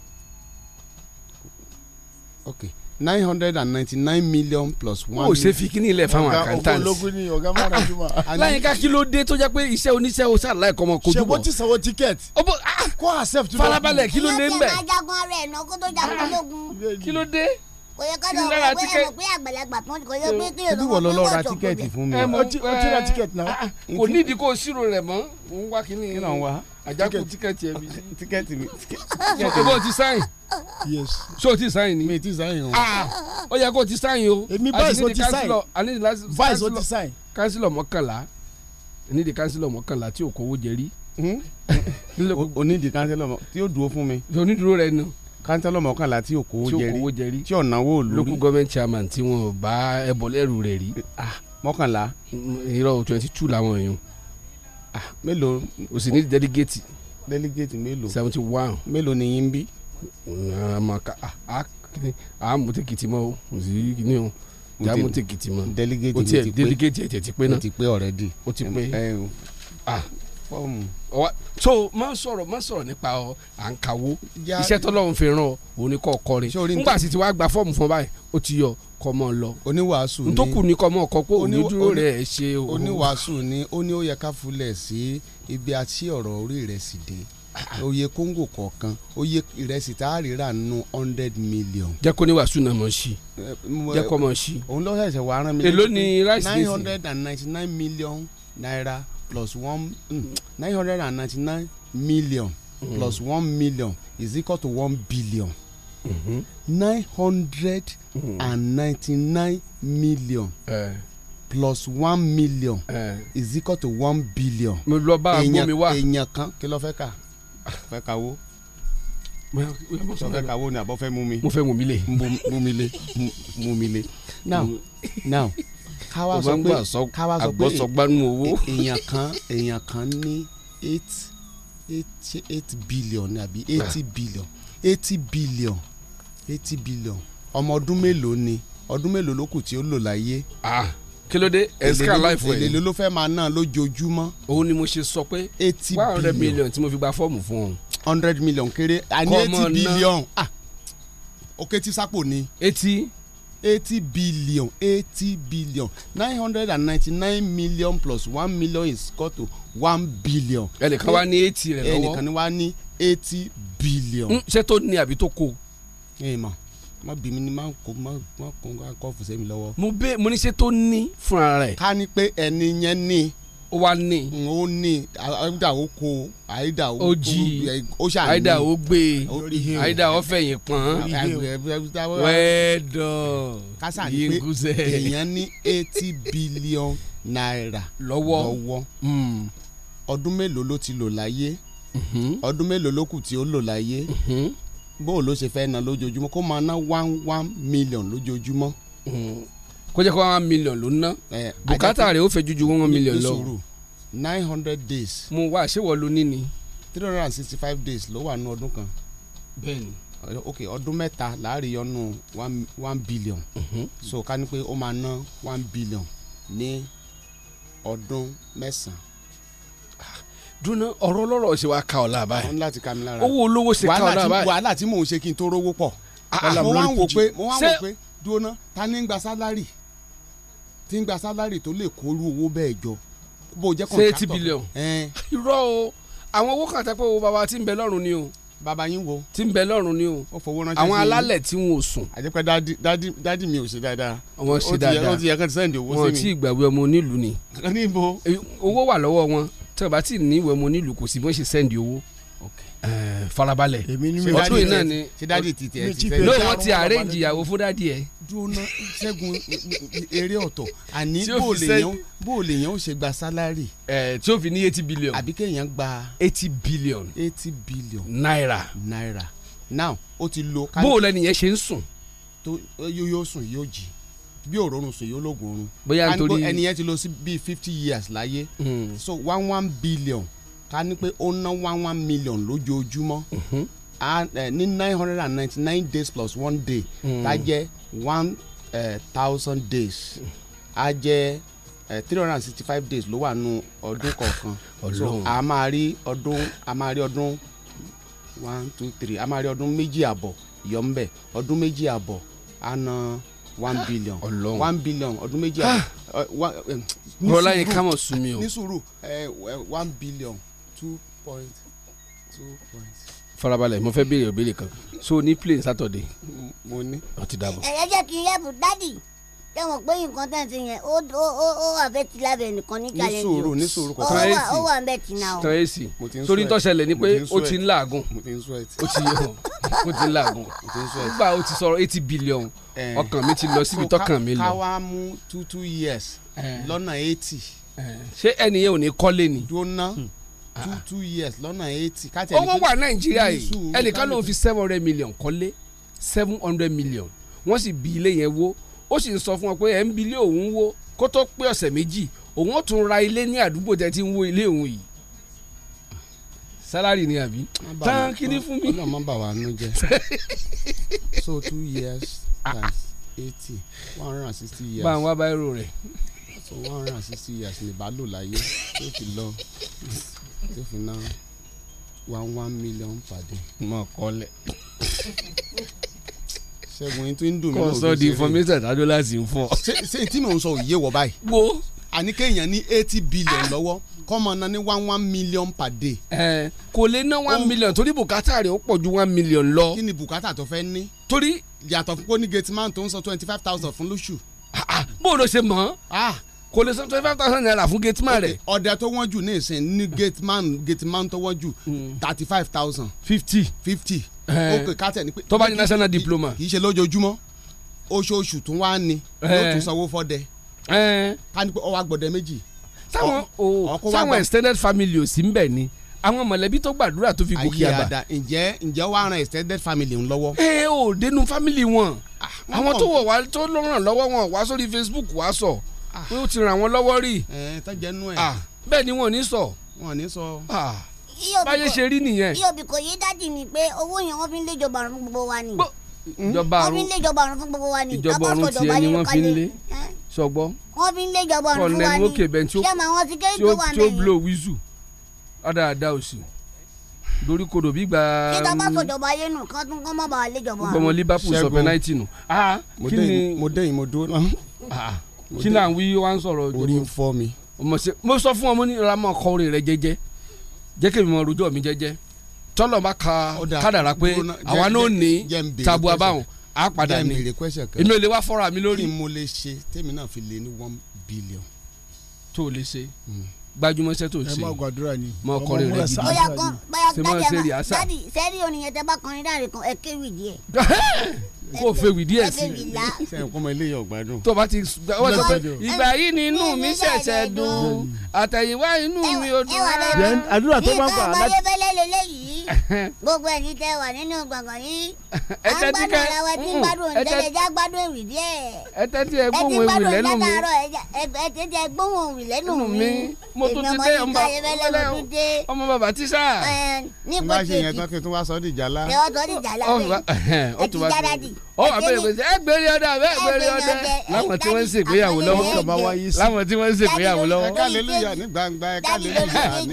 okay nine hundred and ninety-nine million plus one. o ṣe fi kíní ilẹ̀ fáwọn accountants. ọgá ológun ni ọgá mara juma. láyìnká kí ló dé tó jẹ́ pé iṣẹ́ oníṣẹ́ o ṣàlàyé kọ́mọ kojú bọ̀. ṣèbó ti sanwó tíkẹ́ẹ̀tì. ó bọ ah, kó accept. farabalẹ̀ kí ló dé ń bẹ̀. ilé tí a jagun ara ẹ̀ náà kó tó jagun ológun. kí ló dé kò yẹ ká lọ wọ pé ẹmọ pé àgbàlagbà kan kò yẹ pé kí lè lọ wọ pé wọ́n sọ pé bẹ́ẹ̀. ó ti ra tíkẹ́ẹ̀tì náà. Ah, ah, kò o ṣírò rẹ̀ mọ́ òun wá kíní àjàkú tíkẹ́ẹ̀tì ẹ̀ mi. tíkẹ́ẹ̀tì mi tíkẹ́ẹ̀tì mi. bó o ti sáyìn. yes. so o ti sáyìn ni. mi ti sáyìn o. Ah, ó yẹ kó o ti sáyìn o. èmi vice o ti sáyìn vice o ti sáyìn. kánsílọ̀ mọ́kànlá onídìí kánsílọ̀ mọ́kànlá tí ò kówó jẹ rí. Hmm? onídìí kánsílọ̀ tí ó dúró fún mi. onídùúró rẹ nù kánsálọ̀ mọ́kànlá tí òkò owó jẹrí tí ọ̀nàwó lórí local government chairman tí wọn bá ẹbọ lẹ́rù rẹ̀ rí. Ah, mọ́kànlá. irọ́ twenty two làwọn èèyàn. Ah, mélòó. o sì ní delegate. delegate mélòó. seventy one. mélòó ni yín bí. a mú tèkìtì mọ́ o sì ní o jàmú tèkìtì mọ́. delegate mi ti pé o ti pé ọ̀rẹ́dì. o ti ah, pé Um, so má sọ̀rọ̀ má sọ̀rọ̀ nípa ọ à ń kawó iṣẹ́ tọ́lọ́run fi ràn ọ́ òun ni kò kọrin nígbà sì ti wá gba fọ́ọ̀mù fún báyìí ó ti yọ kọmọ lọ oníwàásù ni ntòkù ni kọmọ kọ pé òní dúró rẹ̀ ṣe o. oníwàásù ni ó ní ó yẹ ká fulẹ̀ sí ibi àti ọ̀rọ̀ orí rẹ̀ sì dé oye kóńgò kọ̀ọ̀kan oye ìrẹsì tá a rírà nù hundred million. jẹ́ kó ní wàásù náà mọ̀ sí eh, jẹ́ kó mọ̀ sí. òun ló ṣẹ̀ṣẹ̀ wàá rán mi. èló ni rice nine hundred and ninety nine million naira plus one mm, nine hundred and ninety nine million plus mm. one million is equal to one billion. Mm-hmm. nine hundred and ninety-nine million eh. plus one million eh. is equal to one billion. mo lọ bá agbó mi wá. èèyàn kan kí ló fẹ́ kà fẹ́ kà wo sọ fẹ́ kà wo ni àbọ̀ fẹ́ mú mi. mo fẹ́ mú mi lé. mú mi lé mú mi lé. now now káwá sọ pé káwá sọ pé àgbọ̀sọgbánú owó. E-, èèyàn kan èèyàn kan ní eight eight eight billion àbí eighty billion eighty billion eighty billion ọmọ ọdún mélòó ni ọdún mélòó ló kù tí ó lò láyé. ah kí ló dé extra life rẹ èlé ló fẹ́ máa ná lójoojúmọ́. òun ni mo ṣe sọ pé eighty billion one hundred million tí mo fi gba fọ́ọ̀mù fún un. hundred million kéré àní eighty billion ah òkè tí sápò ni. eighty eighty billion eighty billion nine hundred and ninety-nine million plus one million is equal to one billion. ẹnìkan wá ní eighty rẹ lọ́wọ́ ẹnìkan wá ní eighty billion. Mm, ṣé tó ní àbí tó kó. ẹ mọ mọ bí mi ni má kó má kó kó fún sẹ́mi lọ́wọ́. mo bẹ mo ní ṣé tó ní fúnra rẹ̀. ká ní pé ẹni yẹn ní ó wá ní. ó ní àìdá ó kó àìdá ó jí àìdá ó gbé àìdá ó fẹ̀yìn pọ́n wẹ́ẹ̀dọ̀ yíngúsẹ̀. èèyàn ní eighty billion naira lọ́wọ́ lọ́wọ́ hmm. ọdún mélòó ló ti lò láyé mm-hmm. ọdún mélòó ló kù tí ó lò láyé mm-hmm. bóun ló ṣe fẹ́ na lójoojúmọ́ kó máa ná one one million lójoojúmọ́. Mm kó jẹ́ kó one million ló ná bùkátà rẹ̀ ó fẹ́ jújú one million lọ. nine hundred days. mo wá àṣewọ ló three hundred and sixty five days ló wà nù ọdún kan. bẹ́ẹ̀ni ok ọdún mẹ́ta láàrin yọnu one billion mhm. so ká ní pé ó máa ná one billion ní ọdún mẹ́sàn-án. Ah, dúnà ọ̀rọ̀ ọlọ́rọ̀ ṣe wá ka ọ̀ láàbá yìí. láti ka mi lára. owó olówó ṣe ka ọ̀ láàbá wàhálà tí mò ń ṣe kí n tó rówó pọ̀. Ah, ah, mo wá ń wò pé mo wá ń wò pé dúnà ta ni ń gba sálárì tí ń gba sálárì tó lè kóru owó bẹ́ẹ̀ jọ bó jẹ́ kọ́ńtàtọ̀ ṣe eighty billion irọ́ o àwọn owó kan tẹ́pẹ́ owó baba tí ń bẹ lọ́rùn ni o baba yín wo tí ń bẹ lọ́rùn ni o ó fowó ránṣẹ́ àwọn alálẹ̀ tí wọn ò sùn. àjẹpẹ́ dádì dádì dádì mi ò ṣe dáadáa wọn ṣe dáadáa ó ti yẹ kán ti sẹ́ǹdì owó sí mi wọn ti ìgbàwé ọmọ onílùú ni owó wà lọ́wọ́ wọn tí wọn bá ti ní ìwé ọmọ onílùú kò sí bó ṣe sẹ́ǹdì owó Eh, farabalẹ̀ ọdún yìí náà ni lóò wọ́n ti àrẹ́ǹjì ìyàwó fún dádì ẹ̀. dúró ṣẹ́gun eré ọ̀tọ̀ àní bó o lè yàn ó ṣe gba sálárì. ẹ eh, tí ó fi ní eighty billion. àbí kéèyàn gba. eighty billion. eighty billion. Naira. Naira. now ó ti lo. bó o lẹ́nu yẹn ṣe ń sùn. tó yóò sùn yóò jí bí òrórùn sùn yóò lóògùn oorun. bóyá nítorí ẹni yẹn ti lo sí bíi fifty years láyé. Hmm. so one one billion ká ní pé ó ná one one million lójoojúmọ́ mhm. ní nine hundred and ninety nine days plus one day tá mm. jẹ́ one thousand days á jẹ́ three hundred and sixty five days ló wà nù ọdún kọ̀ọ̀kan so a máa rí ọdún a máa rí ọdún one two three a máa rí ọdún méjì àbọ̀ yọ̀ǹbẹ̀ ọdún méjì àbọ̀ àna one billion one billion ọdún méjì àbọ̀. Ah! bọ́lá yìí ní sùúrù one billion two point two point. farabalẹ̀ mo fẹ́ béèrè òbéèrè kan so ni plane saturday. mo ní. ọ ti dàbọ̀. ẹ jẹ́ kí n yẹ̀bù dádì ṣé wọn pé nǹkan tẹ̀ ṣe yẹn ó ó ó àfẹ́ ti lábẹ́ nìkan ní challenge ní sòrò ní sòrò kò tán èsì ó wà nbẹ tì náà o. tán èsì torí tó ṣẹlẹ̀ ni pé ó ti ń làágùn ó ti yọ ó ti ń làágùn nígbà ó ti sọ̀rọ̀ eighty billion eh. ọkàn mi ti lọ síbi tọkàn mi lọ. káwa mú two two years eh. lọ́nà eighty. Eh. ṣé ẹnìyẹn ò ní kọ́lé ni. dúró ná hmm two ah, ah. two years lọ́nà eighty. owó wà nàìjíríà yìí ẹnìkan ló ń fi seven hundred million kọ́lé seven hundred million wọ́n sì bi ilé yẹn wó ó sì ń sọ fún wọn pé ẹ̀ ń bi ilé òun wó kó tó pé ọ̀sẹ̀ méjì òun ó tún ra ilé ní àdúgbò tẹ́ ti ń wó ilé òun yìí sálárì ni àbí tán kíní fún mi. ọlọ́run má bà wá nú jẹ́ so two years times eighty one hundred and sixty years. bá a wá bá èrò rẹ̀. so one hundred and sixty years ni bá lò láyé tó fi lọ yóò fi ná one one million per day. mo kọ́lẹ̀. ṣẹ́gun yìí tún ń dùn mí. kò sọ di information tàdó láti fún ọ. ṣé tí mò ń sọ òye wọ báyìí. wo. àní kéèyàn ní eighty billion ah! lọ́wọ́ kọ́mọ náà ní one one million per day. ẹ kò lè ná one million torí bùkátà rẹ̀ ó pọ̀ ju one million lọ. kí ni bùkátà tó fẹ́ ní. torí. yàtọ̀ fún kó ní gate man tó ń sọ twenty five thousand fún lóṣù. Ah, ah, bó o lọ ṣe mọ̀. ah kò lè san twenty five thousand naira fún gateman rẹ̀. ọ̀dẹ tó wọ́n jù ní ìsìn ní gateman gateman tó wọ́n jù hmm. thirty five thousand. fifty. fifty. ok kátẹ̀ ni pé. tó bá ní national diploma. kì í ṣe lójoojúmọ́ oṣooṣù tún wá ní yóò tún sanwó fọ́dẹ. ká ní pé ọwọ́ agbọ̀dẹ méjì. sáwọn o sáwọn extended family ò sí ń bẹ̀ ni àwọn mọ̀lẹ́bí tó gbàdúrà tó fi gòkè àgbà. àyè àdá ǹjẹ́ ǹjẹ́ wàá ran extended family ń lọ́wọ́. ẹ ò dénú family wọn ah, àwọn tó wọ̀ wá tó lọ́ràn lọ́wọ́ wọn wá sórí Facebook wá sọ. So Ah. pé ó ti ràn wọ́n lọ́wọ́ rí. ẹ tọ́jẹ́ nú ẹ̀. Ah, bẹ́ẹ̀ ni wọn ò ní sọ. wọn ò ní sọ. Ah, báyé ṣe rí nìyẹn. iyobi kò yé dádì mi pé owó yẹn wọ́n fi ń lé ìjọba ọ̀run fún gbogbo wa ni. Hmm? ìjọba ọ̀run wọ́n fi ń lé ìjọba ọ̀run fún gbogbo wa ni. ìjọba ọ̀run tiẹ̀ ni wọ́n fi ń lé sọgbọ. wọ́n fi ń lé ìjọba ọ̀run fún wa ni. ṣé màá wọn ti kéré tó wà mẹ́yìn. tí ó blow whistle adáadáa òsì dorí kodò bí gba. kíkà bá sọjọba yé nù kán tún kán má bàa lé jọba. gbọmọ Liverpool sọ pẹnáìtì nù. mo dẹ́yìn mo dúró náà kí náà wí wá ń sọ̀rọ̀ ojú. orí ń fọ́ mi. mo sọ fún ọ mo ní ìrora máa kọ orin rẹ jẹ́jẹ́ jẹ́ kí mi mọ rojọ́ mi jẹ́jẹ́ tọ́lọ̀ bá ka kádàrá pé àwa náà ní tabu abáwọn á padà ní èmi ò lè wá fọ́ra mi lórí. kí mo lè ṣe tèmi náà fi lè ní one billion. tó o lè ṣe hmm. gbajúmọ̀ iṣẹ́ tó ń ṣe ẹ máa gbàdúrà ni mọ ọkọrin rẹ gidi bóyá kan bóyá kan kan ẹ kéwì díẹ̀. kó fewì díẹ̀ sí i. sẹ́yìn kọ́mọ ilé yọ̀ gbádùn. tó bá ti wọ́n sọ ìgbà yìí ni inú mi ṣẹ̀ṣẹ̀ dùn àtẹ̀yìnwá inú mi ò dùn rárá. àdúrà tó bá ń pa àlá. ìtàn ọmọ ayébẹ́lẹ́ lélẹ́yìí gbogbo ẹ̀yin tẹ́ wà nínú gbọ̀ngàn yìí ẹ ti kẹ́ ẹ tẹ́tí kẹ́ gbádùn èrì díẹ̀ ẹ tẹ́tí ẹ gbóhùn èrì lẹ́nu mi ẹ tẹ́tí ẹ gbóhùn èrì lẹ́nu mi mo tún ti dé ọmọ ọmọ bàbá tíṣà. nípa ti èkìtì ọmọ ṣe yẹn tán kí n tún wá sọ ọ́ dìjà lá. ọ́ sọ ọ́ dìjà lá ẹ ti jára dì ọ abẹ́rẹ́ pé ẹ gbèrè ọdẹ abẹ́ gbèrè ọdẹ láwọn tí wọ́n ń ṣègbéyàwó lọ́wọ́ láwọn tí wọ́n ń ṣègbéyàwó lọ́wọ́. ẹ káàlélúyà ní gbangba ẹ káàlélúyà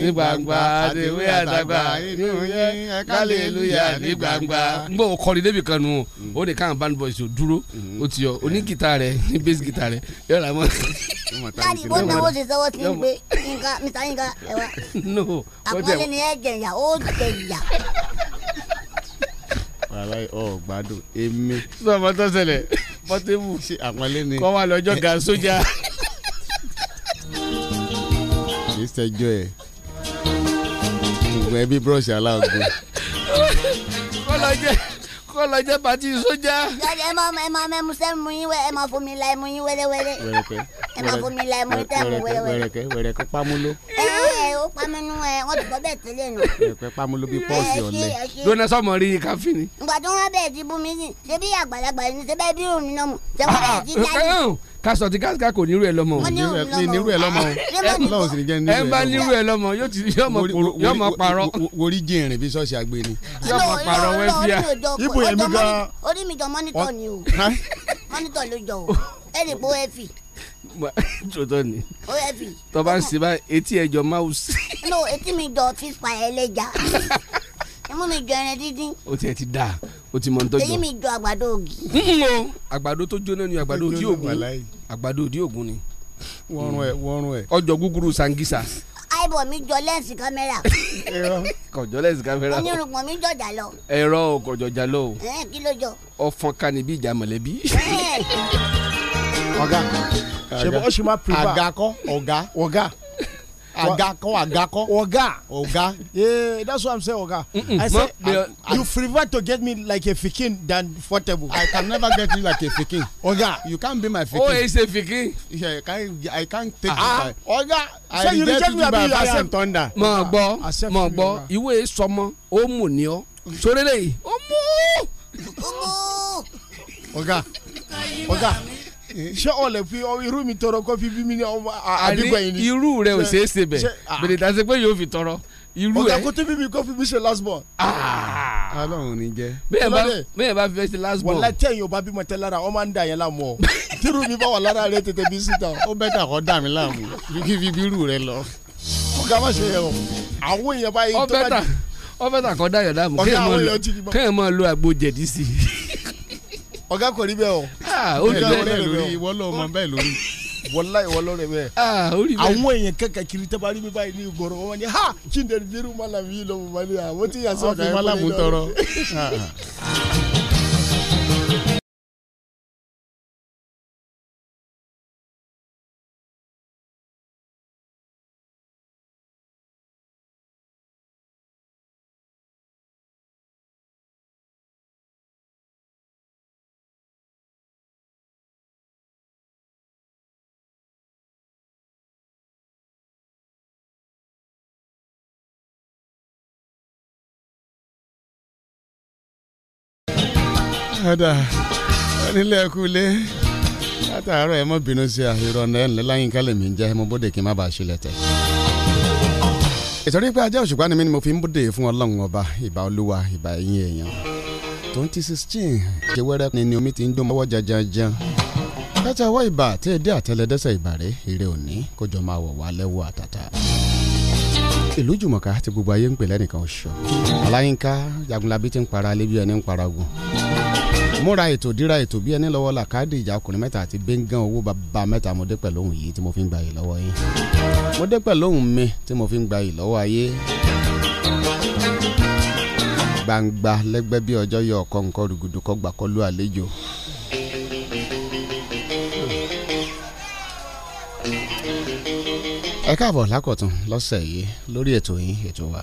ní gbangba àdèwé àdàgbà inú yẹn ẹ káàlélúyà ní gbangba. n bọ̀ kọrin débi kan nù o de káwọn band boys o dúró o mhm. ti yọ o ní eh. gita rẹ ní bass gita rẹ yọ la mọ. káàdì bó náwó ṣe sọ́wọ́ tí ń gbé nǹkan mr yinka ẹ wa. àpọ́nlé ni ẹ jẹ̀yà ó jẹ̀yà bàbá yìí ọ̀ gbádùn èmi. sọ ma tó ṣẹlẹ̀ pọ́tébù ṣe àpọ́nlé ni kọ́ wa lọ́jọ́ ga sójà. kì í ṣẹjọ́ ẹ̀ gbogbo ẹbí búrọ̀ṣì aláàgbò. kọ́lọ́jẹ́ kọ́lọ́jẹ́ pàtí sójà. ẹ máa ẹ máa mẹ́mu sẹ́mu yín wẹ́ ẹ máa fomi la ẹ máa fomi la ẹmu yín tẹ́mu wẹ́rẹ́wẹ́rẹ́ wẹ́rẹ́kẹ́ wẹ́rẹ́kẹ́ ẹ ẹ ó pamọ́ nú ẹ wọ́n ti gbọ́ bẹ́ẹ̀ tẹ́lẹ̀ nù. ẹ̀pẹ́ pamọ́ ló bí pọ́ọ̀sì ọ̀lẹ́ lónà sọmọ rí i káfí ni. ìgbà tí wọ́n bẹ̀ẹ̀ ti bú mi sí ṣebí àgbàlagbà ni ṣebí bí òun náà mu ṣe wọ́n bẹ̀ẹ̀ ah, ah, ah, ti dáyé. kásọ̀ tí kásíkà kò nírú ẹ lọ́mọ. mi nírú ẹ lọ́mọ o ẹ bá nírú ẹ lọ́mọ yóò mọ parọ́. wòrí jẹ ìrìn bí sọ́ọ̀sì àgbẹ̀ ni. yóò mọ parọ́ wẹ́fíà. ibùyẹ̀mí gan-an. orí mi jọ mọ́nítọ̀ ni o mọ́nítọ̀ ló jọ o ẹ̀ lè bó ẹ fì. tòótọ́ ni tó bá ń ṣe báyìí etí ẹ jọ mouse. no etí mi jọ fish pa ẹlẹ́ja imú mi jọ ẹran dídín. o tiẹ̀ ti da o ti mọ n tọ́jú. èyí mi jọ àgbàdo ògì. àgbàdo tó jóná ni àgbàdo òdì ògùn àgbàdo òdì ògùn ni. wọ́n rún ẹ̀ wọ́n rún ọjọ́ gúgúrú sangisa àìbọ̀ mi jọ lẹ́ǹsì kámẹ́rà. kọjọ lẹ́ǹsì kámẹ́rà. onírùngbọ̀n mi jọjà lọ. ẹ̀rọ kọjọjà lọ. kí ló jọ. ọfọn kan níbi ìjà mọ̀lẹ́bí ọ̀gá ṣebí ó sì máa prefer àga kọ́ ọ̀gá ọ̀gá àga kọ́ àga kọ́ ọ̀gá ọ̀gá yeah that's what i'm saying ọ̀gá i say I, you prefer to get me like a pikin than four table. i can never get you like a pikin. ọ̀gá you can't be my pikin. oh he pikin. yeah i can't i can't take ah, you by. ọ̀gá so you reject me abi I am mọ̀ gbọ́ mọ̀ gbọ́ ìwé sọmọ ó mú ni ọ́ sórí lẹ́yìn ó mú ó mú. ọ̀gá ọ̀gá ṣé ọ̀lẹ̀ fi irú mi tọrọ kọ́ fi bí mi ní àbígbọ̀ yìí ni. irú rẹ ò ṣeé ṣe bẹ̀ ah. bèrè tàṣe pé yóò fi tọrọ irú ẹ. ọ̀gá kó tó bí mi kó fi mi ṣe last born. Ah. ọlọ́run ní jẹ́. bẹ́ẹ̀ bá bẹ́ẹ̀ bá fi fẹ́ ṣe last born. wọ́n láti ẹ̀yìn ọba bímọ tẹ́ lára ọmọ ń da yẹn láàmú ọ tírú mi bá wà lára rẹ tètè bí síta. ó bẹ́ẹ̀ tà kọ́ dà mí láàmú kí fi bí irú rẹ lọ. ọ̀gá má ṣe yẹ o àwọn èèyàn báyìí tó bá dì. ọ bẹ́ẹ̀ tà kọ́ dà yẹn láàmú kẹ́ẹ̀ máa lo àgbo jẹ̀dí sí i ọ̀gá kò rí bẹ́ẹ̀ o. Ah, ó rí bẹ́ẹ̀ lórí ìwọ ló mọ bẹ́ẹ̀ lórí. wọlá ìwọ ló ah, bẹ́ẹ̀. àwọn èèyàn kankan kiri tẹ́ bá rí mi báyìí ní ìgboro wọn ni ha kí n dẹ̀rù bí irú mọ́lá mi yìí lọ́mọ mọ́lá yà wọ́n ti yà sọ́ọ̀dà ẹ̀ ọ̀dà onílé ẹ̀kúlé látàárọ̀ ẹ̀ mọ́ bínú sí àhírọ̀ náà ńlẹ́ láyínká lèmi ń jẹ́ ẹ̀ mọ́ bóde kí n má bàa ṣílẹ̀ tẹ̀. ìtọ́rí pé ajá òṣùpá ni mí ni mo fi ń bóde fún ọlọ́run ọba ìbà olúwa ìbà ẹ̀yìn èèyàn twenty sixteen ṣe wẹ́rẹ́ ni ni omi ti ń dún mọ́wọ́ jajanjan tata wọ ibà tí èdè àtẹlẹdẹsẹ̀ ìbàrẹ eré òní kójọ máa wọ̀ wá lẹ́wọ́ àtàtà. ìlú jùmọ̀ká ti gbogbo ayé ń pè lẹ́nìkan ṣọ aláyínká jagunlabi ti múra ètò dira ètò bí ẹni lọ́wọ́ làkàdé ìjà ọkùnrin mẹ́ta àti bẹ́ngàn owó bàbá mẹ́ta mo dé pẹ̀lú ohun yìí tí mo fi ń gba yìí lọ́wọ́ yín mo dé pẹ̀lú ohun mi tí mo fi ń gba yìí lọ́wọ́ ayé gbangba lẹ́gbẹ́ bí ọjọ́ yọ ọ̀kọ́ nǹkan rúgudu kọ́ gbà àlejò. ẹ káàbọ̀ lákọ̀tún lọ́sẹ̀ yìí lórí ètò yín ètò wa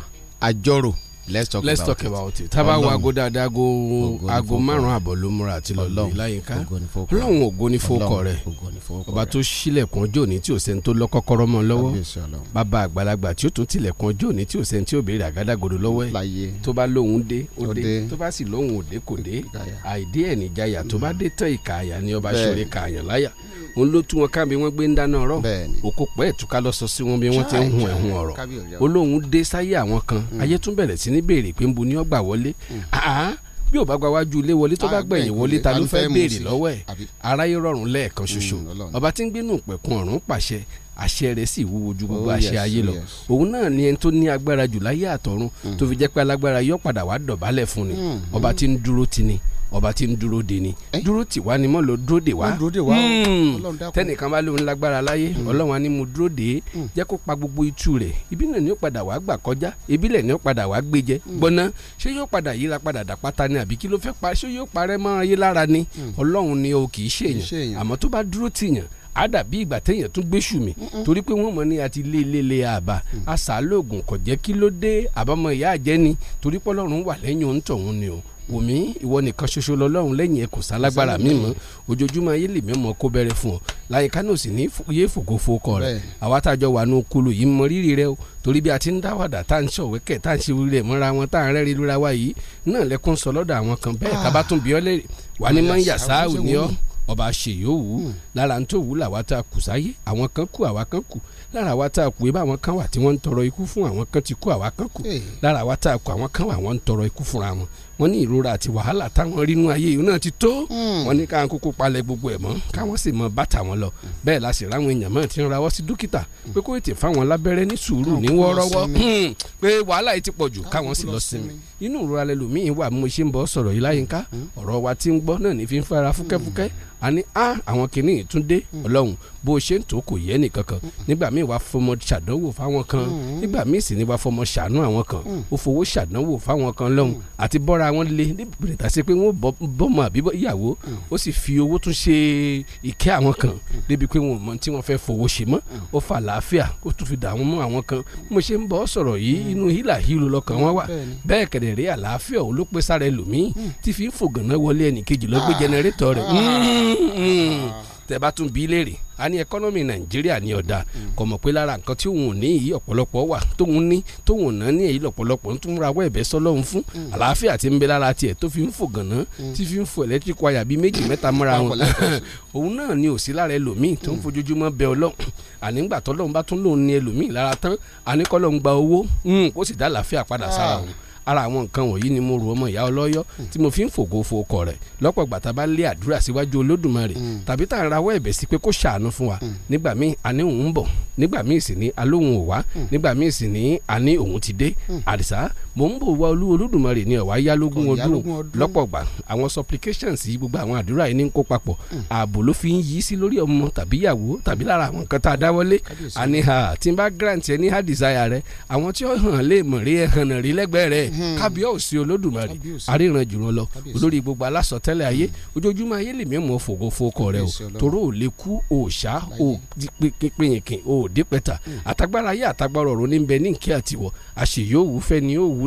àjọrò let's talk let's about talk it. about it tábà wo aago dáadáa aago aago márùn-ún àbọ̀ ló múra àti lọ́lọ́ láyínká ọlọ́run ògo ní fọ́ọ̀kọ rẹ̀ ọba tó ṣílẹ̀kùn ọjọ́ òní tí ò sẹ́ni tó lọ́kọ́kọ́rọ́ mọ́ lọ́wọ́ bàbá àgbàlagbà tí ó tún tilẹ̀kùn ọjọ́ òní tí ò sẹ́ni tí ò béèrè àgádágodo lọ́wọ́ ẹ̀ tó bá lóhùn dé ó dé tó bá sì lóhùn ò dé kò dé àìdí ẹ̀ níjàyà tó bá mm. dé tán ìkààyà ni ọba ṣòro ìkààyàn láyà òun ló tú wọn ká bí wọ́n gbé ń dáná ọ̀rọ̀ òkò pẹ́ ìtúká lọ sọ sí wọn bí wọ́n ti ń hun ẹ̀hún ọ̀rọ̀ olóhùn dé sáyé àwọn kan hmm. ayé tún bẹ̀rẹ̀ sí ní béèrè pé ń bo ní ọgbà wọlé hmm. bí ò bá gba wájú ilé wọlé tó bá ah, gbẹ̀yìn wọlé ta ló fẹ́ béèrè lọ́wọ́ ẹ̀ aráyé rọrùn lẹ́ẹ̀kan hmm, ṣoṣo ọba tí ń gbénú pẹ̀kun ọ̀run pàṣẹ àṣẹ rẹ̀ sì wúwo ju gbogbo oh, àṣẹ ayé lọ òun náà ni ẹni tó ní agbára jù láyé àtọ̀run tó fi jẹ́ pé alágbára yóò padà wá dọ̀bálẹ̀ fún ni ọba tí ń dúró ti ni ọba tí ń dúró de ni eh? dúró tì wá ni mọ́ lọ dúró de wá hmm. tẹnìkan bá lóun lágbára láyé hmm. ọlọ́run á ní dúró de e. hmm. jẹ́ kó pa gbogbo itú rẹ̀ ibi náà ni ó padà wá gbà kọjá ibi lẹ̀ ni ó padà wá gbé jẹ gbọ́ná ṣé yóò padà yíra padà dà pátá ni àbí kí ló fẹ́ pa ṣé yóò parẹ́ mọ́ ayé lára ni ọlọ́run ni o kì í ṣèyàn àmọ́ tó bá dúró tì yàn á dàbí ìgbà téèyàn tún gbéṣù mi torí pé wọ́n mọ̀ ní àti lélele àbá àṣà lóògùn kò kí ló dé àbámọ̀ ìyá àjẹ́ torí pé ọlọ́run wà lẹ́yìn òǹtọ̀hún ni o wùmí ìwọ nìkan ṣoṣo lọ́lọ́run lẹ́yìn ẹkùn sálágbára mi mọ́ ojoojúmọ́ ayé lèmi mọ́ kó bẹ̀rẹ̀ fún ọ láyé kánò sì ní yé fògo fokọ rẹ àwa tá a jọ wà ní okulu yìí mọ rírì rẹ o torí bí a ti ń dáwàdà tá à ń ṣọ̀wẹ́kẹ̀ tá à ń ṣe orí mọ́ra wọn tá à ń rẹ́rìn lura wa yìí náà lẹ́kùn sọ lọ́dọ̀ àwọn kan bẹ́ẹ̀ kábà tún bí ọ́ wà ní ah, mọ́ ń sáà ò ní ọ́ ọba ṣèyí ó wù ú hmm. lára ń tó wù ú làwa tá kù sáyé àwọn kan kù àwa kan kù lára wa tá a kú ibà àwọn kan wà tí wọ́n ń tọrọ ikú fún àwọn kan ti kú àwa kan kù lára wa tá a kú àwọn kan wà wọ́n ń tọrọ ikú fúnra wọn wọ́n ní ìrora àti wàhálà táwọn rínú ayé yìí náà ti tó hmm. wọ́n ní káwọn kúkú palẹ̀ gbogbo ẹ̀ mọ́ káwọn sì mọ bàtà wọn lọ bẹ́ẹ̀ la sì ráwọn èèyàn mọ́ ti ń rawọ́ sí dókítà pé kó ètè fáwọn lábẹ́rẹ́ ní sùúrù ní wọ́ọ́rọ́wọ́ hmm. pé wàhálà yìí ti pọ̀ jù káwọn sì lọ sinmi inú ìrora lẹ́lòmíì wà mo ṣe ń bọ́ sọ̀rọ̀ yìí láyínká hmm. ọ̀rọ̀ wa ti ń gbọ́ náà ní fi ń fara fúkẹ́fúkẹ́ a ní a àwọn kìíní ìtúndé ọlọ́run bó ṣe ń tó kò yẹ nìkan kan mm-hmm. nígbà míì wàá fọmọ ṣàdánwò fáwọn kan mm-hmm. nígbà míì sì ni wàá fọmọ ṣàánú àwọn kan mm. ó fowó ṣàdánwò fáwọn kan lọ́hùn mm. àti bọ́ra wọn lé níbẹ̀rẹ̀ tá a ṣe pé wọ́n bọ́mọ àbí ìyàwó mm. ó sì fi owó tún ṣe ìkẹ́ àwọn kan débi pé wọn ò mọ tí wọ́n fẹ́ fowó ṣe mọ́ ó fa àlàáfíà ó tún fi dààmú mọ́ àwọn kan mo ṣe ń bọ́ sọ̀rọ̀ yìí inú hílà hílò lọ́kàn wọn wà bẹ́ẹ̀ kẹ̀dẹ̀ rí àlàáfíà olópẹ́sára ẹlòmíì tí fi ń fògànná wọlé ẹnìkejì lọ́gbẹ́ ah. jẹnẹrétọ̀ rẹ̀ ah. Hmm. tẹ bá tún bí léèrè a ní ẹkọ́nọ́mì nàìjíríà ní ọ̀dà hmm. kò mọ̀ pé lára nǹkan tí òun ní yìí ọ̀pọ̀lọpọ̀ wà tóun ní tóun náà ní èyí lọ̀pọ̀lọpọ̀ ń tún rawọ́ ẹ̀bẹ̀ sọlọ́run fún hmm. àlàáfíà tí ń bẹ lára tiẹ̀ tó fi ń fò gànà tí fi ń fò electric wire bíi méjì mẹ́ta mọ́ra wọn òun náà ni òsí lára ẹlòmíì tó ń fojoojúmọ́ bẹ ọlọ́run ànígbà tọ́lọ́run bá tún lòun ní ẹlòmíì lára tán àníkọ́lọ́run gba owó kó sì dá àlàáfíà ara àwọn nǹkan wọ̀nyí ni mo rò ọmọ ìyá ọlọ́yọ́ tí mo fi ń fògo fòkọ rẹ̀ lọ́pọ̀ ìgbà tá a bá lé àdúrà síwájú olódùmarè mm. tàbí tá a rawọ́ ẹ̀bẹ̀ sí pé kó ṣàánú fún wa mm. nígbà míì àní òun ń bọ̀ nígbà míì sì ní alóhùn ò wá mm. nígbà míì sì ní àní òun ti dé àdìsá mò ń bò wá olú olódùmarè ni ọ̀wá yálógún ọdún lọ́pọ̀ gbà àwọn supplications yìí gbogbo àwọn àdúrà yìí ní kó papọ̀ hmm. ààbò ló fi ń yí sí lórí ọmọ tàbí ìyàwó tàbí lára àwọn nǹkan tá a dáwọ́lé àníhà tí n bá grant ẹ ní hard desire rẹ àwọn tí ó hàn lè mọ̀ rí ẹ hàn nà rí lẹ́gbẹ̀ẹ́ rẹ hmm. kábíyọ̀ sí olódùmarè àríran jùlọ lọ olórí gbogbo alásọtẹ́lẹ̀ ayé hmm. ojoojúmọ́ ayé o toró ò lè kú òòṣà ò pinpin ò dípẹ́ta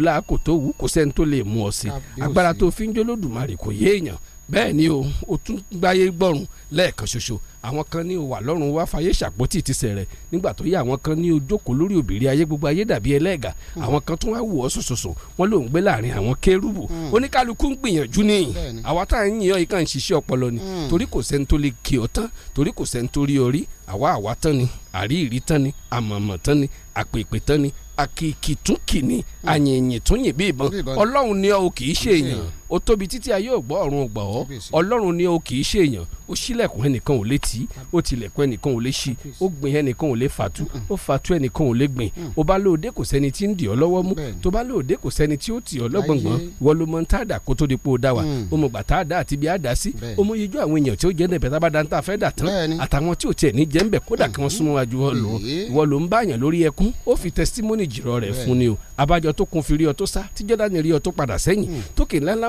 láàkó tó wù kó sẹ́ni tó lè mú ọ sí agbára tó fi ń jólódùmarè kò yé èèyàn bẹ́ẹ̀ ni o o tún gbáyé gbọ́rùn lẹ́ẹ̀kan ṣoṣo àwọn kan ní o wà lọ́rùn wá fàyè ṣàpótì ìtìsẹ̀ rẹ̀ nígbà tó yẹ àwọn kan ní o jókòó lórí òbírí ayé gbogbo ayé dàbí ẹlẹ́gà hmm. àwọn kan tún wá wù ọ́ sòsòsò wọ́n lòún gbé láàrin àwọn kérúbù hmm. oníkálukú ń gbìyànjú ní àwa tá à ń yàn ìkànnì ṣiṣẹ́ ọpọlọ ni hmm. torí kò sẹ́ni tó lè kí ọ tán torí kò sẹ́ni tó rí ọ rí àwa àwa tán ni àrí ìrí tán ni àmọ̀mọ̀ tán ni àpèpè tán ni àkìkì tún kì ní àyìnyìn tún yìn bí ọlọ́run ni ọ kì í ṣe èèyàn ó tóbi títí ayé ògbọ́ ọ̀run ògbà ọ́ ọlọ́run ni o kì í ṣe èèyàn ó ṣílẹ̀kùn ẹnìkan ò lè tì í ó tilẹ̀kùn ẹnìkan ò lè ṣí ó gbìn ẹnìkan ò lè fàtú ó fàtú ẹnìkan ò lè gbìn mm. ó bá lóòdè kò sẹ́ni tí ń dì ọ́ lọ́wọ́ mú tó bá lóòdè kò sẹ́ni tí ó tì ọ́ lọ́gbọ̀ngbọ̀n ìwọ ló mọ tá dà kó tó di pé o dá wa ó mm. mọ gbàtà àdá àti bí a dá sí ó mọ ijó àwọn èèyàn tí ó jẹ́ nẹ̀bẹ̀ tábàdà ń testimony jìrọ̀ rẹ̀ fún ni o abájọ tó kun fi rí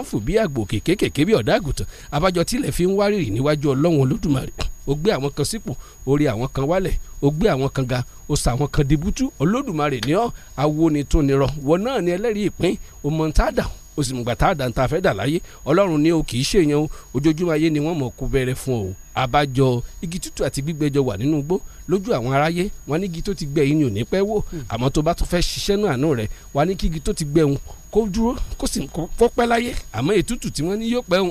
fò bí àgbò kékékèké bí ọ̀dà àgùntàn abájọ tilẹ̀ fi ń wárìrì níwájú ọlọ́run olódùmarè ó gbé àwọn kan sípò ó rí àwọn kan wálẹ̀ ó gbé àwọn kan ga ó sa àwọn kan dibútú olódùmarè ní ọ́ awo ni tún ni rọ wọn náà ni ẹlẹ́rìí ìpín òmọ̀ntàdà ó sì mùgbà tá a dà ta fẹ́ dà láyé ọlọ́run ni o kì í ṣèyàn o ojoojúmọ́ ayé ni wọ́n mọ̀ kú bẹ̀rẹ̀ fún ọ abájọ igi tútù àti gbígbẹ́jọ wà nínú igbó lójú àwọn aráyé wọn ní igi tó ti gbẹ yìí ni ò ní pẹ́ wò hmm. àmọ́ tó bá tún fẹ́ ṣiṣẹ́ náà àánú rẹ̀ wọn ní kí igi tó ti gbẹ òun kó dúró kó sì kó láyé àmọ́ ètùtù tí wọ́n ní yóò pẹ́ òun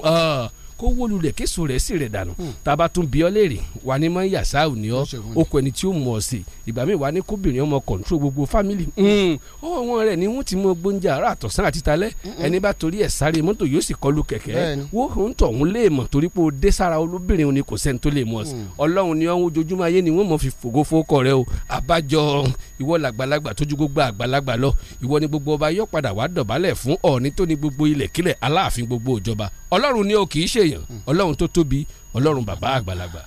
kó wó lulẹ̀ késo rẹ̀ sì rẹ̀ dànù hmm. tàbá tún bí ọ léèrè wà ní mọ́ yàsá òní ọ okùn ẹni tí ó mọ̀ ọ́ sí ìgbà míì wà ní kóbìnrin ọmọ kọ̀ǹtró gbogbo fámìlì hmm. ọwọ́ rẹ̀ ni wọ́n ti mọ gbóúnjẹ àárọ̀ àtọ̀sán àti talẹ́ ẹni bá torí ẹ̀ sáré mọ́tò yóò sì kọlu kẹ̀kẹ́ wọ́n tọ̀ ń lé mọ̀ torí pé o dé sára olóbìnrin òní kò sẹ́ni tó lè mọ̀ sí hmm. ọlọ́run ni ọ̀hún ojoojúmọ́ ayé ni wọ́n mọ̀ fi fògo fókọ̀ rẹ o àbájọ ìwọ làgbàlagbà tójú gbogbo àgbàlagbà lọ ìwọ ni gbogbo ọba yọ padà wàá dọ̀bálẹ̀ fún ọ̀ọ́ni tó ni gbogbo ilẹ̀kílẹ̀ aláàfin gbogbo ìjọba ọlọ́run ni o kì í ṣèyàn èèyàn ọlọ́run tó tóbi ọlọ́run bàbá àgbàlagbà.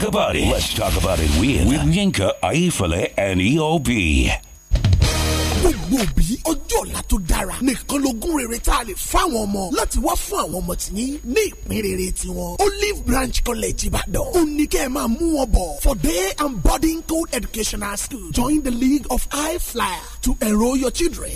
talk about it. Let's talk about it with, with Yinka, Ayefele, and EOB. gbogbo òbí ọjọ́ ọ̀la tó dára nìkan lógún rere tá a lè fáwọn ọmọ láti wá fún àwọn ọmọ tí yín ní ìpín rere tiwọn Olive Branch College Ìbàdàn ó ní kẹ́ ẹ máa mú wọn bọ̀ for day and boarding co-educational school join the league of high flyer to enrol your children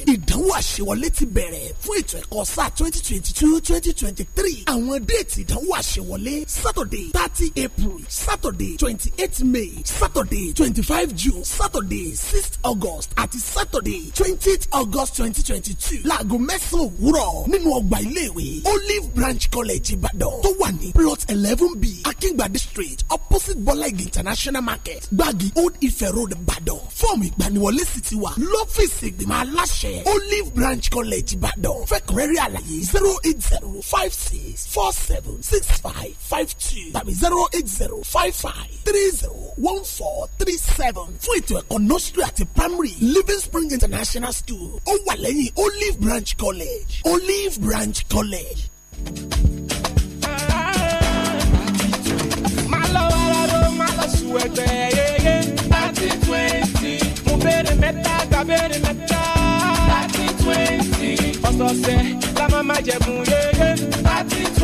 ìdánwò àṣewọlé ti bẹ̀rẹ̀ fún ètò ẹ̀kọ́ sáà twenty twenty two twenty twenty three àwọn déètì ìdánwò àṣewọlé saturday thirty april saturday twenty eight may saturday twenty five june saturday six august àti saturday twenty august twenty twenty two láago mẹ́sàn-án òwúrọ̀ nínú ọgbà iléèwé olive branch college ìbàdàn tó wà ní plot eleven b akíngbàdé street opposite bọ́láìgì international market gbági old ife road ìbàdàn fọ́ọ̀mù ìgbaniwọlé sì ti wà lọ́fíìsì ìgbìmọ̀ aláṣẹ olive olive branch college ìbàdàn fẹ́kùrẹ́rì àlàyé zero eight zero five six four seven six five five two tàbí zero eight zero five five three zero one four three seven fún ètò ẹ̀kọ́ nursery àti primary living spring international school ó wà lẹ́yìn olive branch college olive branch college. máa lọ wàrà ló máa lọ sùn ẹgbẹ́ yẹ́yẹ́ thirty twenty mo béèrè mẹ́ta gba béèrè mẹ́ta. lọ́sọ̀ọ̀sẹ̀ la máa máa jẹ̀bùn yéyé. thirty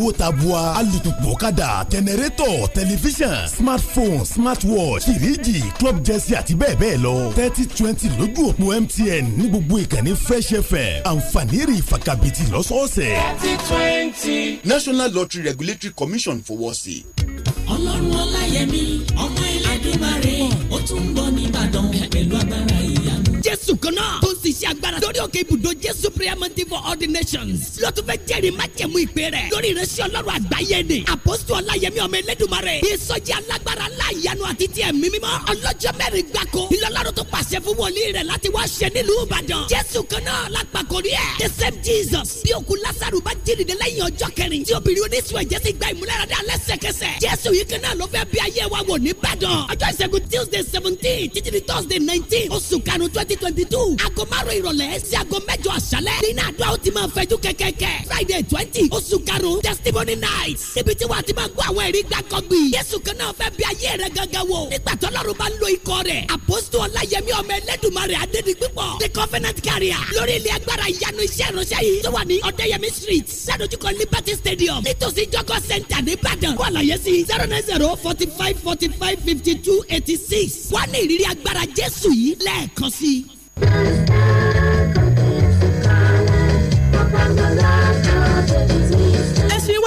owó tabua alùpùpù ọ̀kadà tẹnẹrétọ̀ tẹlifíṣàn smartphone smartwatch fìríjì club jẹ́sí àti bẹ́ẹ̀ bẹ́ẹ̀ lọ thirty twenty lójú òpó MTN ní gbogbo ìkànnì fresh fm àǹfààní rí ìfakabìtì lọ́sọ̀ọ̀sẹ̀. National Lottery Regulatory Commission fowọ́ sí. ọlọ́run ọláyẹmí ọmọ ẹlẹ́dùnmarè ó tún ń bọ̀ nìbàdàn pẹ̀lú agbára yìí jésù kan náà tó ń ṣiṣẹ́ agbára lórí òkè ibùdó jésù prayer mountain for all the nations ló tún fẹ́ jẹ́rìí májẹ̀mú ìpè rẹ̀ lórí ìrẹsì ọlọ́run àgbáyé ni àpòsù ọláyẹmí ọmọ ẹlẹ́dùnmarè ìsọjí alágbára láàyànú àti tiẹ̀ mímímọ́ ọlọ́jọ́ mẹ́rin gbáko ìlọlọ́run tó pàṣẹ fún wòlíì rẹ̀ láti wá ṣe nílùú ìbàdàn jésù kan náà lápapọ̀ rí ẹ̀ the same jesus bí òkú lásàrù bá jíǹde lẹ́yìn ọjọ́ kẹrin tí obìnrin oníṣu ẹ̀jẹ̀ sì gba ìmúláradá lẹ́sẹ̀kẹsẹ̀ jésù yìí kan náà ló fẹ́ bí ayé wa wò ní ìbàdàn ọjọ́ ìṣẹ́gun tuesday seventeen títí di thursday nineteen oṣù karùn-ún twenty twenty two aago márùn ìrọ̀lẹ́ sí aago mẹ́jọ àṣálẹ́ nínú àdúrà ó ti máa fẹjú kẹ́kẹ́kẹ́ friday twenty oṣù karùn-ún testimony night ibi tí wàá ti máa gbọ́ àwọn ẹ̀rí gbàkọ́gbì yéṣù kan náà fẹ́ bí ayé rẹ̀ gangan wò nígbà tó lọ́rùn bá ń lo ikọ̀ rẹ̀ àpòsù ọláyẹmí ọmọ ẹlẹ́dùnmarè adédi pípọ̀ the covenant carrier lórí ilé agbára ìyanu iṣẹ́ ìránṣẹ́ yìí tó wà ní ọ̀dẹ́yẹmí street sẹ́dọ̀júkọ liberty stadium nítòsí jọgọ center nìbàdàn wọ́n àlàyé sí zero zero forty five forty five fifty two eighty six wọ́n ní ìrírí agbára jésù Nas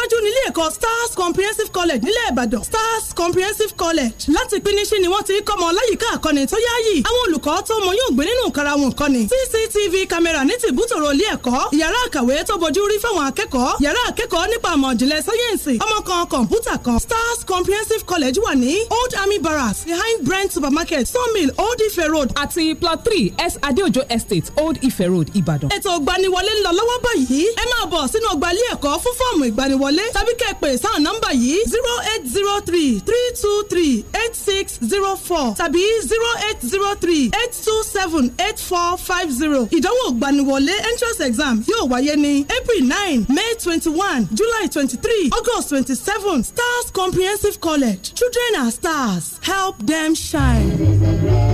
síwájú nílé ẹ̀kọ́ stars comprehensive college nílẹ̀ ìbàdàn stars comprehensive college láti pínísí ni wọ́n ti kọ́mọ láyìíká àkọ́ni tó yáàyè àwọn olùkọ́ tó mọ yóò gbé nínú kara wọn kọ́ni cctv camera ní tìbútòrò ilé ẹ̀kọ́ yàrá àkàwé tó bojú rí fáwọn akẹ́kọ̀ọ́ yàrá akẹ́kọ̀ọ́ nípa àmọ̀ ìjìnlẹ̀ sáyẹ́ǹsì ọmọ kan kọ̀ǹpútà kan stars comprehensive college wà ní old army barracks behind brent supermarket sawmill old ife road àti plot three s adeojo estate old ife road ìbàdàn. ètò ìgbaniwọlé ń lọ lọ́wọ́ báyìí ẹ máa bọ̀ sínú ọgbà ilé ẹ̀kọ́ fún fọ́ọ̀mù ìgbaniwọlé wọlé tàbí kẹ́ ẹ pè sáwọn nọ́mbà yìí zero eight zero three three two three eight six zero four tàbí zero eight zero three eight two seven eight four five zero. ìdánwò gbaniwọlé entrance exam yóò wáyé ní April nine May twenty one July twenty three August twenty seven Stars Comprehensive College children are stars help them shine.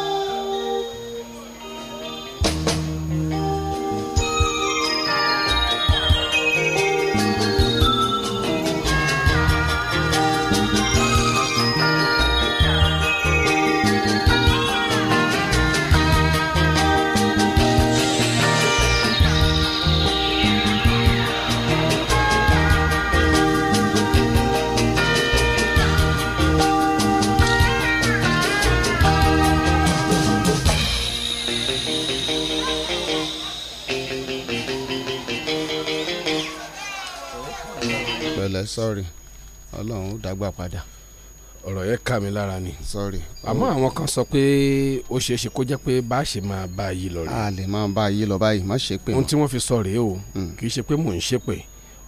ẹ sọ́ọ̀rì ọlọ́run ó dàgbà padà. ọ̀rọ̀ yẹn kà mí lára ni. sọ́ọ̀rì. àmọ́ àwọn kan sọ pé ó ṣeé ṣe kó jẹ́ pé bá a ṣe máa bá a yí lọ rẹ̀. a lè máa bá a yí lọ báyìí má ṣe pé. ohun tí wọ́n fi sọ rèé o hmm. kì í ṣe pé mò ń ṣépè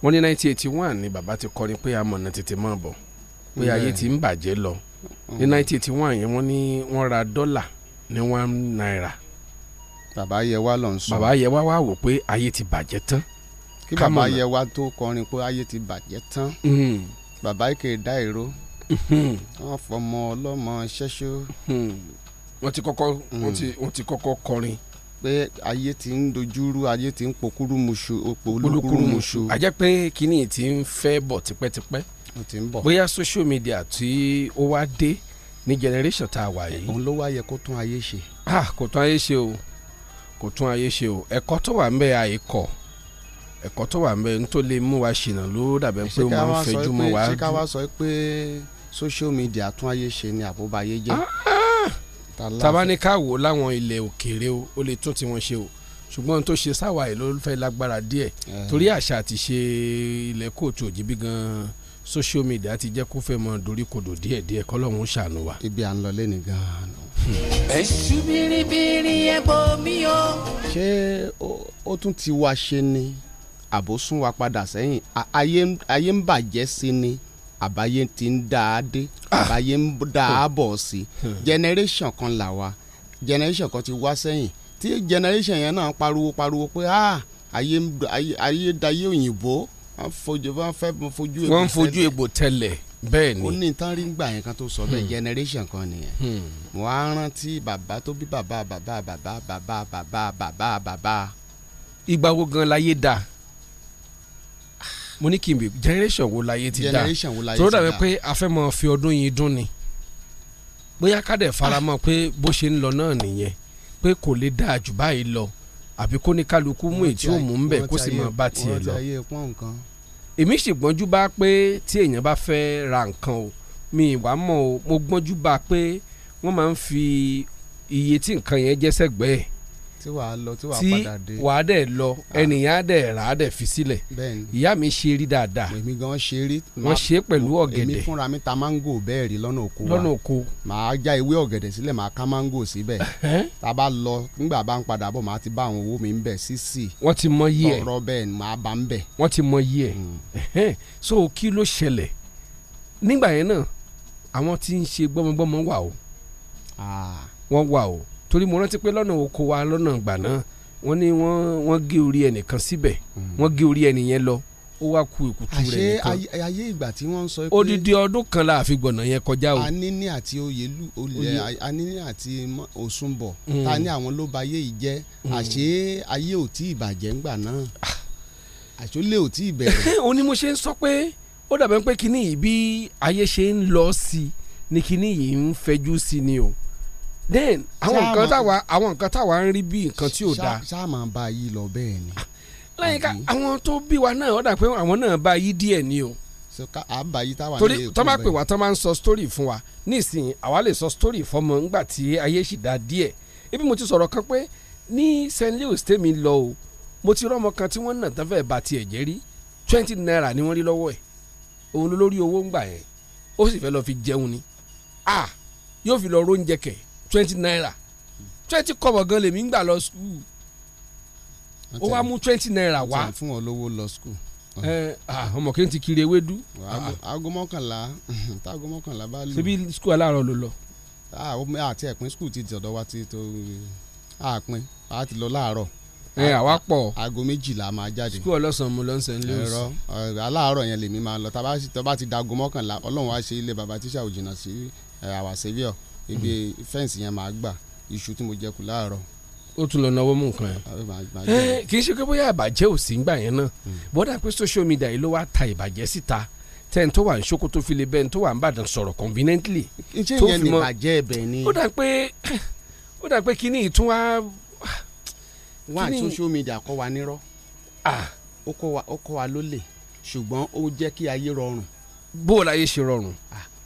wọ́n ní 1981 ni bàbá ti kọrin pé amọ̀nà tètè máa bọ̀ pé hmm. ayé ti ń bàjẹ́ lọ hmm. ní 1981 yẹn wọ́n ní wọ́n ra dọ́là ní one naira. bàbá yẹ wá lọ ń sọ. bàbá yẹ wá wá wò pé ayé ti bàjẹ́ tán kí bàbá yẹ wá tó kọrin pé ayé ti bàjẹ́ tán hmm. bàbá yìí kè é dá èrò wọ́n fọmọ ọlọ́mọ ṣẹ́ṣó. Hmm. wọ́n ti kọ́kọ́ hmm. wọ́n ti kọ́kọ́ kọrin pé ayé ti ń dojúrú ayé ti ń pokuru musu polukuru musu. a jẹ́ pé kínní ti ń fẹ́ bọ̀ tipẹ́tipẹ́. ó ti ń bọ̀. bóyá social media tí ó wá dé ní generation tá a wà yìí. òun ló wá yẹ kó tún ayé ṣe. ah kò tún ayé ṣe o kò tún ayé ṣe o ẹ̀kọ́ tó wà ń bẹ àìkọ́ ẹ̀kọ́ tó wà ń bẹ n tó lè mú wa ṣìnà ló dàbẹ̀ pé ó ń fẹjú wa. ṣé ká wá sọ pé social media tún ayé ṣe ni àbúbáyé jẹ́. tabaníkà wò láwọn ilẹ̀ òkèèrè o ó lè tún tiwọn ṣe o ṣùgbọ́n tó ṣe sáwà yìí ló fẹ́ lágbára díẹ̀ torí àṣà àti ṣe ilẹ̀ kóòtù òjìbí gan social media ti jẹ́ kó fẹ́ mọ doríkodò díẹ̀díẹ̀ kọ́lọ́hún ṣàánú wa. ibi à ń lọ lẹ́nu gan-an. ẹ̀sùn bìrìbìrì ẹ̀gbọ́n mi o. ṣé ó tún ti wá ṣe ni àbò sún wa padà sẹ́yìn ayé ń bàjẹ́ sí ni àbáyé ti ń dá a dé ah. àbáyé ń dá a bọ̀ sí hmm. generation kan là wa generation kan ti wá sẹ́yìn tí generation yẹn náà pariwo pariwo pé ah ayé ayé dayé òyìnbó wọ́n fojú wọ́n fẹ́ fojú egbò tẹ́lẹ̀ wọ́n fojú egbò tẹ́lẹ̀ bẹ́ẹ̀ ni ó ní tán rí gbà yẹn kan tó sọ bẹ́ẹ̀ hmm. generation kan nìyẹn hmm. wọ́n á rántí bàbá tó bí bàbá bàbá bàbá bàbá bàbá bàbá ìgbà wo gan la yé dáa mo ní kí n bè generation wo láyé ti da tó dàbí pé a fẹ́ mọ fi ọdún yìí dún ni bóyá ká dẹ̀ faramọ́ pé bó ṣe ń lọ náà nìyẹn pé kò lè dáa jù báyìí lọ àbí kó ní kálukú mú èyí tí ń bẹ̀ kó sì máa bá tiẹ̀ lọ èmi ṣègbọ́njú bá pé tí èèyàn bá fẹ́ ra nǹkan o mi ìwà mọ̀ o mo gbọ́njú bá pé wọ́n máa ń fi iye tí nǹkan yẹn jẹ́ sẹ́gbẹ̀ẹ́ tí wàá lọ tí wàá padà dé tí wàá dẹ̀ lọ ah. ẹnìyàn á dẹ̀ rà á dẹ̀ fi sílẹ̀ ìyá mi ṣe rí dáadáa èmi gan ṣe rí wọ́n ṣe pẹ̀lú ọ̀gẹ̀dẹ̀ èmi fúnra mi ta mango bẹ́ẹ̀ rí lọ́nà oko wa lọ́nà oko màá já ewé ọ̀gẹ̀dẹ̀ sílẹ̀ màá ká mango síbẹ̀ tá a bá lọ nígbà bá ń padà bọ̀ màá ti bá àwọn owó mi ń bẹ̀ sísì wọ́n ti mọ yí ẹ̀ tọrọ bẹ́ẹ̀ ni màá bá ń bẹ̀ wọ́n ti mọ yí ẹ̀ mm. so kí ló ṣẹlẹ̀ nígbà yẹn náà àwọn tí ń ṣe gbọ́mọgbọ́mọ wà o ah. wọ́n wà o torí mo rántí pé lọ́nà oko wa lọ́nà ìgbà náà wọ́n ní wọ́n wọ́n gé orí ẹnìkan síbẹ̀ hmm. wọ́n gé orí ẹnìyẹn lọ ó wá ku ìkùtù rẹ̀ nìkan. àṣé ayé ìgbà tí wọ́n ń sọ pé. odidi ọdún kan la àfi gbọ̀nà yẹn kọjá o. anini àti oyelu olè anini àti osunbọ hmm. ta ni àwọn ló ba ayé yìí jẹ́ hmm. àṣé ayé ò tí ì bàjẹ́ ńgbà náà ah. àṣé olè ò tí ì bẹ̀rẹ̀. ó ní mo ṣe ń sọ pé ó dàbẹ̀ pé kíní yìí bí ayé ṣe ń lọ sí i ni kíní yìí ń fẹjú sí ni o then àwọn nǹkan táwa àwọn nǹkan táwa ń rí bí nǹkan tí ò dáa. ṣáà máa bá yí lọ bẹ́ẹ̀ ni. láyìíká àwọn tó bí wa náà ó dà pé àwọn náà bá yí díẹ̀ ni o. à ń bá yí táwa ní èkó bẹ́ẹ̀. torí tọ́ bá pè wá tọ́ máa ń sọ story fún wa nísìnyí àwa lè sọ story fọmọ ńgbà tí ayé sì dá díẹ̀ ebi mo ti sọ̀rọ̀ kan pé ní St. Louis tèmi lọ o mo ti rọ́mọ kan tí wọ́n nà tán fẹ́ẹ́ bá tiẹ̀ jẹ́ rí twenty naira ni wọ́n rí lọ́wọ́ ẹ̀ òun lórí owó ń gbà yẹn ó sì fẹ́ lọ fi jẹun ni ah yóò fi lọ róúnjẹ kẹ̀ twenty naira twenty kọ̀bọ̀ gan lèmi ń gbà lọ skul ó wá mú twenty naira wá. fún ọ lówó lọ skul. ọmọ kí n ti kiri ewédú. aago mọ́kànlá táago mọ́kànlá bá lù. ṣebí skul aláàárọ̀ ló lọ. àti ẹ̀pin skul ti dọ̀dọ̀ wa ti tó àpin a ti lọ láàárọ̀ ẹ àwa pọ̀. aago méjìlá máa jáde. sukuu ọlọ́sàn mu ló ń sẹ́ni lóyún. ẹ̀rọ aláàárọ̀ yẹn lèmi máa lọ tọ́ba ti dago mọ́kànlá ọlọ́run wá ṣe ilé baba tíṣà òjìnà sí àwà sẹ́fíọ̀ ebi fẹ́ǹsì yẹn máa gbà iṣu tí mo jẹ kù láàárọ̀ ó tún lọ náwó mú nǹkan ẹ kì í ṣe pé bóyá ìbàjẹ́ ò sí ńgbà yẹn náà hmm. bọ́dà pé social media yìí ló wá ta ìbàjẹ́ síta tẹ́ni tó wà ní Sokoto file bẹ́ẹ̀ tó wà ní Ìbàdàn sọ̀rọ̀ conveniently tó fi mọ́ ó dà pé ó dà pé kíní ìtún wá. wá social media kọ́ wa nírọ́ ó kọ́ wa lólè ṣùgbọ́n ó jẹ́ kí ayé rọrùn. bó o láyé ṣe rọrùn.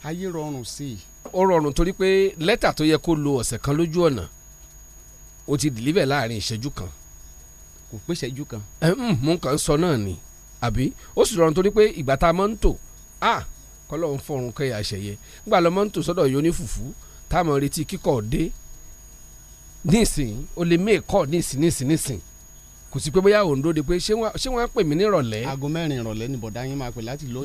ayé rọrùn sí i ó rọrùn torí pé lẹ́tà tó yẹ kó lo ọ̀sẹ̀ kan lójú ọ̀nà ó ti dìlíbẹ̀ láàrin ìṣẹ́jú kan. kò pé ìṣẹ́jú kan. mú hmm, nǹkan sọ náà ni àbí ó sì rọrùn torí pé ìgbà tá a máa ń tò á kọ́lọ́ ń fọrùn kẹ́yà àṣẹyẹ nígbà lọ́ máa ń tò sọ́dọ̀ yóní fùfú táwọn retí kíkọ́ dé nísìn o lè mí kọ́ nísìn nísìn nísìn kò sí pé bóyá òǹdó de pé ṣé wọ́n á pè mí nírọ̀lẹ́. aago mẹ́rin ìrọ̀lẹ́ ni bọ̀dá yín máa pè láti ìlú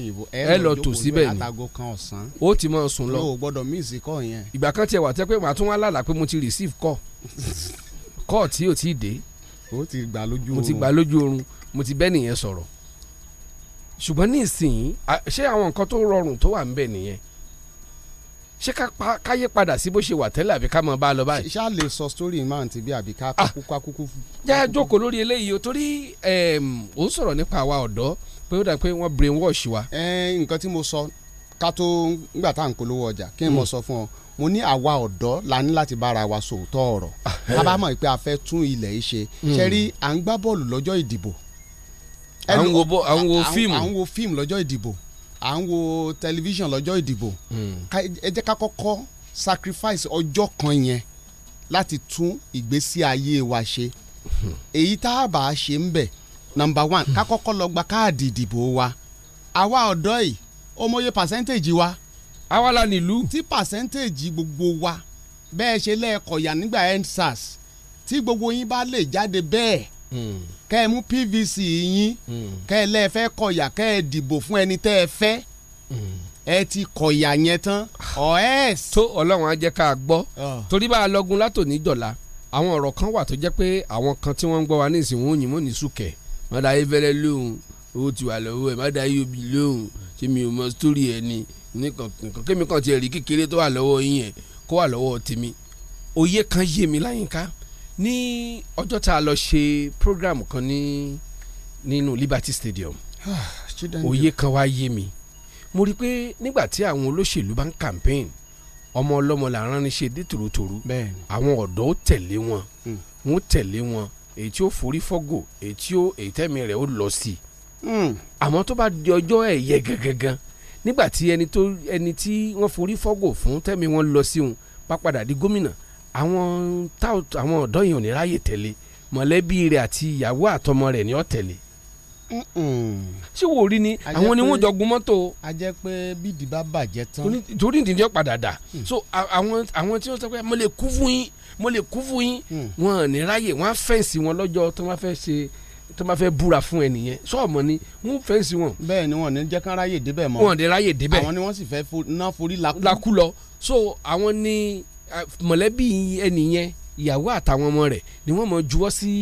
ẹ lọ tó síbẹ̀ ni látago kan ọ̀sán. ó ti máa sùn lọ. o gbọ́dọ̀ mí ìsìn kọ́ yẹn. ìgbà kan tiẹ̀ wà tẹ́ pé màá tún wá lálàá pé mo ti receive call call tí ò tí ì dé. o ti gbà lójú oorun mo ti gbà lójú oorun mo ti bẹ́ẹ̀ nìyẹn sọ̀rọ̀ ṣùgbọ́n ní ìsìn ṣé àwọn nǹkan tó rọrùn tó wà ń bẹ̀ nìyẹn ṣé ká yí padà sí bó ṣe wà tẹ́lẹ̀ àbí ká mọ̀ bá a lọ báyìí. ṣá lè sọ story máa ti bí àbí ká ah. kúkú ká kúkú. já jókòó lórí eléyìí o torí ò ń sọ̀rọ̀ nípa àwa ọ̀dọ́ pé ó dà pé wọ́n brain wash wa. ẹ nǹkan tí mo sọ ká tó ngbà tá à ń polówó ọjà kí n mọ mm. sọ fún ọ mo ní àwa ọ̀dọ́ la ní láti bára wa sòótọ́ ọ̀rọ̀ a ah, eh. bá mọ̀ pé a fẹ́ tún ilẹ̀ yìí ṣe ṣe mm. rí à ń gbá bọ́ọ̀lù lọ́jọ́ ìdìbò. à ń wo fíìmù lọ́jọ́ ìdìbò à ń wo tẹlifíṣàn lọ́jọ́ ìdìbò hmm. ẹ jẹ́ ká kọ́kọ́ sacrifice ọjọ́ kan yẹn láti tún ìgbésí ayé wa ṣe hmm. èyí tá a bá a ṣe ń bẹ̀ nọmba one ká hmm. kọ́kọ́ lọ gba káàdì ìdìbò wa àwa ọ̀dọ́ yìí ó mọye percentage wa àwa la nílùú tí percentage gbogbo wa bẹ́ẹ̀ ṣe lẹ́ẹ̀kọ̀yà nígbà endsars tí gbogbo yín bá lè jáde bẹ́ẹ̀ Hmm. kẹ́ ẹ mú PVC yín hmm. kẹ́ ẹ lẹ́ẹ̀fẹ́ kọ̀yà kẹ́ ẹ dìbò fún ẹni tẹ́ ẹ fẹ́ hmm. ẹ ti kọ̀yà yẹn tán ọ̀ẹ́s. tó ọlọ́run á jẹ́ ká a gbọ́ torí bá a lọ́gun látòní dọ̀la àwọn ọ̀rọ̀ kan wà tó jẹ́ pé àwọn kan tí wọ́n ń gbọ́ wa ní wọn ò yìn ní sùkẹ́ má da lóhùn owó ti wà lọ́wọ́ ẹ̀ má da lóhùn ṣé mi ò mọ sítórì ẹ̀ ni nǹkan kémi kan ti rí kékeré tó wà lọ́wọ́ yín yẹn kó wà lọ́wọ́ tèmi òye kan yé mi láyìnká ní ọjọ́ tá a lọ ṣe program kan ní nínú Liberty Stadium ah, òye kan wá yé mi mo rí i pé nígbà tí àwọn olóṣèlú bá ń campaign ọmọ ọlọ́mọ là ń ránniṣẹ́ dé tòrótòró àwọn ọ̀dọ́ ó tẹ̀lé wọn hmm. wọn ó tẹ̀lé wọn èyí tí ó forí fọ́gò èyí tí ó èyí tẹ́mi rẹ̀ ó lọ sí i hmm. àmọ́ tó bá di ọjọ́ ẹ̀yẹ gangan nígbà tí ẹni tí wọ́n forí fọ́gò fún tẹ́mi wọn lọ sí òun bá padà di gómìnà àwọn àwọn ọ̀dọ́ yìí ò ní ráyè tẹ̀lé mọ̀lẹ́bí rẹ̀ àti ìyàwó àtọmọ rẹ̀ ni ó tẹ̀lé ṣé wò ó rí ni àwọn ni wọn jọ gun mọ́tò. a jẹ pé bídìí bá bàjẹ́ tán. torí ìdí jẹ́ padà dà hmm. so àwọn àwọn tí wọ́n sọ pé mo lè kú fún yín mo lè kú fún yín hmm. wọn ò ní ráyè wọn á fẹ́ǹsì wọn lọ́jọ́ tó máa fẹ́ ṣe tó máa fẹ́ búra fún ẹ nìyẹn sọ́ọ̀mọ́ ni wọ́n fẹ́ǹsì wọn. bẹ́ẹ̀ ni wọn ní jẹ́ kán ráyè débẹ̀ mọ́. wọn ní ráyè débẹ̀. àwọn ni wọ́n sì fẹ́ ná forí lakú lọ so àwọn ni mọ̀lẹ́bí ẹnìyẹn ìyàwó àtàwọn ọmọ rẹ̀ ni wọ́n mọ̀ juwọ́ sí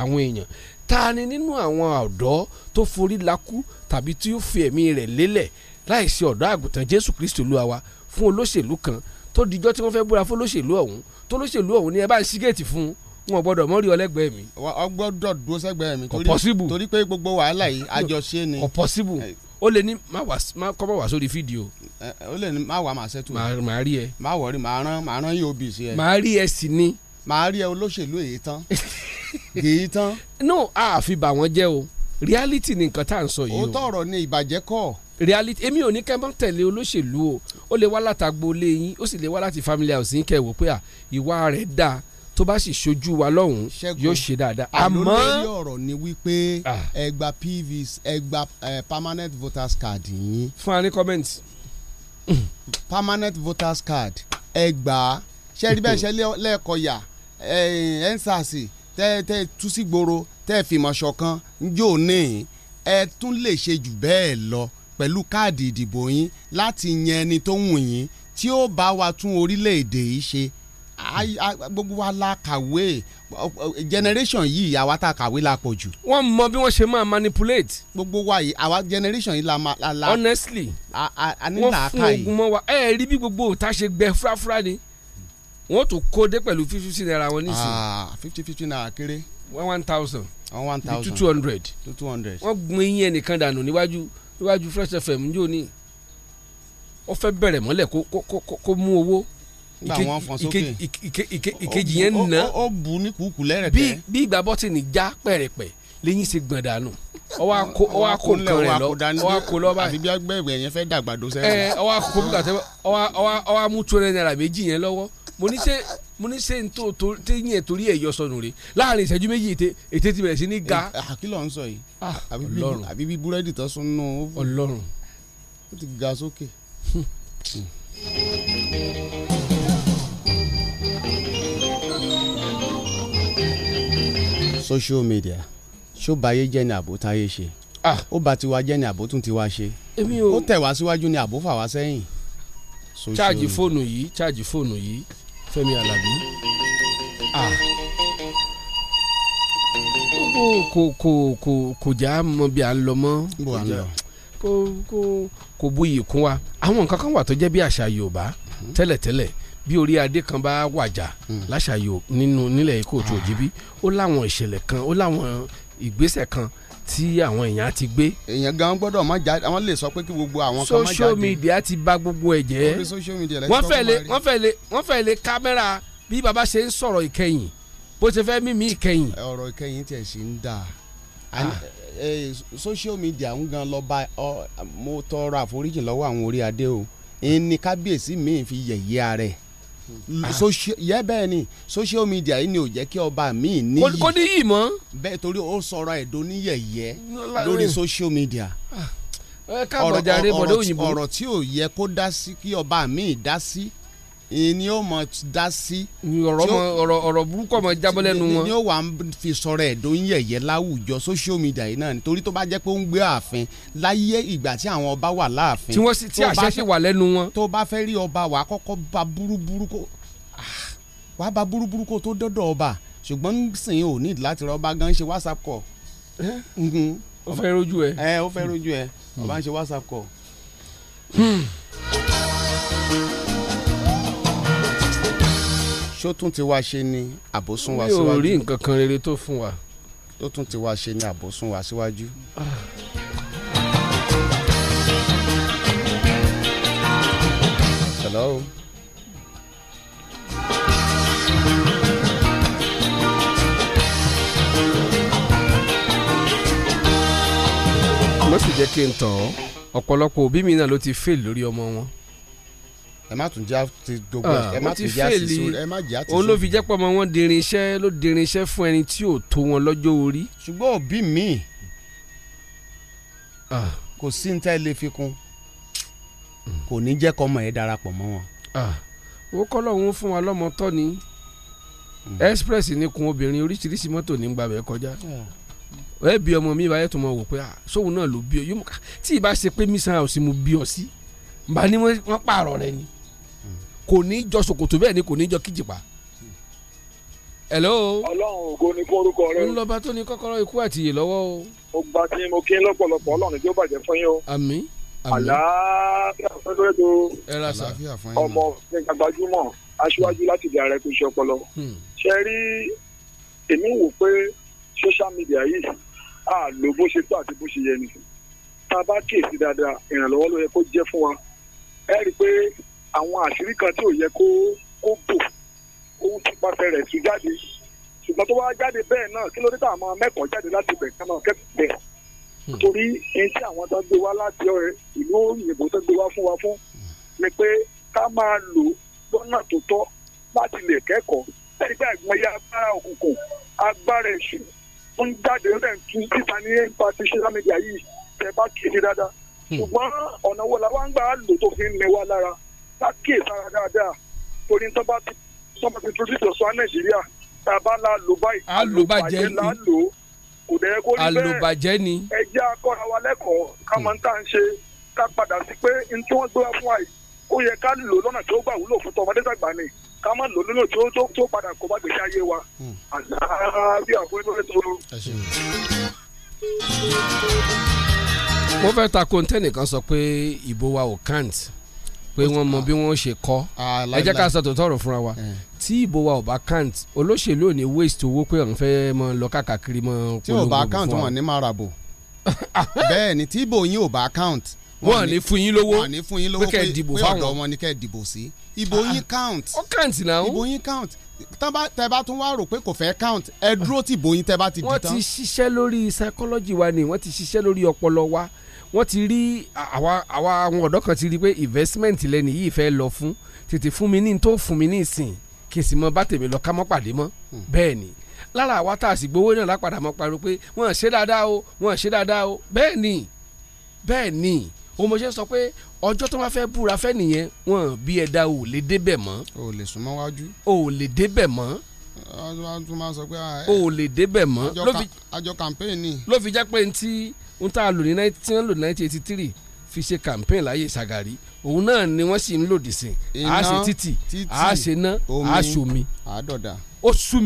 àwọn èèyàn ta ni nínú àwọn ọ̀dọ́ tó forí lakú tàbí tí ó fi ẹ̀mí rẹ̀ lélẹ̀ láìsí ọ̀dọ́ àgùntàn Jésù Kristi Olúwa wa fún olóṣèlú kan tó dijọ́ tí wọ́n fẹ́ búra fún olóṣèlú ọ̀hún tó olóṣèlú ọ̀hún ni ẹ bá ń ṣí géètì fún un wọn gbọ́dọ̀ mọ rí ọlẹgbẹ mi. ọgbọdọ dúró sẹgbẹ mi. kò pọsibù torí pé gbogbo wàhálà yìí àjọṣe ni. kò pọsibù ó lè ní má wà kọ́ bọ̀ wá sórí fídíò. ó lè ní má wà má sẹ́tù. màá rí ẹ. má wọrí màá rán màá rán eob sí ẹ. màá rí ẹ sì ni. màá rí ẹ olóṣèlú èyí tán èyí tán. no a fi bà wọ́n jẹ́ o reality ni nǹkan tá à ń sọ yìí o. òótọ́ ọ̀rọ̀ ni ìbàjẹ́ kọ́. reality èmi ò ní kẹ́ mọ́ tẹ̀lé olóṣèlú o ó lè wá látàgbọ́ lé yín ó sì lè wá láti family house yín kẹ́ wò pé à ìwà rẹ̀ dáa tó bá sì ṣojú wa lọ́hùn yóò ṣe dáadáa. àmọ́ àlórí ọ̀rọ̀ ni wípé ah. ẹ gba pvc permanent voters card yín. fún wa comment. permanent voters card ẹ gbà á ṣe rí bẹ́ẹ̀ ṣe lẹ́ẹ̀kọ́ yà nsas tẹ́ tẹ́ tú sí gbòòrò tẹ́ fìmọ̀ ṣọ̀kan njó ní ẹ tún lè ṣe jù bẹ́ẹ̀ lọ pẹ̀lú káàdì ìdìbò yín láti yan ẹni tó wù yín tí ó bá wa tún orílẹ̀-èdè yìí ṣe gbogbo wa la kàwé generation yìí àwa tá kàwé la pọ̀ jù. wọ́n mọ bí wọ́n ṣe máa manipulate. gbogbo wa yìí àwa generation yìí la ma honestly wọ́n fún ogun mọ́ wa ẹ rí bí gbogbo òta ṣe gbẹ fúráfúrá ni wọ́n tún kóde pẹ̀lú fifty naira wọn nísìnyí. Ah, fifty fifty naira kéré. one one thousand. one one thousand. two two hundred. two two hundred. wọ́n gun eyín ẹnìkan dànù níwájú níwájú Fresh FM ń jò wọ́n fẹ́ bẹ̀rẹ̀ mọ́lẹ̀ kó kó kó mú owó ìkejì yẹn nà ó bu ní kùkù lẹ́rẹ̀kẹ́. bí ìgbà bọ́tìnì já pẹ̀rẹ̀pẹ̀ lẹ́yìn ṣe gbọ̀n dànù ọwọ́ akó ọwọ́ akó nǹkan rẹ̀ lọ ọwọ́ akó lọ báyìí. àti bí agbẹ̀gbẹ̀ yẹn fẹ́ dàgbàdo sẹ́yìn. ẹ ọwọ́ akó bí kàtẹ́ ọwọ́ amú tó rẹ̀ náírà méjì yẹn lọ́wọ́ mo ní ṣe mo ní ṣe tó tó téyìn ẹ torí ẹ yọ sọnù rẹ̀ láàrin ìṣẹ́jú méjì ète ète ti bẹ̀rẹ̀ sí ní ga. Eh, ah, kí ló ń sọ yìí ah, ah, àbí bí búrẹ́dì tó sún nù. ọlọ́run ó ti ga sókè. Hmm. social media ṣó báyé jẹ́ ni àbó táyé ṣe ah. ó bá tiwa jẹ́ ni àbó tún tiwa ṣe ó tẹ̀ wá síwájú ni àbó fà wá sẹ́yìn. ṣáàjì fóònù yìí ṣáàjì fóònù yìí Fẹ́mi Alábí. Ah. kò kò kò kò já mọ bí à ń lọ mọ́ kò kò kò buyì kún wa àwọn nǹkan kan wà tó jẹ́ bí àṣà Yorùbá hmm. tẹ́lẹ̀tẹ́lẹ̀ bí orí adé kan bá wàjà hmm. láṣàyò nínú nílẹ̀ Èkó tó ah. jíbí ó láwọn ìṣẹ̀lẹ̀ kan ó láwọn ìgbésẹ̀ kan tí àwọn èèyàn ti gbé. èèyàn gan gbọ́dọ̀ má jáde àwọn lè sọ pé kí gbogbo àwọn kan má jáde. social media ti bà gbogbo ẹ̀ jẹ́ wọ́n fẹ́ lé wọ́n fẹ́ lé wọ́n fẹ́ lé kámẹ́rà bí baba ṣe ń sọ̀rọ̀ ìkẹyìn bó ṣe fẹ́ mímí ìkẹyìn. ọ̀rọ̀ ìkẹyìn tiẹ̀ sì ń dà ah. social media ń gan lọ bá mo tọrọ àforíjì lọ́wọ́ àwọn orí adé o ẹni kábíyèsí mi fi yẹ̀yẹ́ ara Mm. yẹ bẹ́ẹ̀ ni social media yìí ni ò jẹ́ kí ọba mi ní yìí kò ní yìí mọ́. bẹ́ẹ̀ torí ó sọ̀rọ̀ ẹ̀dọ́ níyẹ̀yẹ́ lórí eh. social media ah. eh, ọ̀rọ̀ tí ò yẹ kó dá sí kí ọba mi dá sí ni ó mọ dá sí. ọ̀rọ̀ ọ̀rọ̀ burúkú ọmọ jábọ́ lẹ́nu wọn. ni ó wà ń fi sọ̀rọ̀ ẹ̀dọ́ ń yẹ̀yẹ́ láwùjọ social media yìí náà nítorí tó bá jẹ́ pé ó ń gbé ààfin láyé ìgbà tí àwọn ọba wà láàfin. tí wọ́n sì tí àṣẹ sì wà lẹ́nu wọn. tó bá fẹ́ rí ọba wà á kọ́kọ́ ba búrúburú kó wà á ba búrúburú kó tó dọ́dọ̀ ọba ṣùgbọ́n sìn ò ní láti rọ ọba gan ṣe whatsapp call. Mhm. ó fẹ́ rojú ẹ. ẹ ó fẹ́ rojú ẹ ọba ń ṣe whatsapp call. Hmm ṣó tún ti wá ṣe ni àbòsùn wa síwájú. mi ò rí nǹkan kan rere tó fún wa. tó tún ti wá ṣe ni àbòsùn wa síwájú. hello. mo sì jẹ́ kí n tàn ọ́ ọ̀pọ̀lọpọ̀ òbí mi náà ló ti fail lórí ọmọ wọn ẹ má tún já ti dogo ah. ẹ má tún já sí sórí ẹ má já ti sórí. òun ló fi jẹ́ pọ̀ mọ́ wọn dirin ló dirin fún ẹni tí ò tó wọn lọ́jọ́ orí. ṣùgbọ́n òbí mi ah. kò sí ní tá ẹ lè fi kún kò ní jẹ́ kọ́ ọmọ ẹ darapọ̀ mọ́ wọn. Ah. ó kọ́ lọ́hún fún wa lọ́mọ tọ́ ni hmm. express ni kun obìnrin oríṣiríṣi mọ́tò ní gbàgbẹ́ kọjá ẹ bí ọmọ mi báyẹ̀ tó mọ̀ wò pé sóhun náà ló bí ọ tí ì bá ṣe pé mísàn àwòsí mo bí ọ sí bá ní wọ́n pààrọ̀ rẹ ni kò ní jọ ṣòkòtò bẹ́ẹ̀ ni kò ní jọ kíjìpá. hello. ọlọ́run ògo ni kó orúkọ rẹ. ń lọ́ba tó ní kọ́kọ́rọ́ ikú àti ìyè lọ́wọ́ o. ó gba tí mo kí lọ́pọ̀lọpọ̀ ọlọ́run tí bàjẹ́ fún yín o. àmín. àlàáfíà fún rédò. ẹ ra sà ọmọ nígbà gbajúmọ̀ aṣíwájú láti di ààrẹ kò ṣe ọpọlọ. Hmm. ṣe rí èmi wò pé social media yìí a lò bó ṣe tó àti bó ṣe yẹ ni tá a bá kíyèsí dáadáa ìrànlọ́wọ́ ló yẹ kó jẹ́ fún wa ẹ rí i pé àwọn àṣírí kan tí ò yẹ kó kó bò òun ti pàṣẹ rẹ̀ tú jáde ṣùgbọ́n tó wá jáde bẹ́ẹ̀ náà kí ló dé tá àwọn mẹ́kọ̀ọ́ jáde láti bẹ̀ kánà kẹ́kọ̀ọ́ bẹ̀ hmm. torí ẹni tí àwọn tó ń gbé wá láti ìlú òyìnbó tó ń gbé wá fún wa fún ni pé ká máa lò lọ́nà tó tọ́ láti lè kẹ́kọ̀ọ́ ẹni pé àgbọn ya agbára òkùnkùn agbára èṣù ó ń jáde ó dẹ̀ ń tú síta ní nípa ti social media yìí tẹ bá kéde dáadáa hmm. ṣùgbọ́n ọ̀nà wo la wá ń gbà lò tó fi ń lè wá lára kákè sára dáadáa torí tó bá ti tó bá ti dúró ìjọsọ nàìjíríà tá a bá la lò báyìí. a lò bàjẹ́ ni kò dẹ̀ kó rí bẹ́ẹ̀ a lò bàjẹ́ ni. ẹ jẹ́ akọ́ra wa lẹ́kọ̀ọ́ ká máa ń tà ń ṣe ká padà sí pé n tí wọ́n gbé wá fún wa ó yẹ ká lò lọ́nà ó gbà wúlò fún tọmọdé ni ká lò lọ́nà tó tó padà kó bá gbèsè ayé wa. Hmm. pé wọ́n mọ bí wọ́n ṣe kọ́ ah, ẹ jẹ́ ká sọ tòótọ́ ọ̀rọ̀ fúnra wa eh. tí ìbò wa ò bá count olóṣèlú ò ní waste owó pé òun fẹ́ mọ lọ káàkiri mọ polówó fún wa. tí ò bá count wọn ní máa ràbò bẹ́ẹ̀ ni tí ìbò yín ò bá count wọn ní fún yín lówó wọn ní fún yín lówó pé pé wọn ni kẹ́ ẹ̀ dìbò sí ìbò ah, yín count ó count náà ìbò yín count tẹ́ bá tún wá rò pé kò fẹ́ count ẹ dúró tí ìbò yín bá ti dì tán. wọ́n ti ṣiṣẹ́ lórí psychology wa ni wọ́n ti ṣiṣẹ́ lórí ọpọlọ wa wọ́n ti rí àwa àwa àwọn ọ̀dọ́ kan ti rí pé investment lẹ́ni yìí fẹ́ lọ fún tètè fún mi ní tó fún mi ní ìsìn kì í sì mọ bá tèmi lọ ká mọ́ pàdé mọ́ hmm. bẹ́ẹ̀ ni lára àwa tá a sì gbowó náà lápadà mọ́ pariwo pé wọ́n ṣe dáadáa o wọ́n ṣe dáadáa o bẹ́ẹ̀ ni bẹ́ẹ̀ ni òun mo ṣe sọ pé ọjọ́ tó máa fẹ́ búra fẹ́ nìyẹn wọ́n bí ẹ̀dá ò lè débẹ̀ mọ́. o lè súnmọ́ wájú. o lè débẹ̀ mọ́ wọ́n tún máa sọ pé. Ah, o ò lè débẹ̀ mọ́. àjọ campaign ni. ló fi jẹ́ pé ntí n ta lò ní nineteen lò ní nineteen eighty three fi ṣe campaign láyé Ṣàgàrí òun náà ni wọ́n sì ń lòdì sí. iná títì a ṣe ná a ṣomi. àádọ́dà. ó sú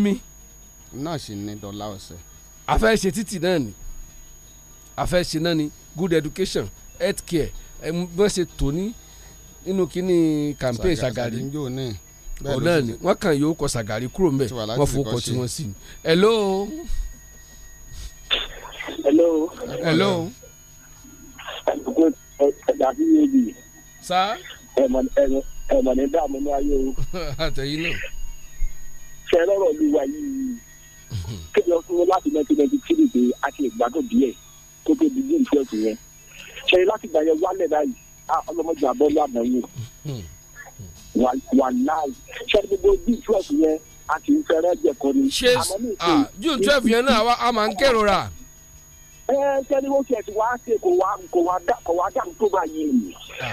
náà sì ní dọ́là ọ̀sẹ̀. a ṣe títì náà ni a fẹ́ ṣe náà ni good education health care ẹ̀ wọ́n ṣe tòní nínú kíní campaign Ṣàgàrí. Ṣàgàrí ń jò náà òun ni wọ́n kàn yóò kọ sàgàrí kúrò ńbẹ̀ wọ́n fowó kọ tí wọ́n sì hello. hello. hello. ẹ̀dàbí yéèdì. sá. ẹ̀mọ̀ ní dààmú ní ayé o. àtẹ̀yìn náà. ṣe lọ́rọ̀ mi yìí kéde ọdún láti nineteen ninety three dé àti ìgbádùn díẹ̀ tó tó di june twelve yẹn ṣe láti gbà wálẹ̀ báyìí ọlọ́mọdé àbọ̀lú àbọ̀yìn wà láì ṣé gbogbo june twelve yẹn a kì í fẹ́rẹ́ jẹ kọ ni. ṣé june twelve yẹn náà a máa ń kérora. ẹ sẹ́ni ó tiẹ̀ ti wá ṣe kò wá kò wá dá kò wá dá mi tó báyìí ni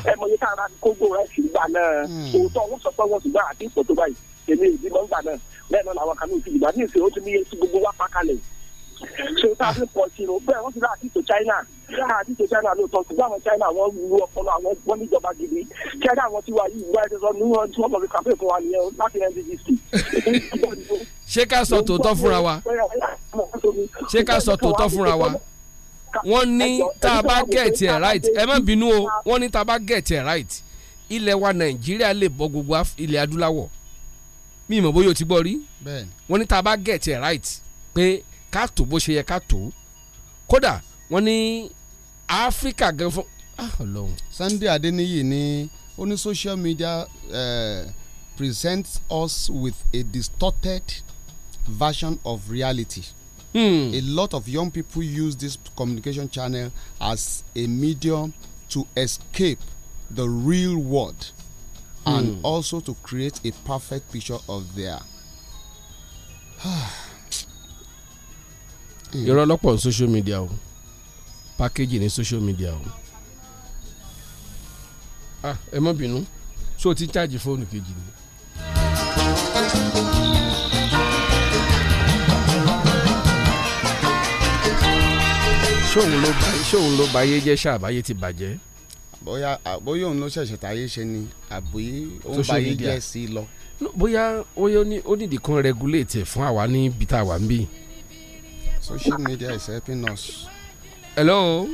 ẹ mọ̀ yẹ ká ara kógbó rẹ̀ sì gbà náà hmm. òótọ́ wọ́n sọ pé wọ́n sì gbà àti ìpò tó báyìí èmi ìdí mọ́ ń gbà náà bẹ́ẹ̀ náà làwọn kan ní ìsìn ìgbà ní ìsìn ó ti ní iye tí gbogbo wá pa kalẹ̀ ṣe tá a fi pọ̀ sí o bẹ́ẹ̀ wọ́n ti láti tó China láti tó China lóòótọ́ ṣùgbọ́n àwọn China wọ́n wu ọpọlọ àwọn wọ́n níjọba gidi China wọ́n ti wà yìí wá ẹ̀dẹ̀ sọ ní wọn tí wọ́n mọ̀ fi kàfé fún wa nìyẹn láti NDDC. ṣé ká sọ tòótọ́ fúnra wa ṣé ká sọ tòótọ́ fúnra wa wọ́n ní tá a bá get it right ẹ má bínú o wọ́n ní tá a bá get it right ilẹ̀ wa Nàìjíríà lè bọ́ gbogbo ilẹ̀ adúláwọ̀ mi bóyá o ti gbọ́ rí wọ́n ní tá a bá get it right pé ká tó bó ṣe yẹ ká tó kódà wọ́n ní áfíríkà gan fún ah, ọlọ́run. Sunday Adeniyi ni ó ní social media uh, presents us with a distorted version of reality. Hmm. A lot of young people use this communication channel as a medium to escape the real world hmm. and also to create a perfect picture of their ah, Hmm. irọ́ lọ́pọ̀ social media o package ní social media o ah ẹ má bínú so ti charge fóònù kejì ni. ṣóun ló bayé jẹ́ ṣàbáyé ti bàjẹ́. bóyá bóyá òun ló ṣẹ̀ṣẹ̀ táyé ṣe ni àbí ó ń bayé jẹ́ sí i lọ. bóyá ó ní kan regulate fún àwa ní bíi tá ń bíi social media is helping us. hello.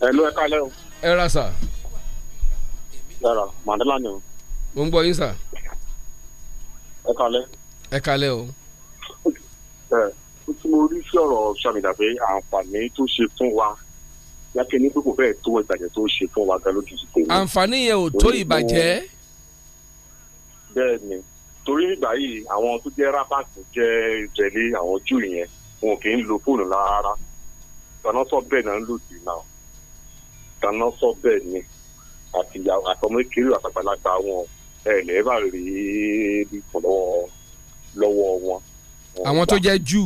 hello ẹ kálẹ́ o. ẹ ra sà. yàrá mandela ni o. mo ń gbọ́ yín sà. ẹ kálẹ́. ẹ kálẹ́ o. ẹ tí mo rí sí ọ̀rọ̀ social media pé àǹfààní tó ṣe fún wa yàtọ̀ ní pé kò fẹ́ẹ̀ tó ìbàjẹ́ tó ṣe fún wa gan lójú sí tèmi. àǹfààní yẹn ò tó ìbàjẹ́. bẹ́ẹ̀ ni torí nígbà yìí àwọn tó jẹ́ rappers jẹ́ jẹ̀lé àwọn jù yẹn wọn kì í lo fóònù rárá tànà sọ bẹ́ẹ̀ náà ń lò sí náà tànà sọ bẹ́ẹ̀ ni àti àtọmọ ìkéré àtàgbàlagbà wọn ẹ lè bá rí bí kò lọ́wọ́ lọ́wọ́ wọn. àwọn tó jẹ́ jù.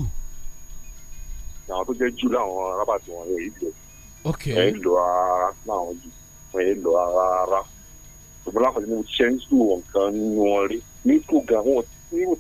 àwọn tó jẹ́ jù láwọn rappers wọn yẹn yìí lò. ń lò ara láwọn jù ẹ̀ ń lò ara rárá. ṣùgbọ́n lákòókò ṣe ń sùn nǹkan nínú wọn rí. nem o garoto, nem o